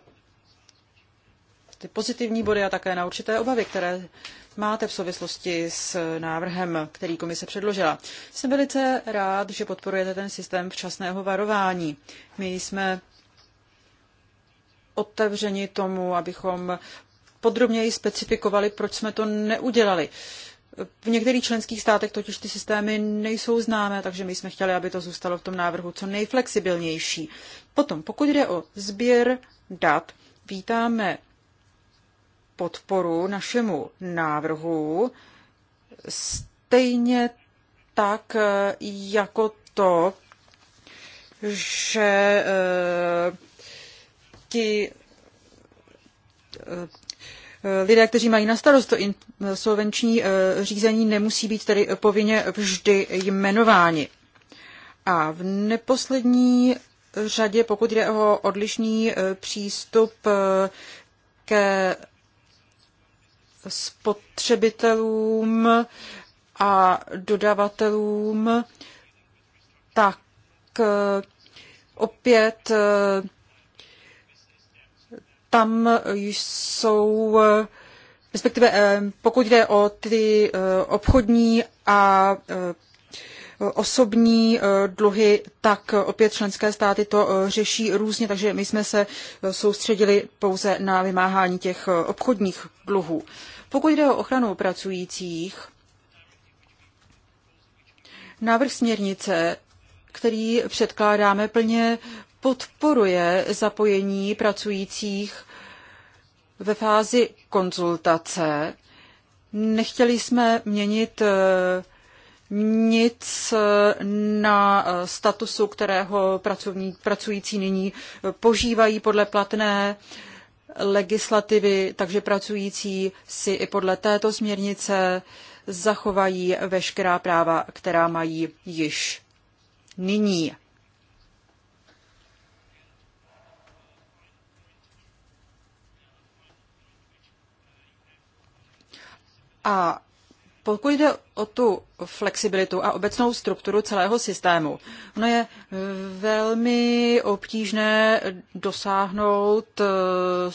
ty pozitivní body a také na určité obavy, které máte v souvislosti s návrhem, který komise předložila. Jsem velice rád, že podporujete ten systém včasného varování. My jsme otevřeni tomu, abychom podrobněji specifikovali, proč jsme to neudělali. V některých členských státech totiž ty systémy nejsou známé, takže my jsme chtěli, aby to zůstalo v tom návrhu co nejflexibilnější. Potom, pokud jde o sběr dat, vítáme podporu našemu návrhu, stejně tak jako to, že eh, ti eh, lidé, kteří mají na starost to insolvenční eh, řízení, nemusí být tedy povinně vždy jmenováni. A v neposlední řadě, pokud jde o odlišný eh, přístup ke spotřebitelům a dodavatelům, tak opět tam jsou, respektive eh, pokud jde o ty eh, obchodní a eh, osobní dluhy, tak opět členské státy to řeší různě, takže my jsme se soustředili pouze na vymáhání těch obchodních dluhů. Pokud jde o ochranu pracujících, návrh směrnice, který předkládáme, plně podporuje zapojení pracujících ve fázi konzultace. Nechtěli jsme měnit eh, nic eh, na eh, statusu, kterého pracovní, pracující nyní požívají podle platné legislativy, takže pracující si i podle této směrnice zachovají veškerá práva, která mají již nyní. A pokud jde o tu flexibilitu a obecnou strukturu celého systému, ono je eh, velmi obtížné dosáhnout eh,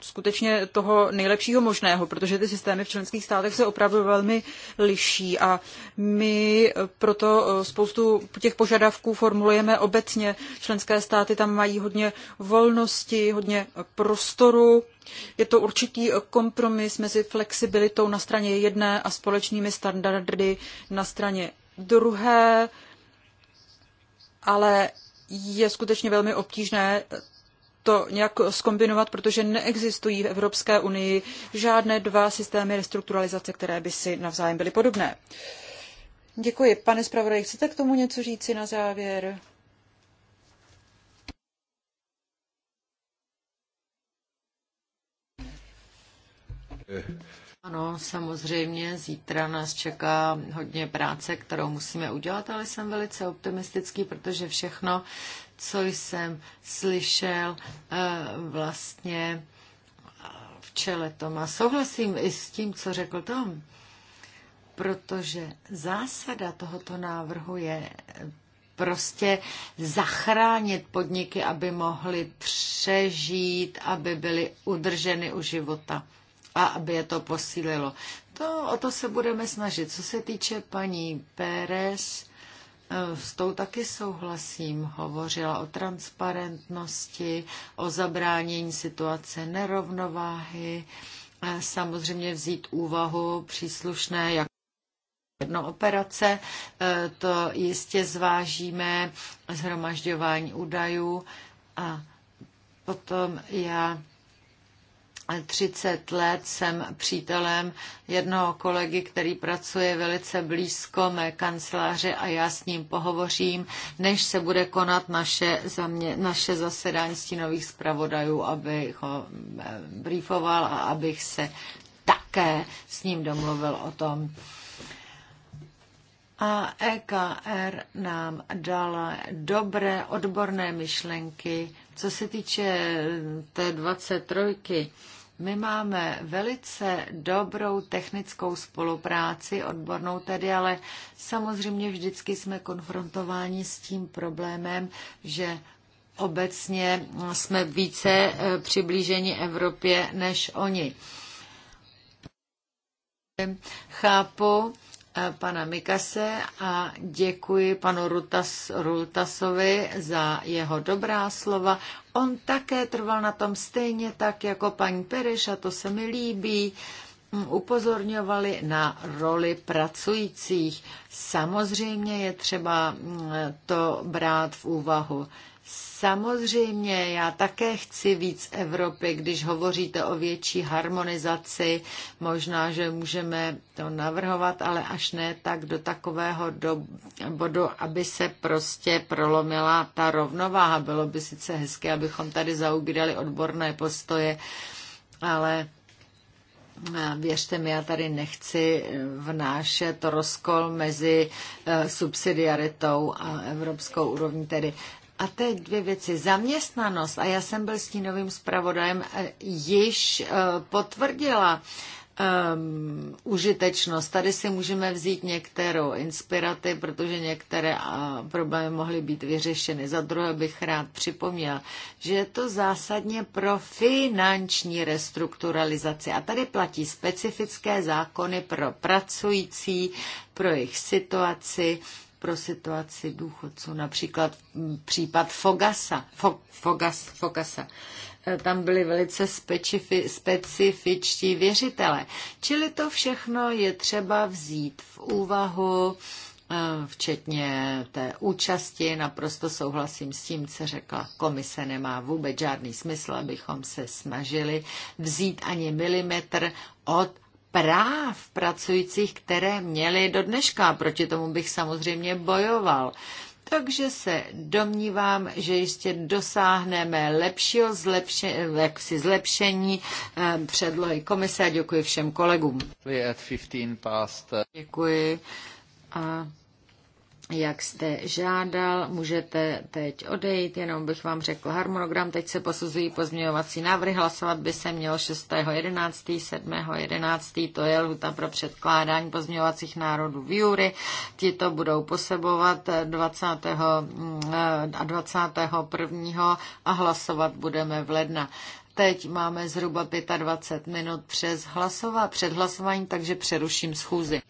skutečně toho nejlepšího možného, protože ty systémy v členských státech se opravdu velmi liší a my proto eh, spoustu těch požadavků formulujeme obecně. Členské státy tam mají hodně volnosti, hodně prostoru. Je to určitý kompromis mezi flexibilitou na straně jedné a společnými standardy na straně druhé, ale je skutečně velmi obtížné to nějak skombinovat, protože neexistují v Evropské unii žádné dva systémy restrukturalizace, které by si navzájem byly podobné. Děkuji. Pane zpravodaj, chcete k tomu něco říci na závěr? Eh. Ano, samozřejmě, zítra nás čeká hodně práce, kterou musíme udělat, ale jsem velice optimistický, protože všechno, co jsem slyšel, eh, vlastně eh, v čele Toma. Souhlasím i s tím, co řekl Tom, protože zásada tohoto návrhu je eh, prostě zachránit podniky, aby mohly přežít, aby byly udrženy u života a aby je to posílilo. To, o to se budeme snažit. Co se týče paní Pérez, eh, s tou taky souhlasím. Hovořila o transparentnosti, o zabránění situace nerovnováhy, samozřejmě vzít úvahu příslušné jak jedno operace, eh, to jistě zvážíme, zhromažďování údajů a potom já 30 let jsem přítelem jednoho kolegy, který pracuje velice blízko mé kanceláře a já s ním pohovořím, než se bude konat naše, zamě, naše zasedání stínových zpravodajů, abych ho eh, briefoval a abych se také s ním domluvil o tom, a EKR nám dala dobré odborné myšlenky. Co se týče té 23, my máme velice dobrou technickou spolupráci, odbornou tedy, ale samozřejmě vždycky jsme konfrontováni s tím problémem, že obecně jsme více eh, přiblíženi Evropě než oni. Chápu, Eh, pana Mikase a děkuji panu Rutas, Rultasovi za jeho dobrá slova. On také trval na tom stejně tak jako paní Periš a to se mi líbí. Uh, Mm, upozorňovali na roli pracujících. Samozřejmě je třeba mm, to brát v úvahu. Samozřejmě, já také chci víc Evropy, když hovoříte o větší harmonizaci. Možná, že můžeme to navrhovat, ale až ne tak do takového do, bodu, aby se prostě prolomila ta rovnováha. Bylo by sice hezké, abychom tady zaubírali odborné postoje, ale Věřte mi, já tady nechci vnášet rozkol mezi e, subsidiaritou a evropskou úrovní tedy. A teď dvě věci. Zaměstnanost, a já jsem byl s tím novým zpravodajem, e, již e, potvrdila um, užitečnost. Tady si můžeme vzít některou inspiraci, protože některé uh, problémy mohly být vyřešeny. Za druhé bych rád připomněl, že je to zásadně pro finanční restrukturalizaci. A tady platí specifické zákony pro pracující, pro jejich situaci, pro situaci důchodců, například případ Fogasa. Fog, Fogas, Fogasa. Eh, tam byli velice specifi, specifičtí věřitele. Čili to všechno je třeba vzít v úvahu, eh, včetně té účasti. Naprosto souhlasím s tím, co řekla komise. Nemá vůbec žádný smysl, abychom se snažili vzít ani milimetr od práv pracujících, které měli do dneška. Proti tomu bych samozřejmě bojoval. Takže se domnívám, že jistě dosáhneme lepšího zlepše, jaksi zlepšení eh, předlohy komise a děkuji všem kolegům. Eh. Děkuji. A jak jste žádal, můžete teď odejít, jenom bych vám řekl harmonogram, teď se posuzují pozměňovací návrhy, hlasovat by se mělo 6.11., 7.11., to je lhuta pro předkládání pozměňovacích národů v Jury, ti to budou posebovat 20. Mm, a 21. a hlasovat budeme v ledna. Teď máme zhruba 25 minut přes hlasova, před hlasováním, takže přeruším schůzi.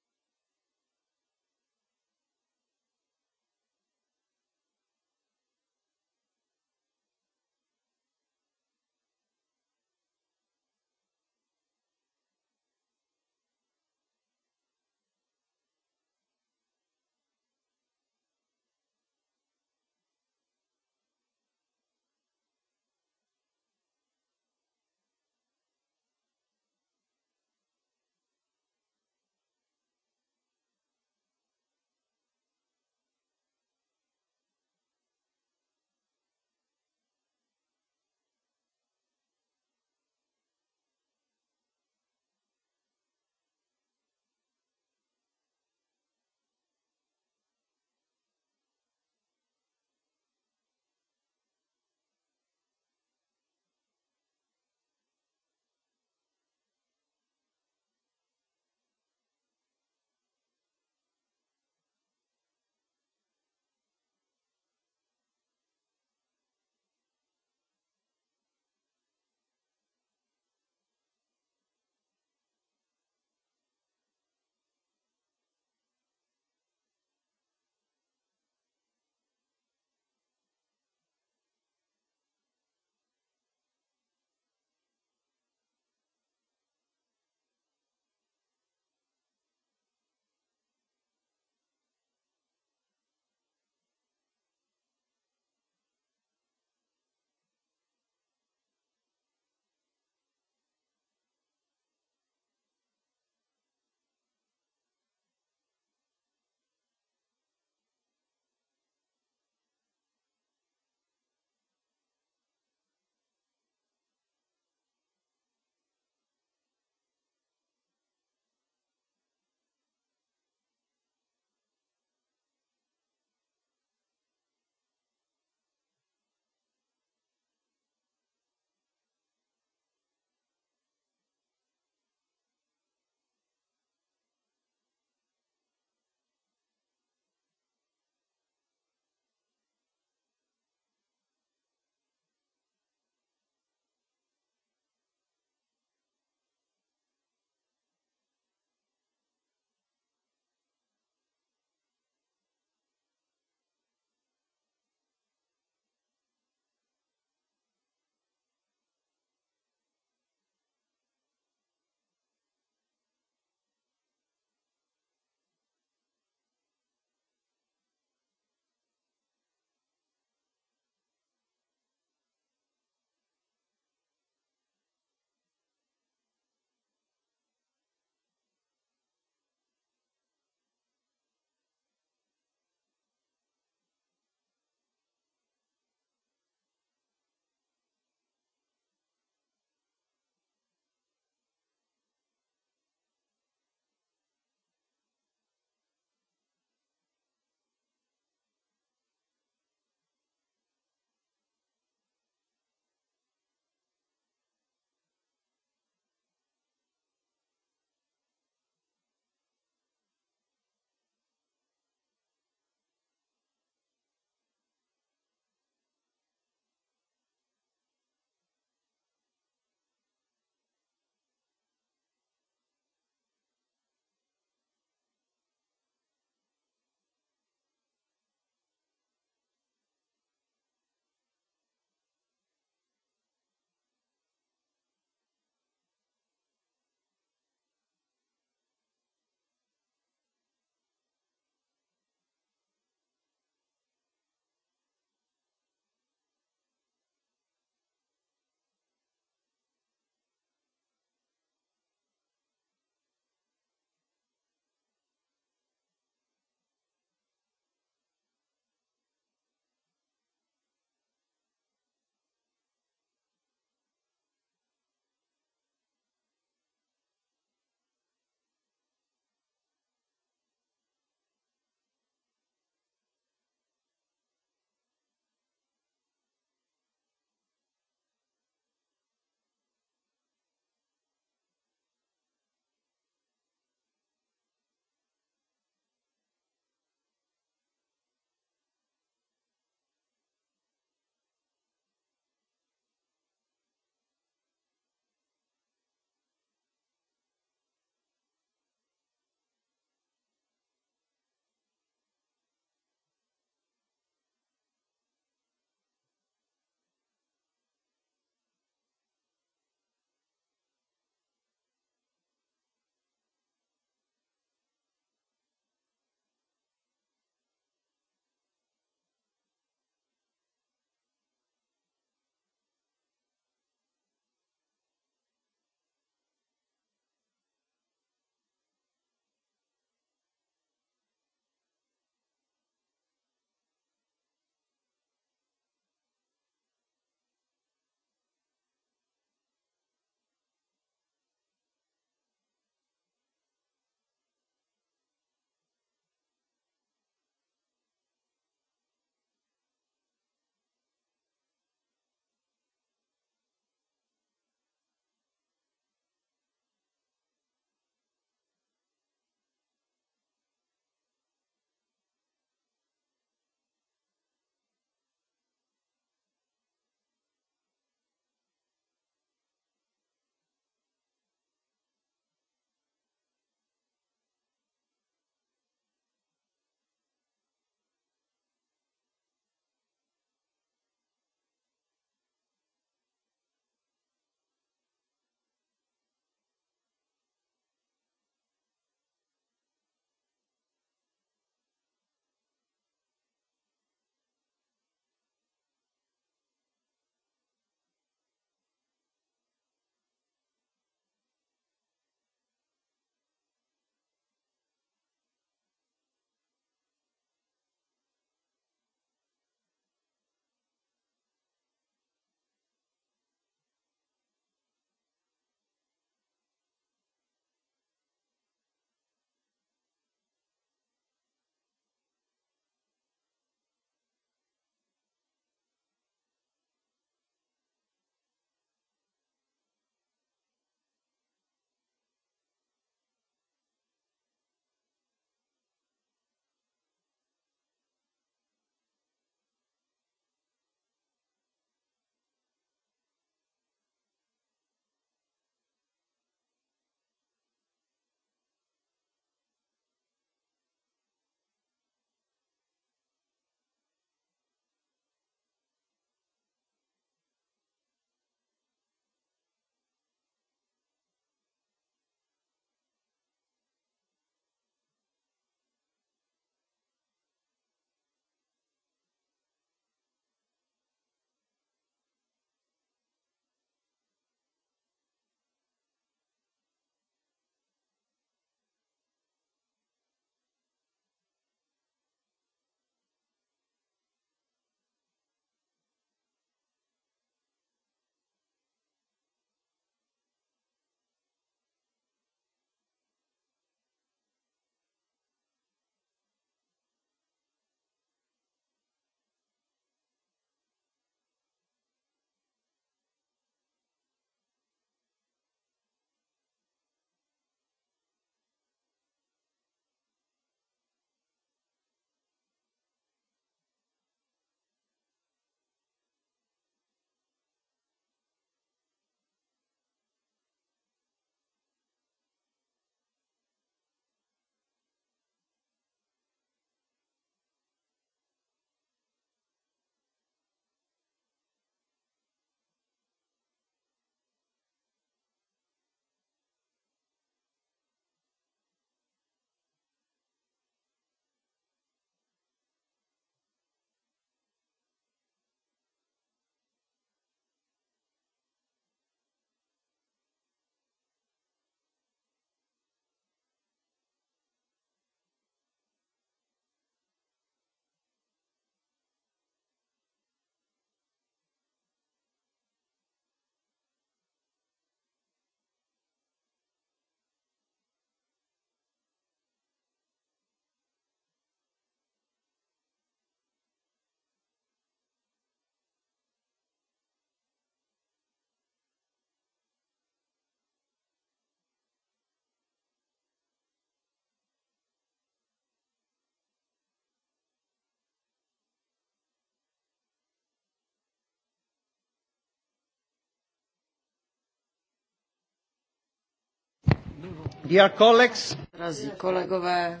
Dear colleagues. Drazí kolegové,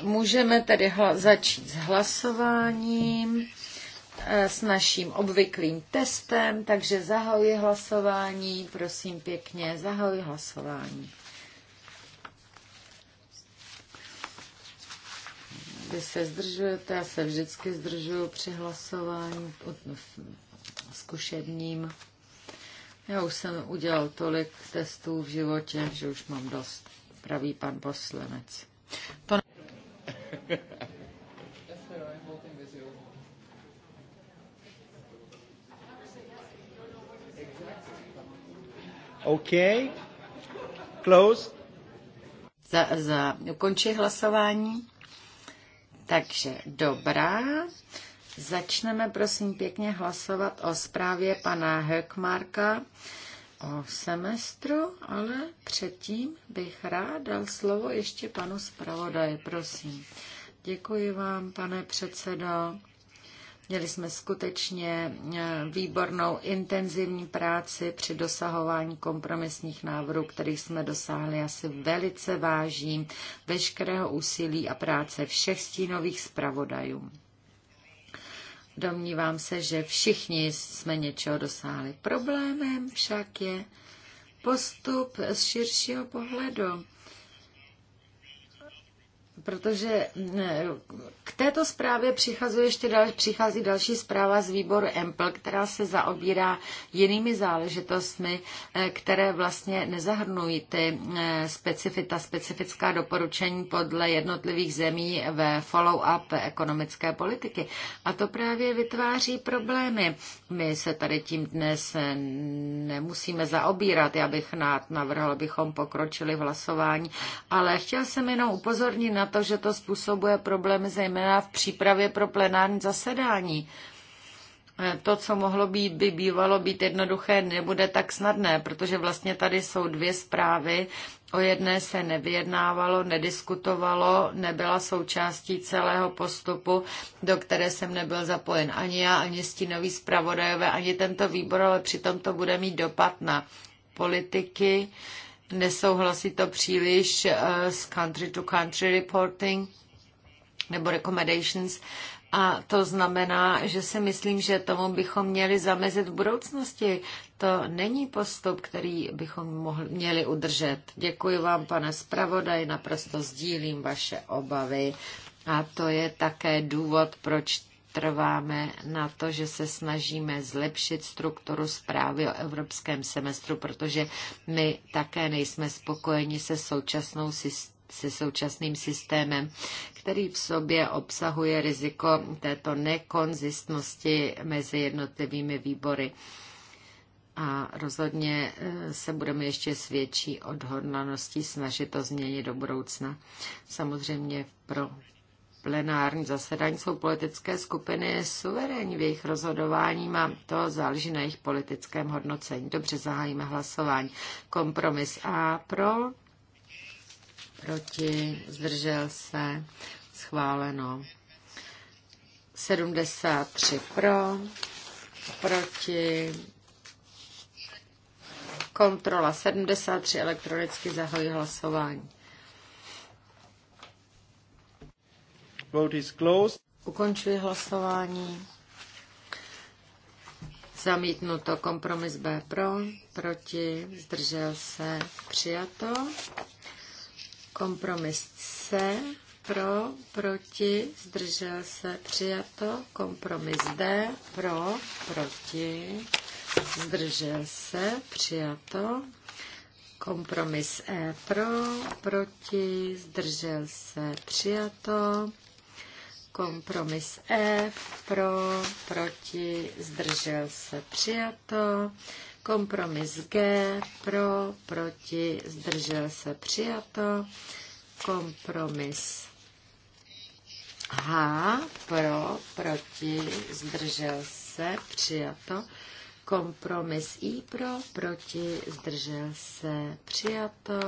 můžeme tedy začít s hlasováním eh, s naším obvyklým testem, takže zahajuji hlasování, prosím pěkně, zahajuji hlasování. Vy se zdržujete, já se vždycky zdržuju při hlasování zkušebním. Já už jsem udělal tolik testů v životě, že už mám dost, pravý pan poslanec. Pane... OK. Close. Za, za, ukončí hlasování. Takže dobrá. Začneme prosím pěkně hlasovat o zprávě pana Hökmarka o semestru, ale předtím bych rád dal slovo ještě panu zpravodaji, prosím. Děkuji vám, pane předsedo. Měli jsme skutečně e, výbornou intenzivní práci při dosahování kompromisních návrhů, kterých jsme dosáhli. Já si velice vážím veškerého úsilí a práce všech stínových zpravodajů. Domnívám se, že všichni jsme něčeho dosáhli. Problémem však je postup z širšího pohledu protože eh, k této zprávě přichází ještě dal, přichází další zpráva z výboru EMPL, která se zaobírá jinými záležitostmi, eh, které vlastně nezahrnují ty eh, specifita, specifická doporučení podle jednotlivých zemí ve follow-up ekonomické politiky. A to právě vytváří problémy. My se tady tím dnes nemusíme zaobírat. Já bych navrhl, abychom pokročili v hlasování, ale chtěl jsem jenom upozornit na to, že to způsobuje problémy zejména v přípravě pro plenární zasedání. E, to, co mohlo být, by bývalo být jednoduché, nebude tak snadné, protože vlastně tady jsou dvě zprávy. O jedné se nevyjednávalo, nediskutovalo, nebyla součástí celého postupu, do které jsem nebyl zapojen ani já, ani stínový zpravodajové, ani tento výbor, ale přitom to bude mít dopad na politiky, nesouhlasí to příliš eh, s country to country reporting nebo recommendations. A to znamená, že si myslím, že tomu bychom měli zamezit v budoucnosti. To není postup, který bychom mohli, měli udržet. Děkuji vám, pane zpravodaj, naprosto sdílím vaše obavy. A to je také důvod, proč trváme na to, že se snažíme zlepšit strukturu zprávy o evropském semestru, protože my také nejsme spokojeni se současnou se současným systémem, který v sobě obsahuje riziko této nekonzistnosti mezi jednotlivými výbory. A rozhodně eh, se budeme ještě s větší odhodlaností snažit to změnit do budoucna. Samozřejmě pro plenární zasedání jsou politické skupiny suverénní v jejich rozhodování a to záleží na jejich politickém hodnocení. Dobře, zahájíme hlasování. Kompromis A pro, proti, zdržel se, schváleno. 73 pro, proti, kontrola 73, elektronicky zahojí hlasování. Vote is closed. Ukončuji hlasování. Zamítnuto kompromis B pro, proti, zdržel se, přijato. Kompromis C pro, proti, zdržel se, přijato. Kompromis D pro, proti, zdržel se, přijato. Kompromis E pro, proti, zdržel se, přijato. Kompromis E pro, proti, zdržel se přijato. Kompromis G pro, proti, zdržel se přijato. Kompromis H pro, proti, zdržel se přijato. Kompromis I pro, proti, zdržel se přijato.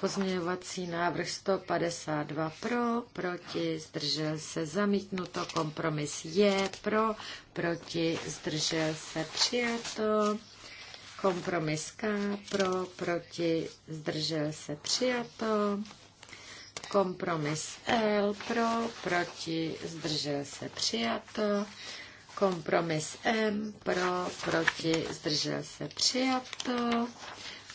Pozměňovací návrh 152 pro, proti, zdržel se zamítnuto, kompromis je pro, proti, zdržel se přijato, kompromis K pro, proti, zdržel se přijato, kompromis L pro, proti, zdržel se přijato, kompromis M pro, proti, zdržel se přijato,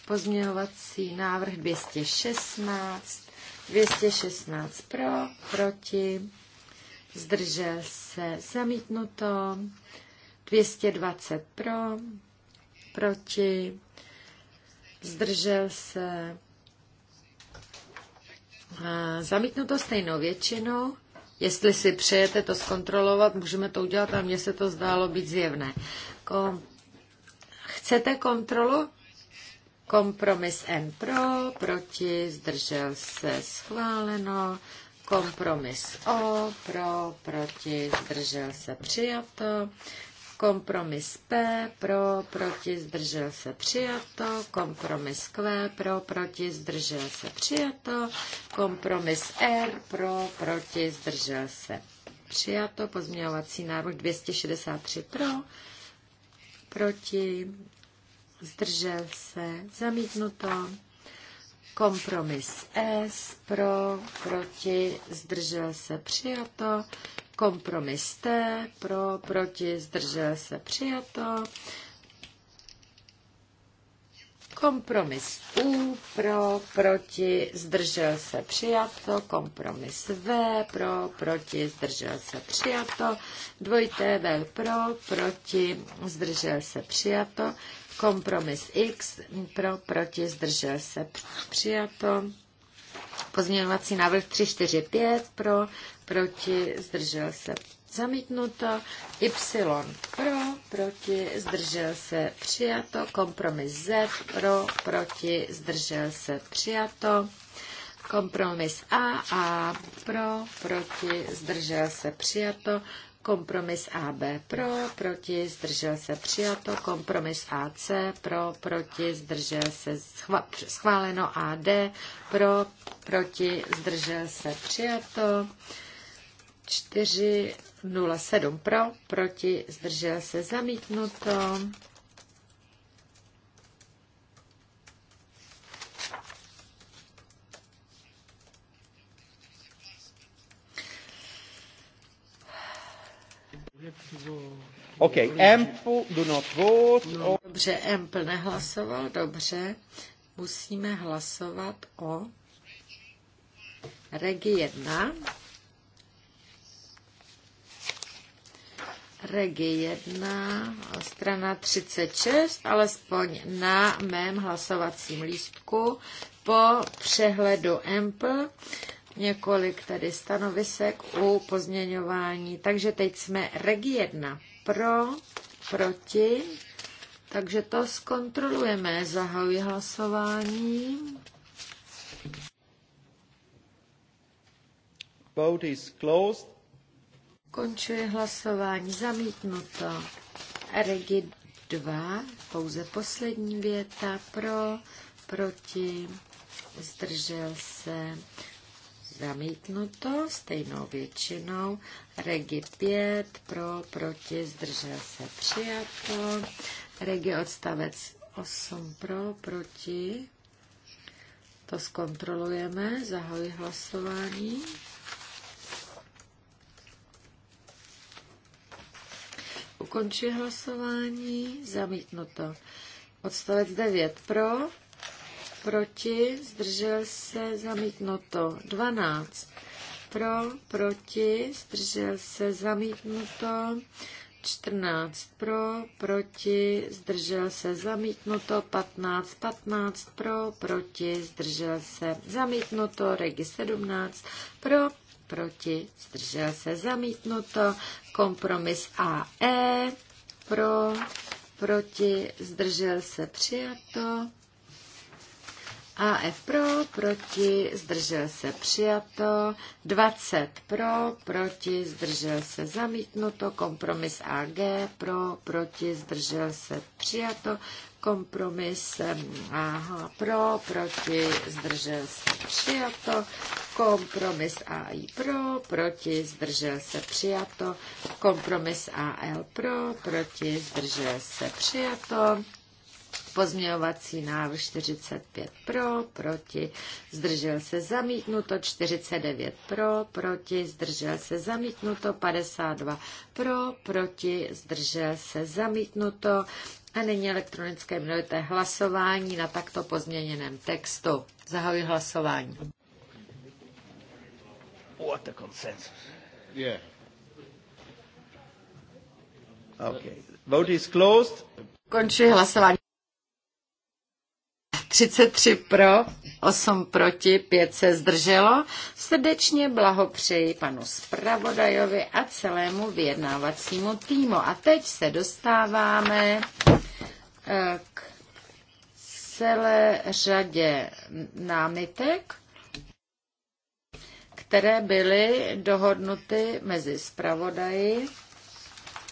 Pozměňovací návrh 216. 216 pro, proti, zdržel se, zamítnuto. 220 pro, proti, zdržel se, zamítnuto stejnou většinou. Jestli si přejete to zkontrolovat, můžeme to udělat, a mně se to zdálo být zjevné. Chcete kontrolu? Kompromis N pro, proti, zdržel se, schváleno. Kompromis O pro, proti, zdržel se, přijato. Kompromis P pro, proti, zdržel se, přijato. Kompromis Q pro, proti, zdržel se, přijato. Kompromis R pro, proti, zdržel se, přijato. Pozměňovací návrh 263 pro, proti, zdržel se, zamítnuto. Kompromis S pro, proti, zdržel se, přijato. Kompromis T pro, proti, zdržel se, přijato. Kompromis U pro, proti, zdržel se, přijato. Kompromis V pro, proti, zdržel se, přijato. Dvojité V pro, proti, zdržel se, přijato. Kompromis X pro, proti, zdržel se. Přijato. Pozměňovací návrh 345 pro, proti, zdržel se. Zamítnuto. Y pro, proti, zdržel se. Přijato. Kompromis Z pro, proti, zdržel se. Přijato. Kompromis A a pro, proti, zdržel se. Přijato Kompromis AB pro, proti, zdržel se přijato. Kompromis AC pro, proti, zdržel se schváleno. AD pro, proti, zdržel se přijato. 407 pro, proti, zdržel se zamítnuto. OK, Ample do not vote. No, dobře, Ample nehlasoval, dobře. Musíme hlasovat o Regi 1. Regi 1, strana 36, alespoň na mém hlasovacím lístku po přehledu EMPL několik tady stanovisek u pozměňování. Takže teď jsme regi 1 pro, proti, takže to zkontrolujeme. Zahajuji hlasování. Vote is closed. Končuje hlasování. Zamítnuto. Regi 2, pouze poslední věta pro, proti, zdržel se Zamítnuto stejnou většinou. Regi 5 pro, proti, zdržel se přijato. Regi odstavec 8 pro, proti. To zkontrolujeme. Zahoji hlasování. Ukončuji hlasování. Zamítnuto. Odstavec 9 pro, proti, zdržel se, zamítnuto. 12 pro, proti, zdržel se, zamítnuto. 14 pro, proti, zdržel se, zamítnuto, 15, 15 pro, proti, zdržel se, zamítnuto, regi 17 pro, proti, zdržel se, zamítnuto, kompromis AE pro, proti, zdržel se, přijato. AF pro, proti, zdržel se přijato, 20 pro, proti, zdržel se zamítnuto, kompromis AG pro, proti, zdržel se přijato, kompromis AH pro, proti, zdržel se přijato, kompromis AI pro, proti, zdržel se přijato, kompromis AL pro, proti, zdržel se přijato, Pozměňovací návrh 45 pro, proti, zdržel se zamítnuto, 49 pro, proti, zdržel se zamítnuto, 52 pro, proti, zdržel se zamítnuto. A nyní elektronické minulité hlasování na takto pozměněném textu. Zahajuji hlasování. What a consensus. Yeah. Okay. Vote is closed. Končí hlasování. 33 pro, 8 proti, 5 se zdrželo. Srdečně blahopřeji panu zpravodajovi a celému vyjednávacímu týmu. A teď se dostáváme eh, k celé řadě námitek, které byly dohodnuty mezi zpravodaji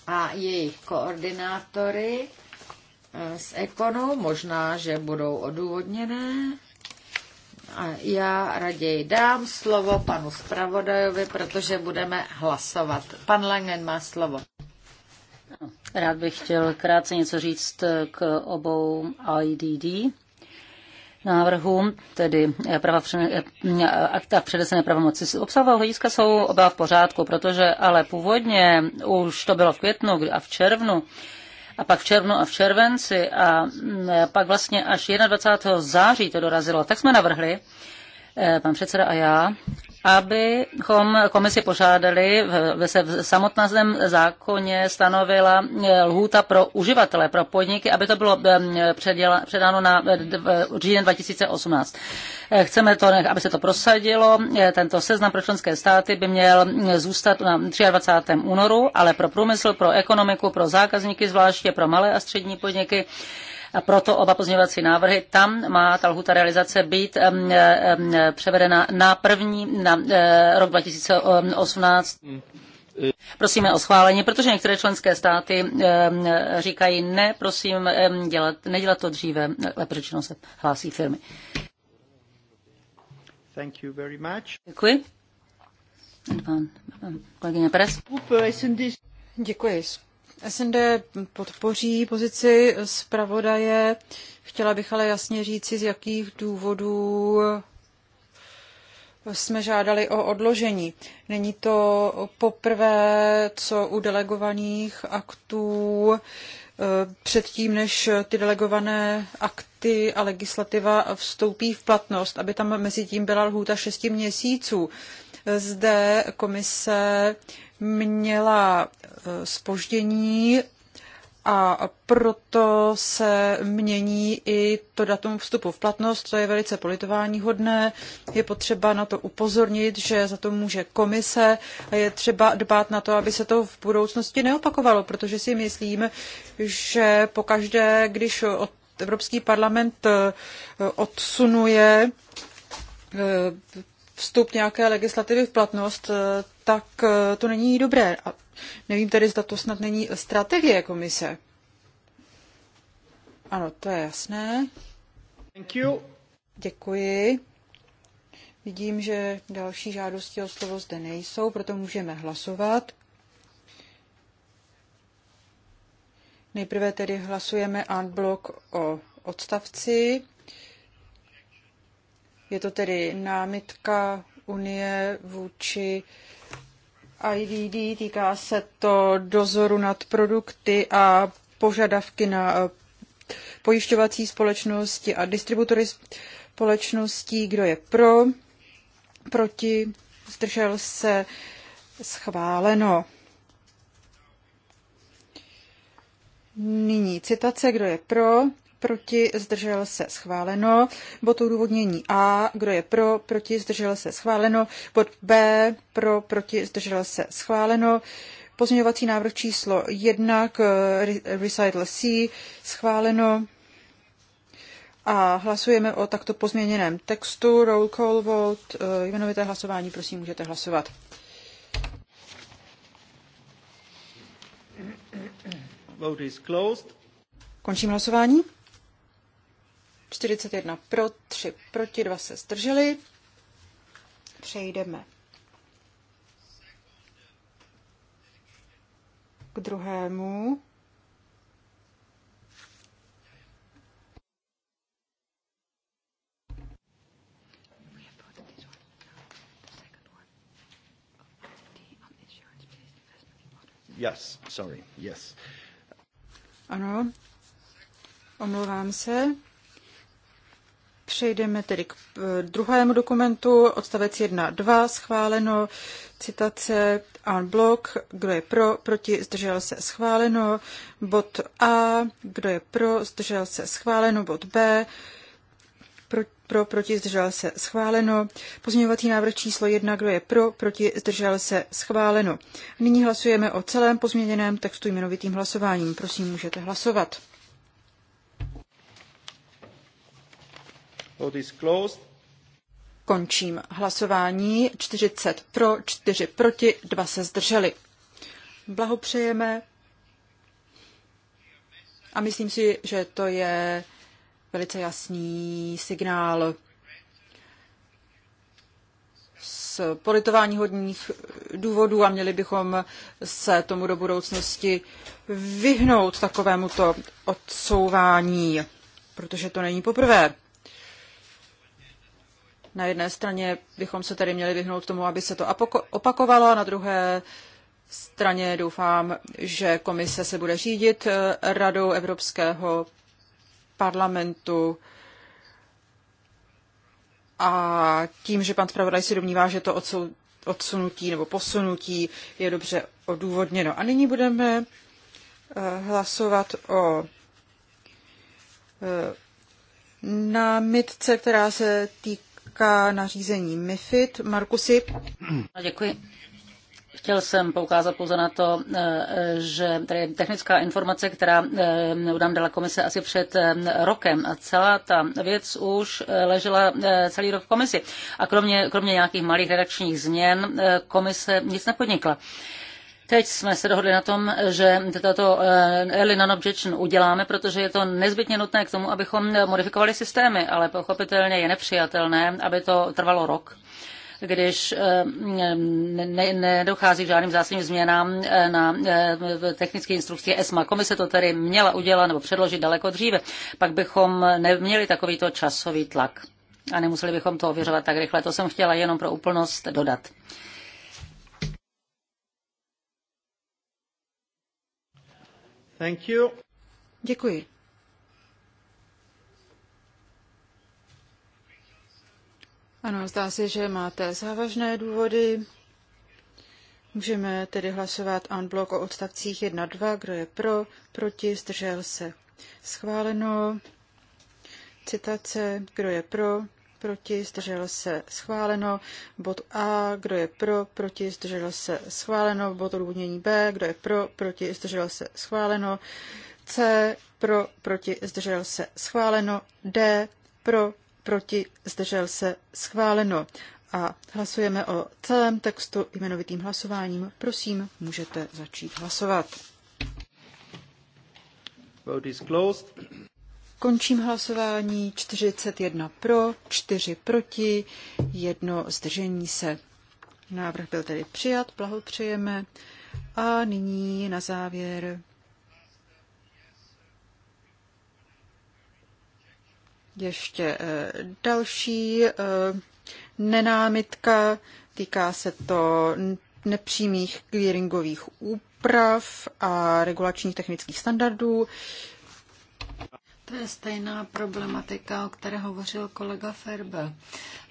a jejich koordinátory z Ekonu, možná, že budou odůvodněné. A já raději dám slovo panu zpravodajovi, protože budeme hlasovat. Pan Langen má slovo. Rád bych chtěl krátce něco říct k obou IDD návrhu tedy prava, akta předesené pravomoci. Obsahová hlediska jsou oba v pořádku, protože ale původně už to bylo v květnu a v červnu, a pak v červnu a v červenci mm, a pak vlastně až 21. září to dorazilo. Tak jsme navrhli, eh, pan předseda a já, abychom komisi požádali, se v samotném zákoně stanovila eh, lhůta pro uživatele, pro podniky, aby to bylo předěla, předáno na eh, říjen 2018. Eh, chceme to, aby se to prosadilo. Tento seznam pro členské státy by měl mm, zůstat na 23. únoru, ale pro průmysl, pro ekonomiku, pro zákazníky, zvláště pro malé a střední podniky, a proto oba pozměňovací návrhy, tam má ta lhuta realizace být převedena na první, na eh, rok 2018. Prosíme o schválení, protože některé členské státy říkají ne, prosím, dělat, nedělat to dříve, lépe řečeno se hlásí firmy. Thank you very much. Děkuji. Pan, pan, kolegyně Pres. Děkuji. SND podpoří pozici zpravodaje. Chtěla bych ale jasně říci, z jakých důvodů jsme žádali o odložení. Není to poprvé, co u delegovaných aktů eh, předtím, než ty delegované akty a legislativa vstoupí v platnost, aby tam mezi tím byla lhůta šesti měsíců. Zde komise měla spoždění eh, a proto se mění i to datum vstupu v platnost, to je velice politováníhodné. Je potřeba na to upozornit, že za to může komise a je třeba dbát na to, aby se to v budoucnosti neopakovalo, protože si myslím, že pokaždé, když Evropský parlament eh, odsunuje eh, vstup nějaké legislativy v platnost, eh, tak eh, to není dobré. A nevím tedy, zda to snad není strategie komise. Ano, to je jasné. Thank you. Děkuji. Vidím, že další žádosti o slovo zde nejsou, proto můžeme hlasovat. Nejprve tedy hlasujeme unblock o odstavci je to tedy námitka Unie vůči IDD, týká se to dozoru nad produkty a požadavky na eh, pojišťovací společnosti a distributory společností. Kdo je pro? Proti? Zdržel se? Schváleno. Nyní citace, kdo je pro, proti, zdržel se, schváleno. Bod odůvodnění A, kdo je pro, proti, zdržel se, schváleno. Bod B, pro, proti, zdržel se, schváleno. Pozměňovací návrh číslo 1 k eh, recital C, schváleno. A hlasujeme o takto pozměněném textu. Roll call vote, eh, jmenovité hlasování, prosím, můžete hlasovat. Vote is closed. Končím hlasování. 41 pro, 3 proti, 2 se zdrželi. Přejdeme k druhému. Yes, sorry, yes. Ano, omlouvám se. Přejdeme tedy k eh, druhému dokumentu, odstavec 1 2, schváleno, citace en blok, kdo je pro, proti, zdržel se, schváleno, bod A, kdo je pro, zdržel se, schváleno, bod B, pro, pro proti, zdržel se, schváleno, pozměňovací návrh číslo 1, kdo je pro, proti, zdržel se, schváleno. Nyní hlasujeme o celém pozměněném textu jmenovitým hlasováním. Prosím, můžete hlasovat. Končím hlasování. 40 pro, 4 proti, 2 se zdrželi. Blahopřejeme. A myslím si, že to je velice jasný signál z politování hodních důvodů a měli bychom se tomu do budoucnosti vyhnout takovémuto odsouvání, protože to není poprvé. Na jedné straně bychom se tedy měli vyhnout tomu, aby se to opakovalo, a na druhé straně doufám, že komise se bude řídit eh, Radou Evropského parlamentu. A tím, že pan zpravodaj si domnívá, že to odsunutí nebo posunutí je dobře odůvodněno. A nyní budeme eh, hlasovat o eh, námitce, která se týká otázka nařízení MIFID. Markusy. Děkuji. Chtěl jsem poukázat pouze na to, eh, že tady je technická informace, která nám eh, dala komise asi před eh, rokem a celá ta věc už ležela celý rok v komisi. A kromě, kromě nějakých malých redakčních změn komise nic nepodnikla. Teď jsme se dohodli na tom, že tato eh, early non-objection uděláme, protože je to nezbytně nutné k tomu, abychom modifikovali systémy, ale pochopitelně je nepřijatelné, aby to trvalo rok když eh, nedochází k žádným zásadním změnám eh, na technické instrukci ESMA. Komise to tedy měla udělat nebo předložit daleko dříve, pak bychom neměli takovýto časový tlak a nemuseli bychom to ověřovat tak rychle. To jsem chtěla jenom pro úplnost dodat. Děkuji. Ano, zdá se, že máte závažné důvody. Můžeme tedy hlasovat en bloc o odstavcích a two kdo je pro, proti, zdržel se. Schváleno. Citace, kdo je pro, proti, zdržel se, schváleno. Bod A, kdo je pro, proti, zdržel se, schváleno. Bod odůvodnění B, kdo je pro, proti, zdržel se, schváleno. C, pro, proti, zdržel se, schváleno. D, pro, proti, zdržel se, schváleno. A hlasujeme o celém textu jmenovitým hlasováním. Prosím, můžete začít hlasovat. Vote is closed. Končím hlasování 41 pro, 4 proti, jedno zdržení se. Návrh byl tedy přijat, blahopřejeme. A nyní na závěr ještě eh, další eh, nenámitka. Týká se to nepřímých clearingových úprav a regulačních technických standardů. To je stejná problematika, o které hovořil kolega Ferbel.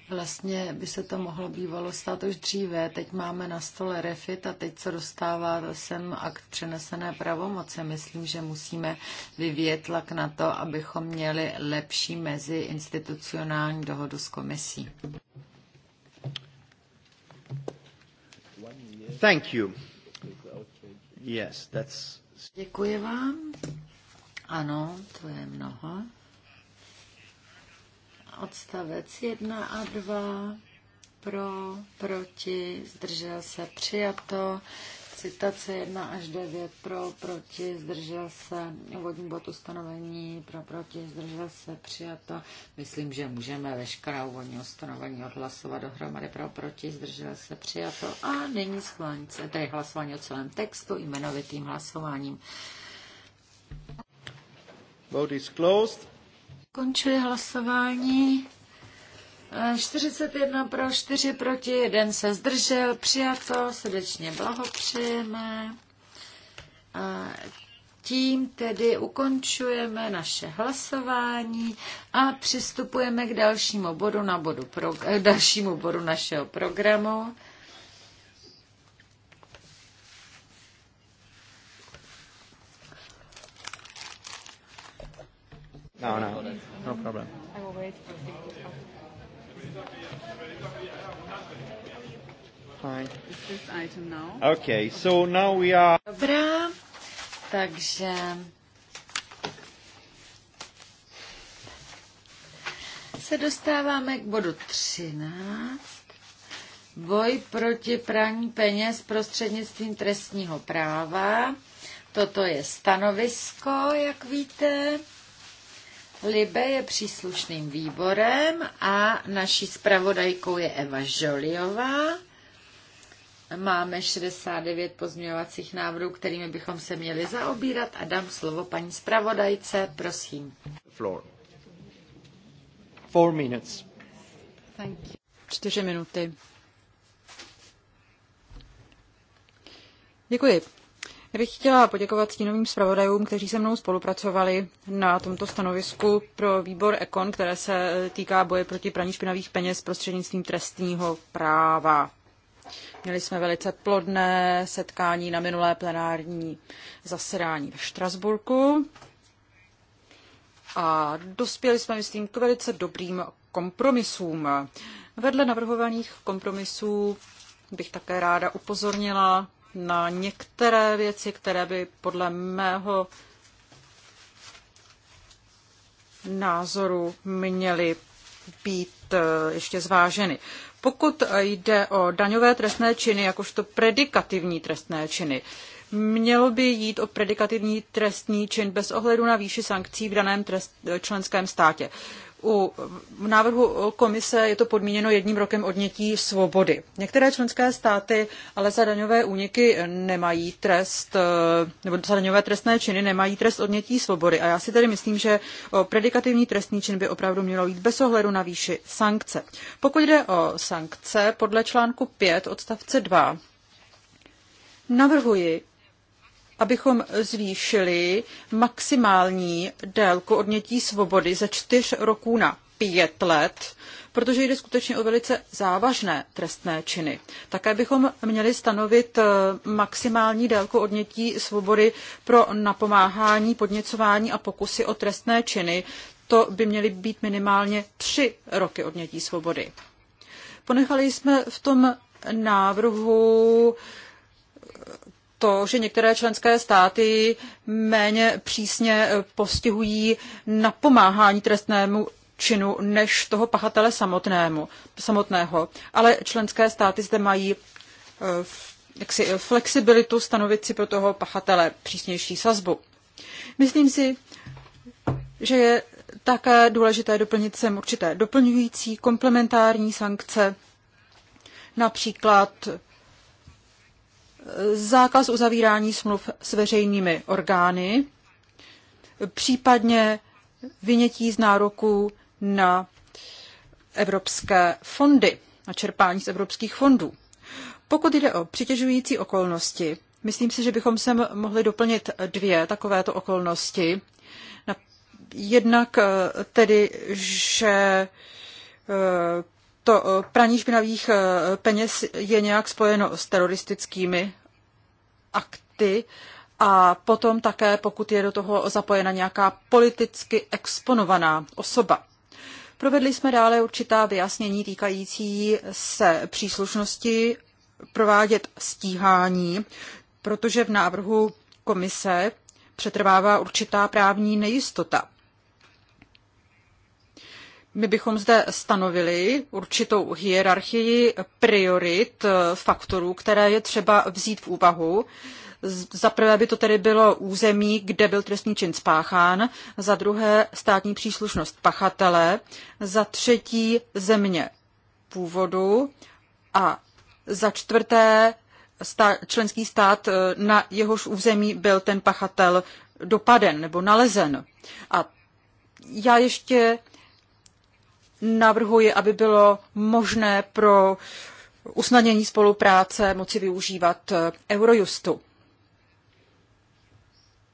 Vlastně by se to mohlo bývalo stát už dříve. Teď máme na stole refit a teď co dostává sem akt přenesené pravomoce. Myslím, že musíme vyvíjet tlak na to, abychom měli lepší mezi institucionální dohodu s komisí. Thank you. Yes, that's... Děkuji vám. Ano, to je mnoho. Odstavec 1 a 2 pro, proti, zdržel se, přijato. Citace 1 až 9 pro, proti, zdržel se, úvodní bod ustanovení pro, proti, zdržel se, přijato. Myslím, že můžeme veškerá úvodní ustanovení odhlasovat dohromady pro, proti, zdržel se, přijato. A nyní schválnice, tedy hlasování o celém textu jmenovitým hlasováním. Vote is closed. Končili hlasování. 41 eh, pro, 4 proti, 1 se zdržel, přijato, srdečně blahopřejeme. A tím tedy ukončujeme naše hlasování a přistupujeme k dalšímu bodu, na bodu pro, k eh, dalšímu bodu našeho programu. No, no, no problem. I will wait for Fine. Is this item now? Okay, so now we are... Dobrá, takže... Se dostáváme k bodu 13. Boj proti praní peněz prostřednictvím trestního práva. Toto je stanovisko, jak víte. Libe je příslušným výborem a naší zpravodajkou je Eva Žoliová. Máme 69 pozměňovacích návrhů, kterými bychom se měli zaobírat a dám slovo paní zpravodajce, prosím. Floor. Four minutes. Thank you. Čtyři minuty. Děkuji, já bych chtěla poděkovat stínovým zpravodajům, kteří se mnou spolupracovali na tomto stanovisku pro výbor Ekon, které se týká boje proti praní špinavých peněz prostřednictvím trestního práva. Měli jsme velice plodné setkání na minulé plenární zasedání ve Štrasburku a dospěli jsme, myslím, k velice dobrým kompromisům. Vedle navrhovaných kompromisů bych také ráda upozornila na některé věci, které by podle mého názoru měly být eh, ještě zváženy. Pokud jde o daňové trestné činy, jakožto predikativní trestné činy, mělo by jít o predikativní trestný čin bez ohledu na výši sankcí v daném trest, eh, členském státě. U návrhu komise je to podmíněno jedním rokem odnětí svobody. Některé členské státy ale za daňové úniky nemají trest, eh, nebo za daňové trestné činy nemají trest odnětí svobody. A já si tedy myslím, že predikativní trestný čin by opravdu mělo jít bez ohledu na výši sankce. Pokud jde o sankce, podle článku 5 odstavce 2 navrhuji, abychom zvýšili maximální délku odnětí svobody ze čtyř roků na pět let, protože jde skutečně o velice závažné trestné činy. Také bychom měli stanovit eh, maximální délku odnětí svobody pro napomáhání, podněcování a pokusy o trestné činy. To by měly být minimálně tři roky odnětí svobody. Ponechali jsme v tom návrhu to, že některé členské státy méně přísně eh, postihují napomáhání trestnému činu než toho pachatele samotnému, samotného. Ale členské státy zde mají eh, jaksi, eh, flexibilitu stanovit si pro toho pachatele přísnější sazbu. Myslím si, že je také důležité doplnit sem určité doplňující komplementární sankce, například zákaz uzavírání smluv s veřejnými orgány, případně vynětí z nároků na evropské fondy, na čerpání z evropských fondů. Pokud jde o přitěžující okolnosti, myslím si, že bychom se mohli doplnit dvě takovéto okolnosti. Jednak eh, tedy, že eh, to eh, praní špinavých peněz je nějak spojeno s teroristickými akty a potom také, pokud je do toho zapojena nějaká politicky exponovaná osoba. Provedli jsme dále určitá vyjasnění týkající se příslušnosti provádět stíhání, protože v návrhu komise přetrvává určitá právní nejistota. My bychom zde stanovili určitou hierarchii priorit eh, faktorů, které je třeba vzít v úvahu. Za prvé by to tedy bylo území, kde byl trestný čin spáchán, za druhé státní příslušnost pachatele, za třetí země původu a za čtvrté stát, členský stát, eh, na jehož území byl ten pachatel dopaden nebo nalezen. A já ještě navrhuji, aby bylo možné pro usnadnění spolupráce moci využívat eh, Eurojustu.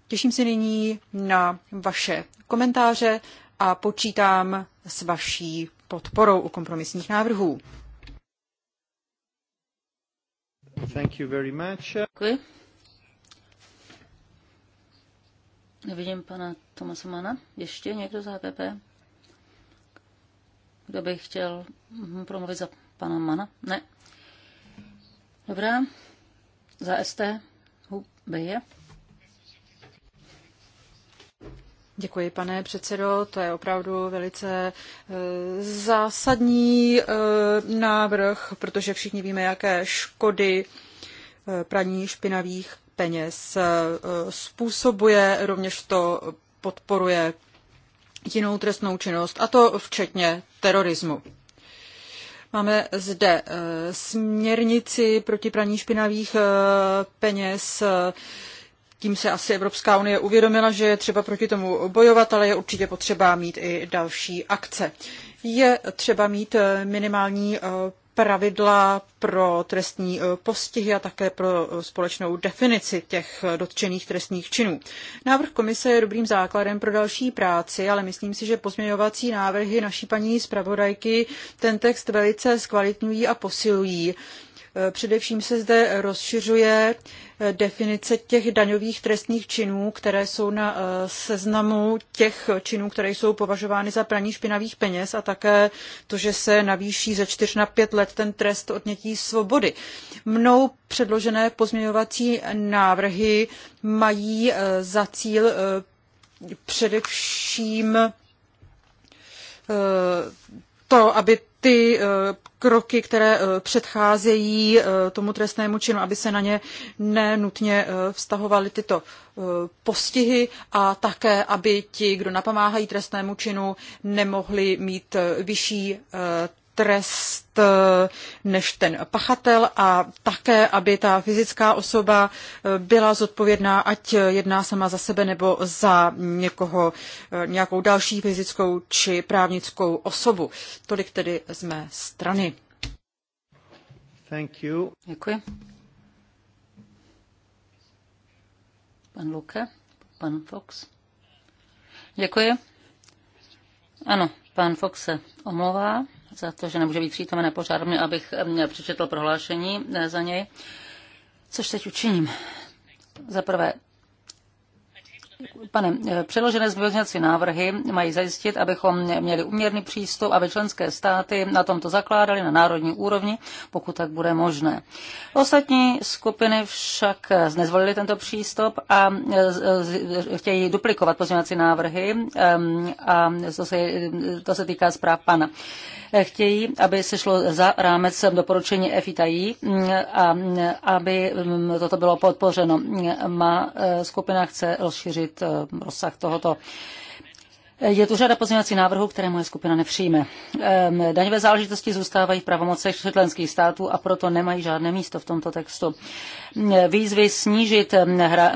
Těším se nyní na vaše komentáře a počítám s vaší podporou u kompromisních návrhů. Thank you very much. Děkuji. Nevidím pana Tomasa Mana. Ještě někdo z HPP? Kdo by chtěl mhm, promluvit za pana Mana? Ne. Dobrá. Za ST. Hubeje. Děkuji, pane předsedo. To je opravdu velice eh, zásadní eh, návrh, protože všichni víme, jaké škody eh, praní špinavých peněz způsobuje. Rovněž to podporuje jinou trestnou činnost, a to včetně terorismu. Máme zde eh, směrnici proti praní špinavých eh, peněz. Tím se asi Evropská unie uvědomila, že je třeba proti tomu bojovat, ale je určitě potřeba mít i další akce. Je třeba mít eh, minimální pravidla pro trestní eh, postihy a také pro eh, společnou definici těch eh, dotčených trestních činů. Návrh komise je dobrým základem pro další práci, ale myslím si, že pozměňovací návrhy naší paní zpravodajky ten text velice zkvalitňují a posilují. Především se zde rozšiřuje eh, definice těch daňových trestných činů, které jsou na eh, seznamu těch činů, které jsou považovány za praní špinavých peněz a také to, že se navýší ze 4 na 5 let ten trest odnětí svobody. Mnou předložené pozměňovací návrhy mají eh, za cíl především to, aby ty eh, kroky, které eh, předcházejí eh, tomu trestnému činu, aby se na ně nenutně vztahovaly tyto postihy a také, aby ti, kdo napomáhají trestnému činu, nemohli mít vyšší trest eh, než ten pachatel a také, aby ta fyzická osoba eh, byla zodpovědná, ať eh, jedná sama za sebe nebo za někoho, nějakou další fyzickou či právnickou osobu. Tolik tedy z mé strany. Thank you. Děkuji. Pan Luke, pan Fox. Děkuji. Ano, pan Fox se omlouvá za to, že nemůže být přítomen, požádal abych eh, přečetl prohlášení eh, za něj. Což teď učiním. Za prvé, Pane, eh, přeložené změňovací návrhy mají zajistit, abychom měli uměrný přístup, aby členské státy na tomto zakládaly na národní úrovni, pokud tak bude možné. Ostatní skupiny však nezvolily tento přístup a chtějí duplikovat pozměňovací návrhy a to se, to se týká zpráv pana chtějí, aby se šlo za rámec doporučení FITAI a aby mm, toto bylo podpořeno. Má e, skupina chce rozšířit e, rozsah tohoto je tu řada pozměňovacích návrhů, které moje skupina nepřijme. Ehm, daňové záležitosti zůstávají v pravomocech členských států a proto nemají žádné místo v tomto textu výzvy snížit hra,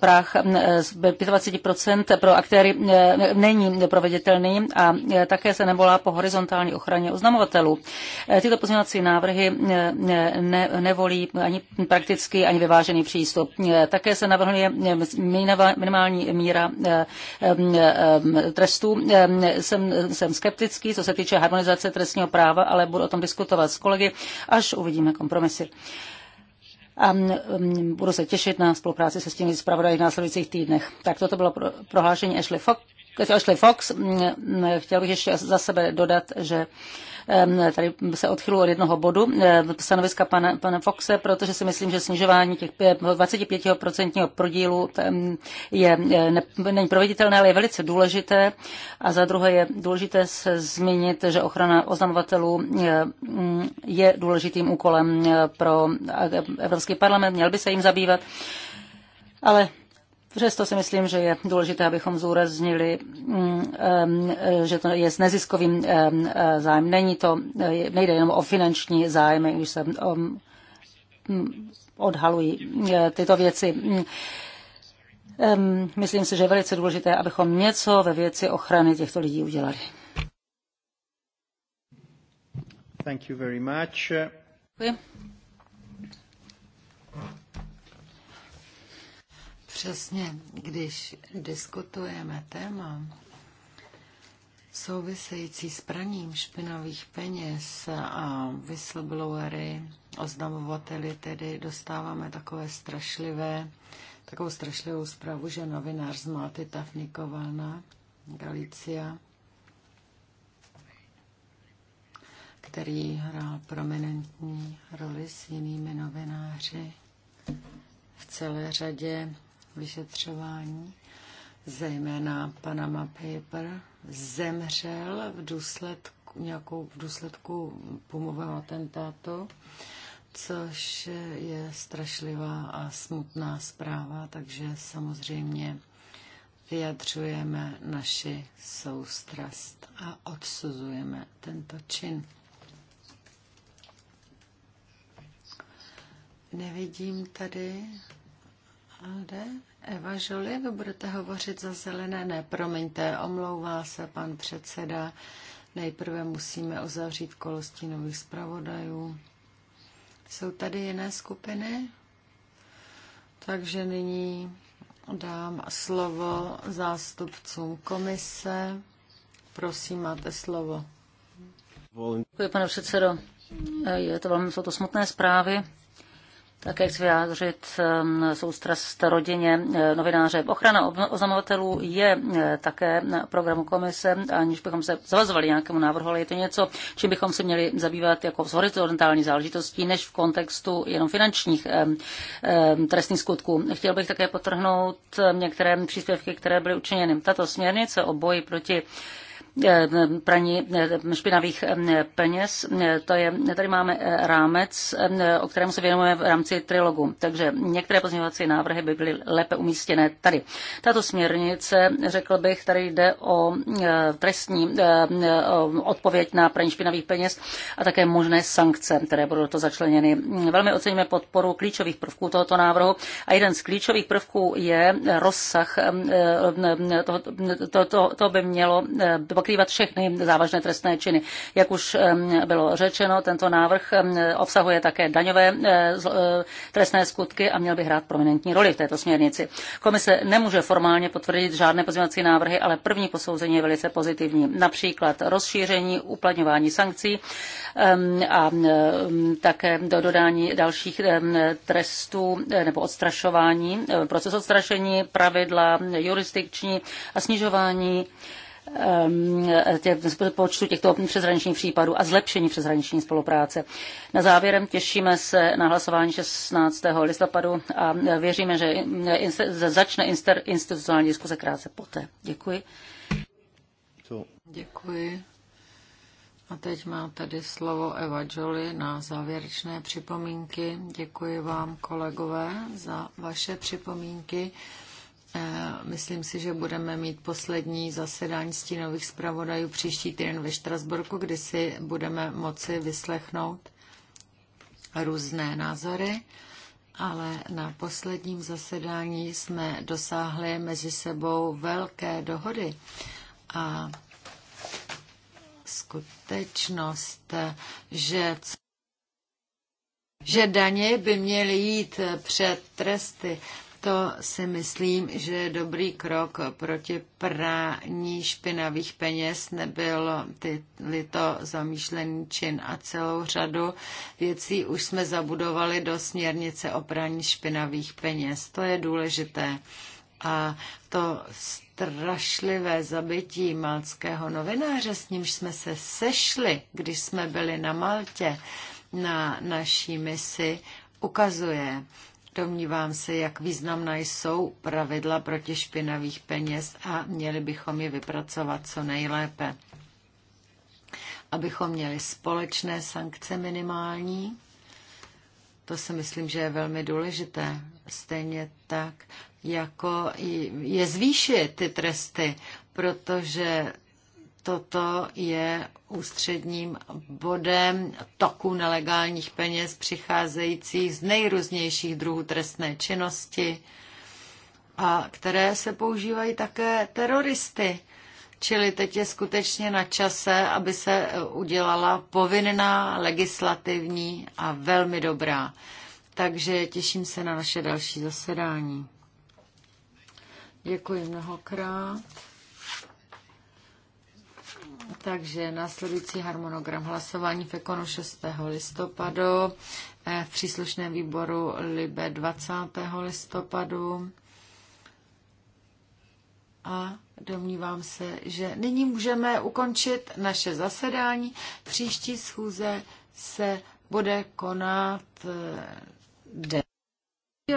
práh z 25% pro aktéry není proveditelný a e, také se nevolá po horizontální ochraně oznamovatelů. E, tyto pozměňovací návrhy e, ne, nevolí ani praktický, ani vyvážený přístup. Také se navrhuje minimální míra trestů. Jsem, jsem skeptický, co se týče harmonizace trestního práva, ale budu o tom diskutovat s kolegy, až uvidíme kompromisy a mm, mm, budu se těšit na spolupráci se s těmi zpravodaji v následujících týdnech. Tak toto bylo prohlášení Ashley Fox. Ashley Fox. Mm, chtěl bych ještě za sebe dodat, že tady se odchylu od jednoho bodu stanoviska pana, pana Foxe, protože si myslím, že snižování těch 25% prodílu je, ne, není proveditelné, ale je velice důležité. A za druhé je důležité se zmínit, že ochrana oznamovatelů je, mm, je důležitým úkolem eh, pro eh, Evropský parlament, měl by se jim zabývat. Ale Přesto si myslím, že je důležité, abychom zúraznili, mm, že to je s neziskovým zájem. Není to, nejde jenom o finanční zájmy, už se odhalují e, tyto věci. Myslím si, že je velice důležité, abychom něco ve věci ochrany těchto lidí udělali. Thank you very much. Děkuji. Přesně, když diskutujeme téma související s praním špinavých peněz a whistleblowery, oznamovateli, tedy dostáváme takové strašlivé, takovou strašlivou zprávu, že novinář z Malty Tafnikovalna, Galicia, který hrál prominentní roli s jinými novináři v celé řadě vyšetřování, zejména Panama Paper, zemřel v důsledku, nějakou, v důsledku pumového atentátu, což je strašlivá a smutná zpráva, takže samozřejmě vyjadřujeme naši soustrast a odsuzujeme tento čin. Nevidím tady Alde, Eva Žoli, vy budete hovořit za zelené? Ne, promiňte, omlouvá se pan předseda. Nejprve musíme uzavřít kolostí nových zpravodajů. Jsou tady jiné skupiny? Takže nyní dám slovo zástupcům komise. Prosím, máte slovo. Děkuji, pane předsedo. Je to velmi, jsou to smutné zprávy také chci vyjádřit um, soustrast rodině eh, novináře. Ochrana oznamovatelů je eh, také na programu komise, aniž bychom se zavazovali nějakému návrhu, ale je to něco, čím bychom se měli zabývat jako z horizontální záležitostí, než v kontextu jenom finančních eh, trestných skutků. Chtěl bych také potrhnout některé příspěvky, které byly učiněny. Tato směrnice o boji proti Eh, praní eh, špinavých eh, peněz. To je, tady máme rámec, o kterém se věnujeme v rámci trilogu, takže některé pozměňovací návrhy by byly lépe umístěné tady. Tato směrnice, řekl bych, tady jde o trestní odpověď na praní špinavých peněz a také možné sankce, které budou to začleněny. Velmi oceníme podporu klíčových prvků tohoto návrhu a jeden z klíčových prvků je rozsah. To, to, to, to by mělo pokrývat všechny závažné trestné činy. Jak už bylo řečeno, tento návrh obsahuje také daňové e, e, trestné skutky a měl by hrát prominentní roli v této směrnici. Komise nemůže formálně potvrdit žádné pozměňovací návrhy, ale první posouzení je velice pozitivní. Například rozšíření uplatňování sankcí a také do dodání dalších trestů e, nebo odstrašování, proces odstrašení, pravidla jurisdikční a snižování Ehm, počtu těchto přeshraničních případů a zlepšení přeshraniční spolupráce. Na závěrem těšíme se na hlasování 16. listopadu a věříme, že začne institucionální diskuse krátce poté. Děkuji. Děkuji. A teď má tady slovo Eva Jolie na závěrečné připomínky. Děkuji vám, kolegové, za vaše připomínky. Myslím si, že budeme mít poslední zasedání stínových zpravodajů příští týden ve Štrasburku, kdy si budeme moci vyslechnout různé názory, ale na posledním zasedání jsme dosáhli mezi sebou velké dohody a skutečnost, že že daně by měly jít před tresty. To si myslím, že je dobrý krok proti prání špinavých peněz. Nebyl ty, to zamýšlený čin a celou řadu věcí už jsme zabudovali do směrnice o praní špinavých peněz. To je důležité. A to strašlivé zabití malckého novináře, s nímž jsme se sešli, když jsme byli na Maltě na naší misi, ukazuje, Domnívám se, jak významná jsou pravidla proti špinavých peněz a měli bychom je vypracovat co nejlépe. Abychom měli společné sankce minimální, to si myslím, že je velmi důležité. Stejně tak, jako je zvýšit ty tresty, protože Toto je ústředním bodem toku nelegálních peněz přicházejících z nejrůznějších druhů trestné činnosti a které se používají také teroristy. Čili teď je skutečně na čase, aby se udělala povinná legislativní a velmi dobrá. Takže těším se na naše další zasedání. Děkuji mnohokrát. Takže následující harmonogram hlasování v Ekonu 6. listopadu, eh, v příslušném výboru Libe 20. listopadu. A domnívám se, že nyní můžeme ukončit naše zasedání. Příští schůze se bude konat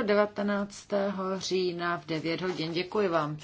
19. Eh, října v 9 hodin. Děkuji vám.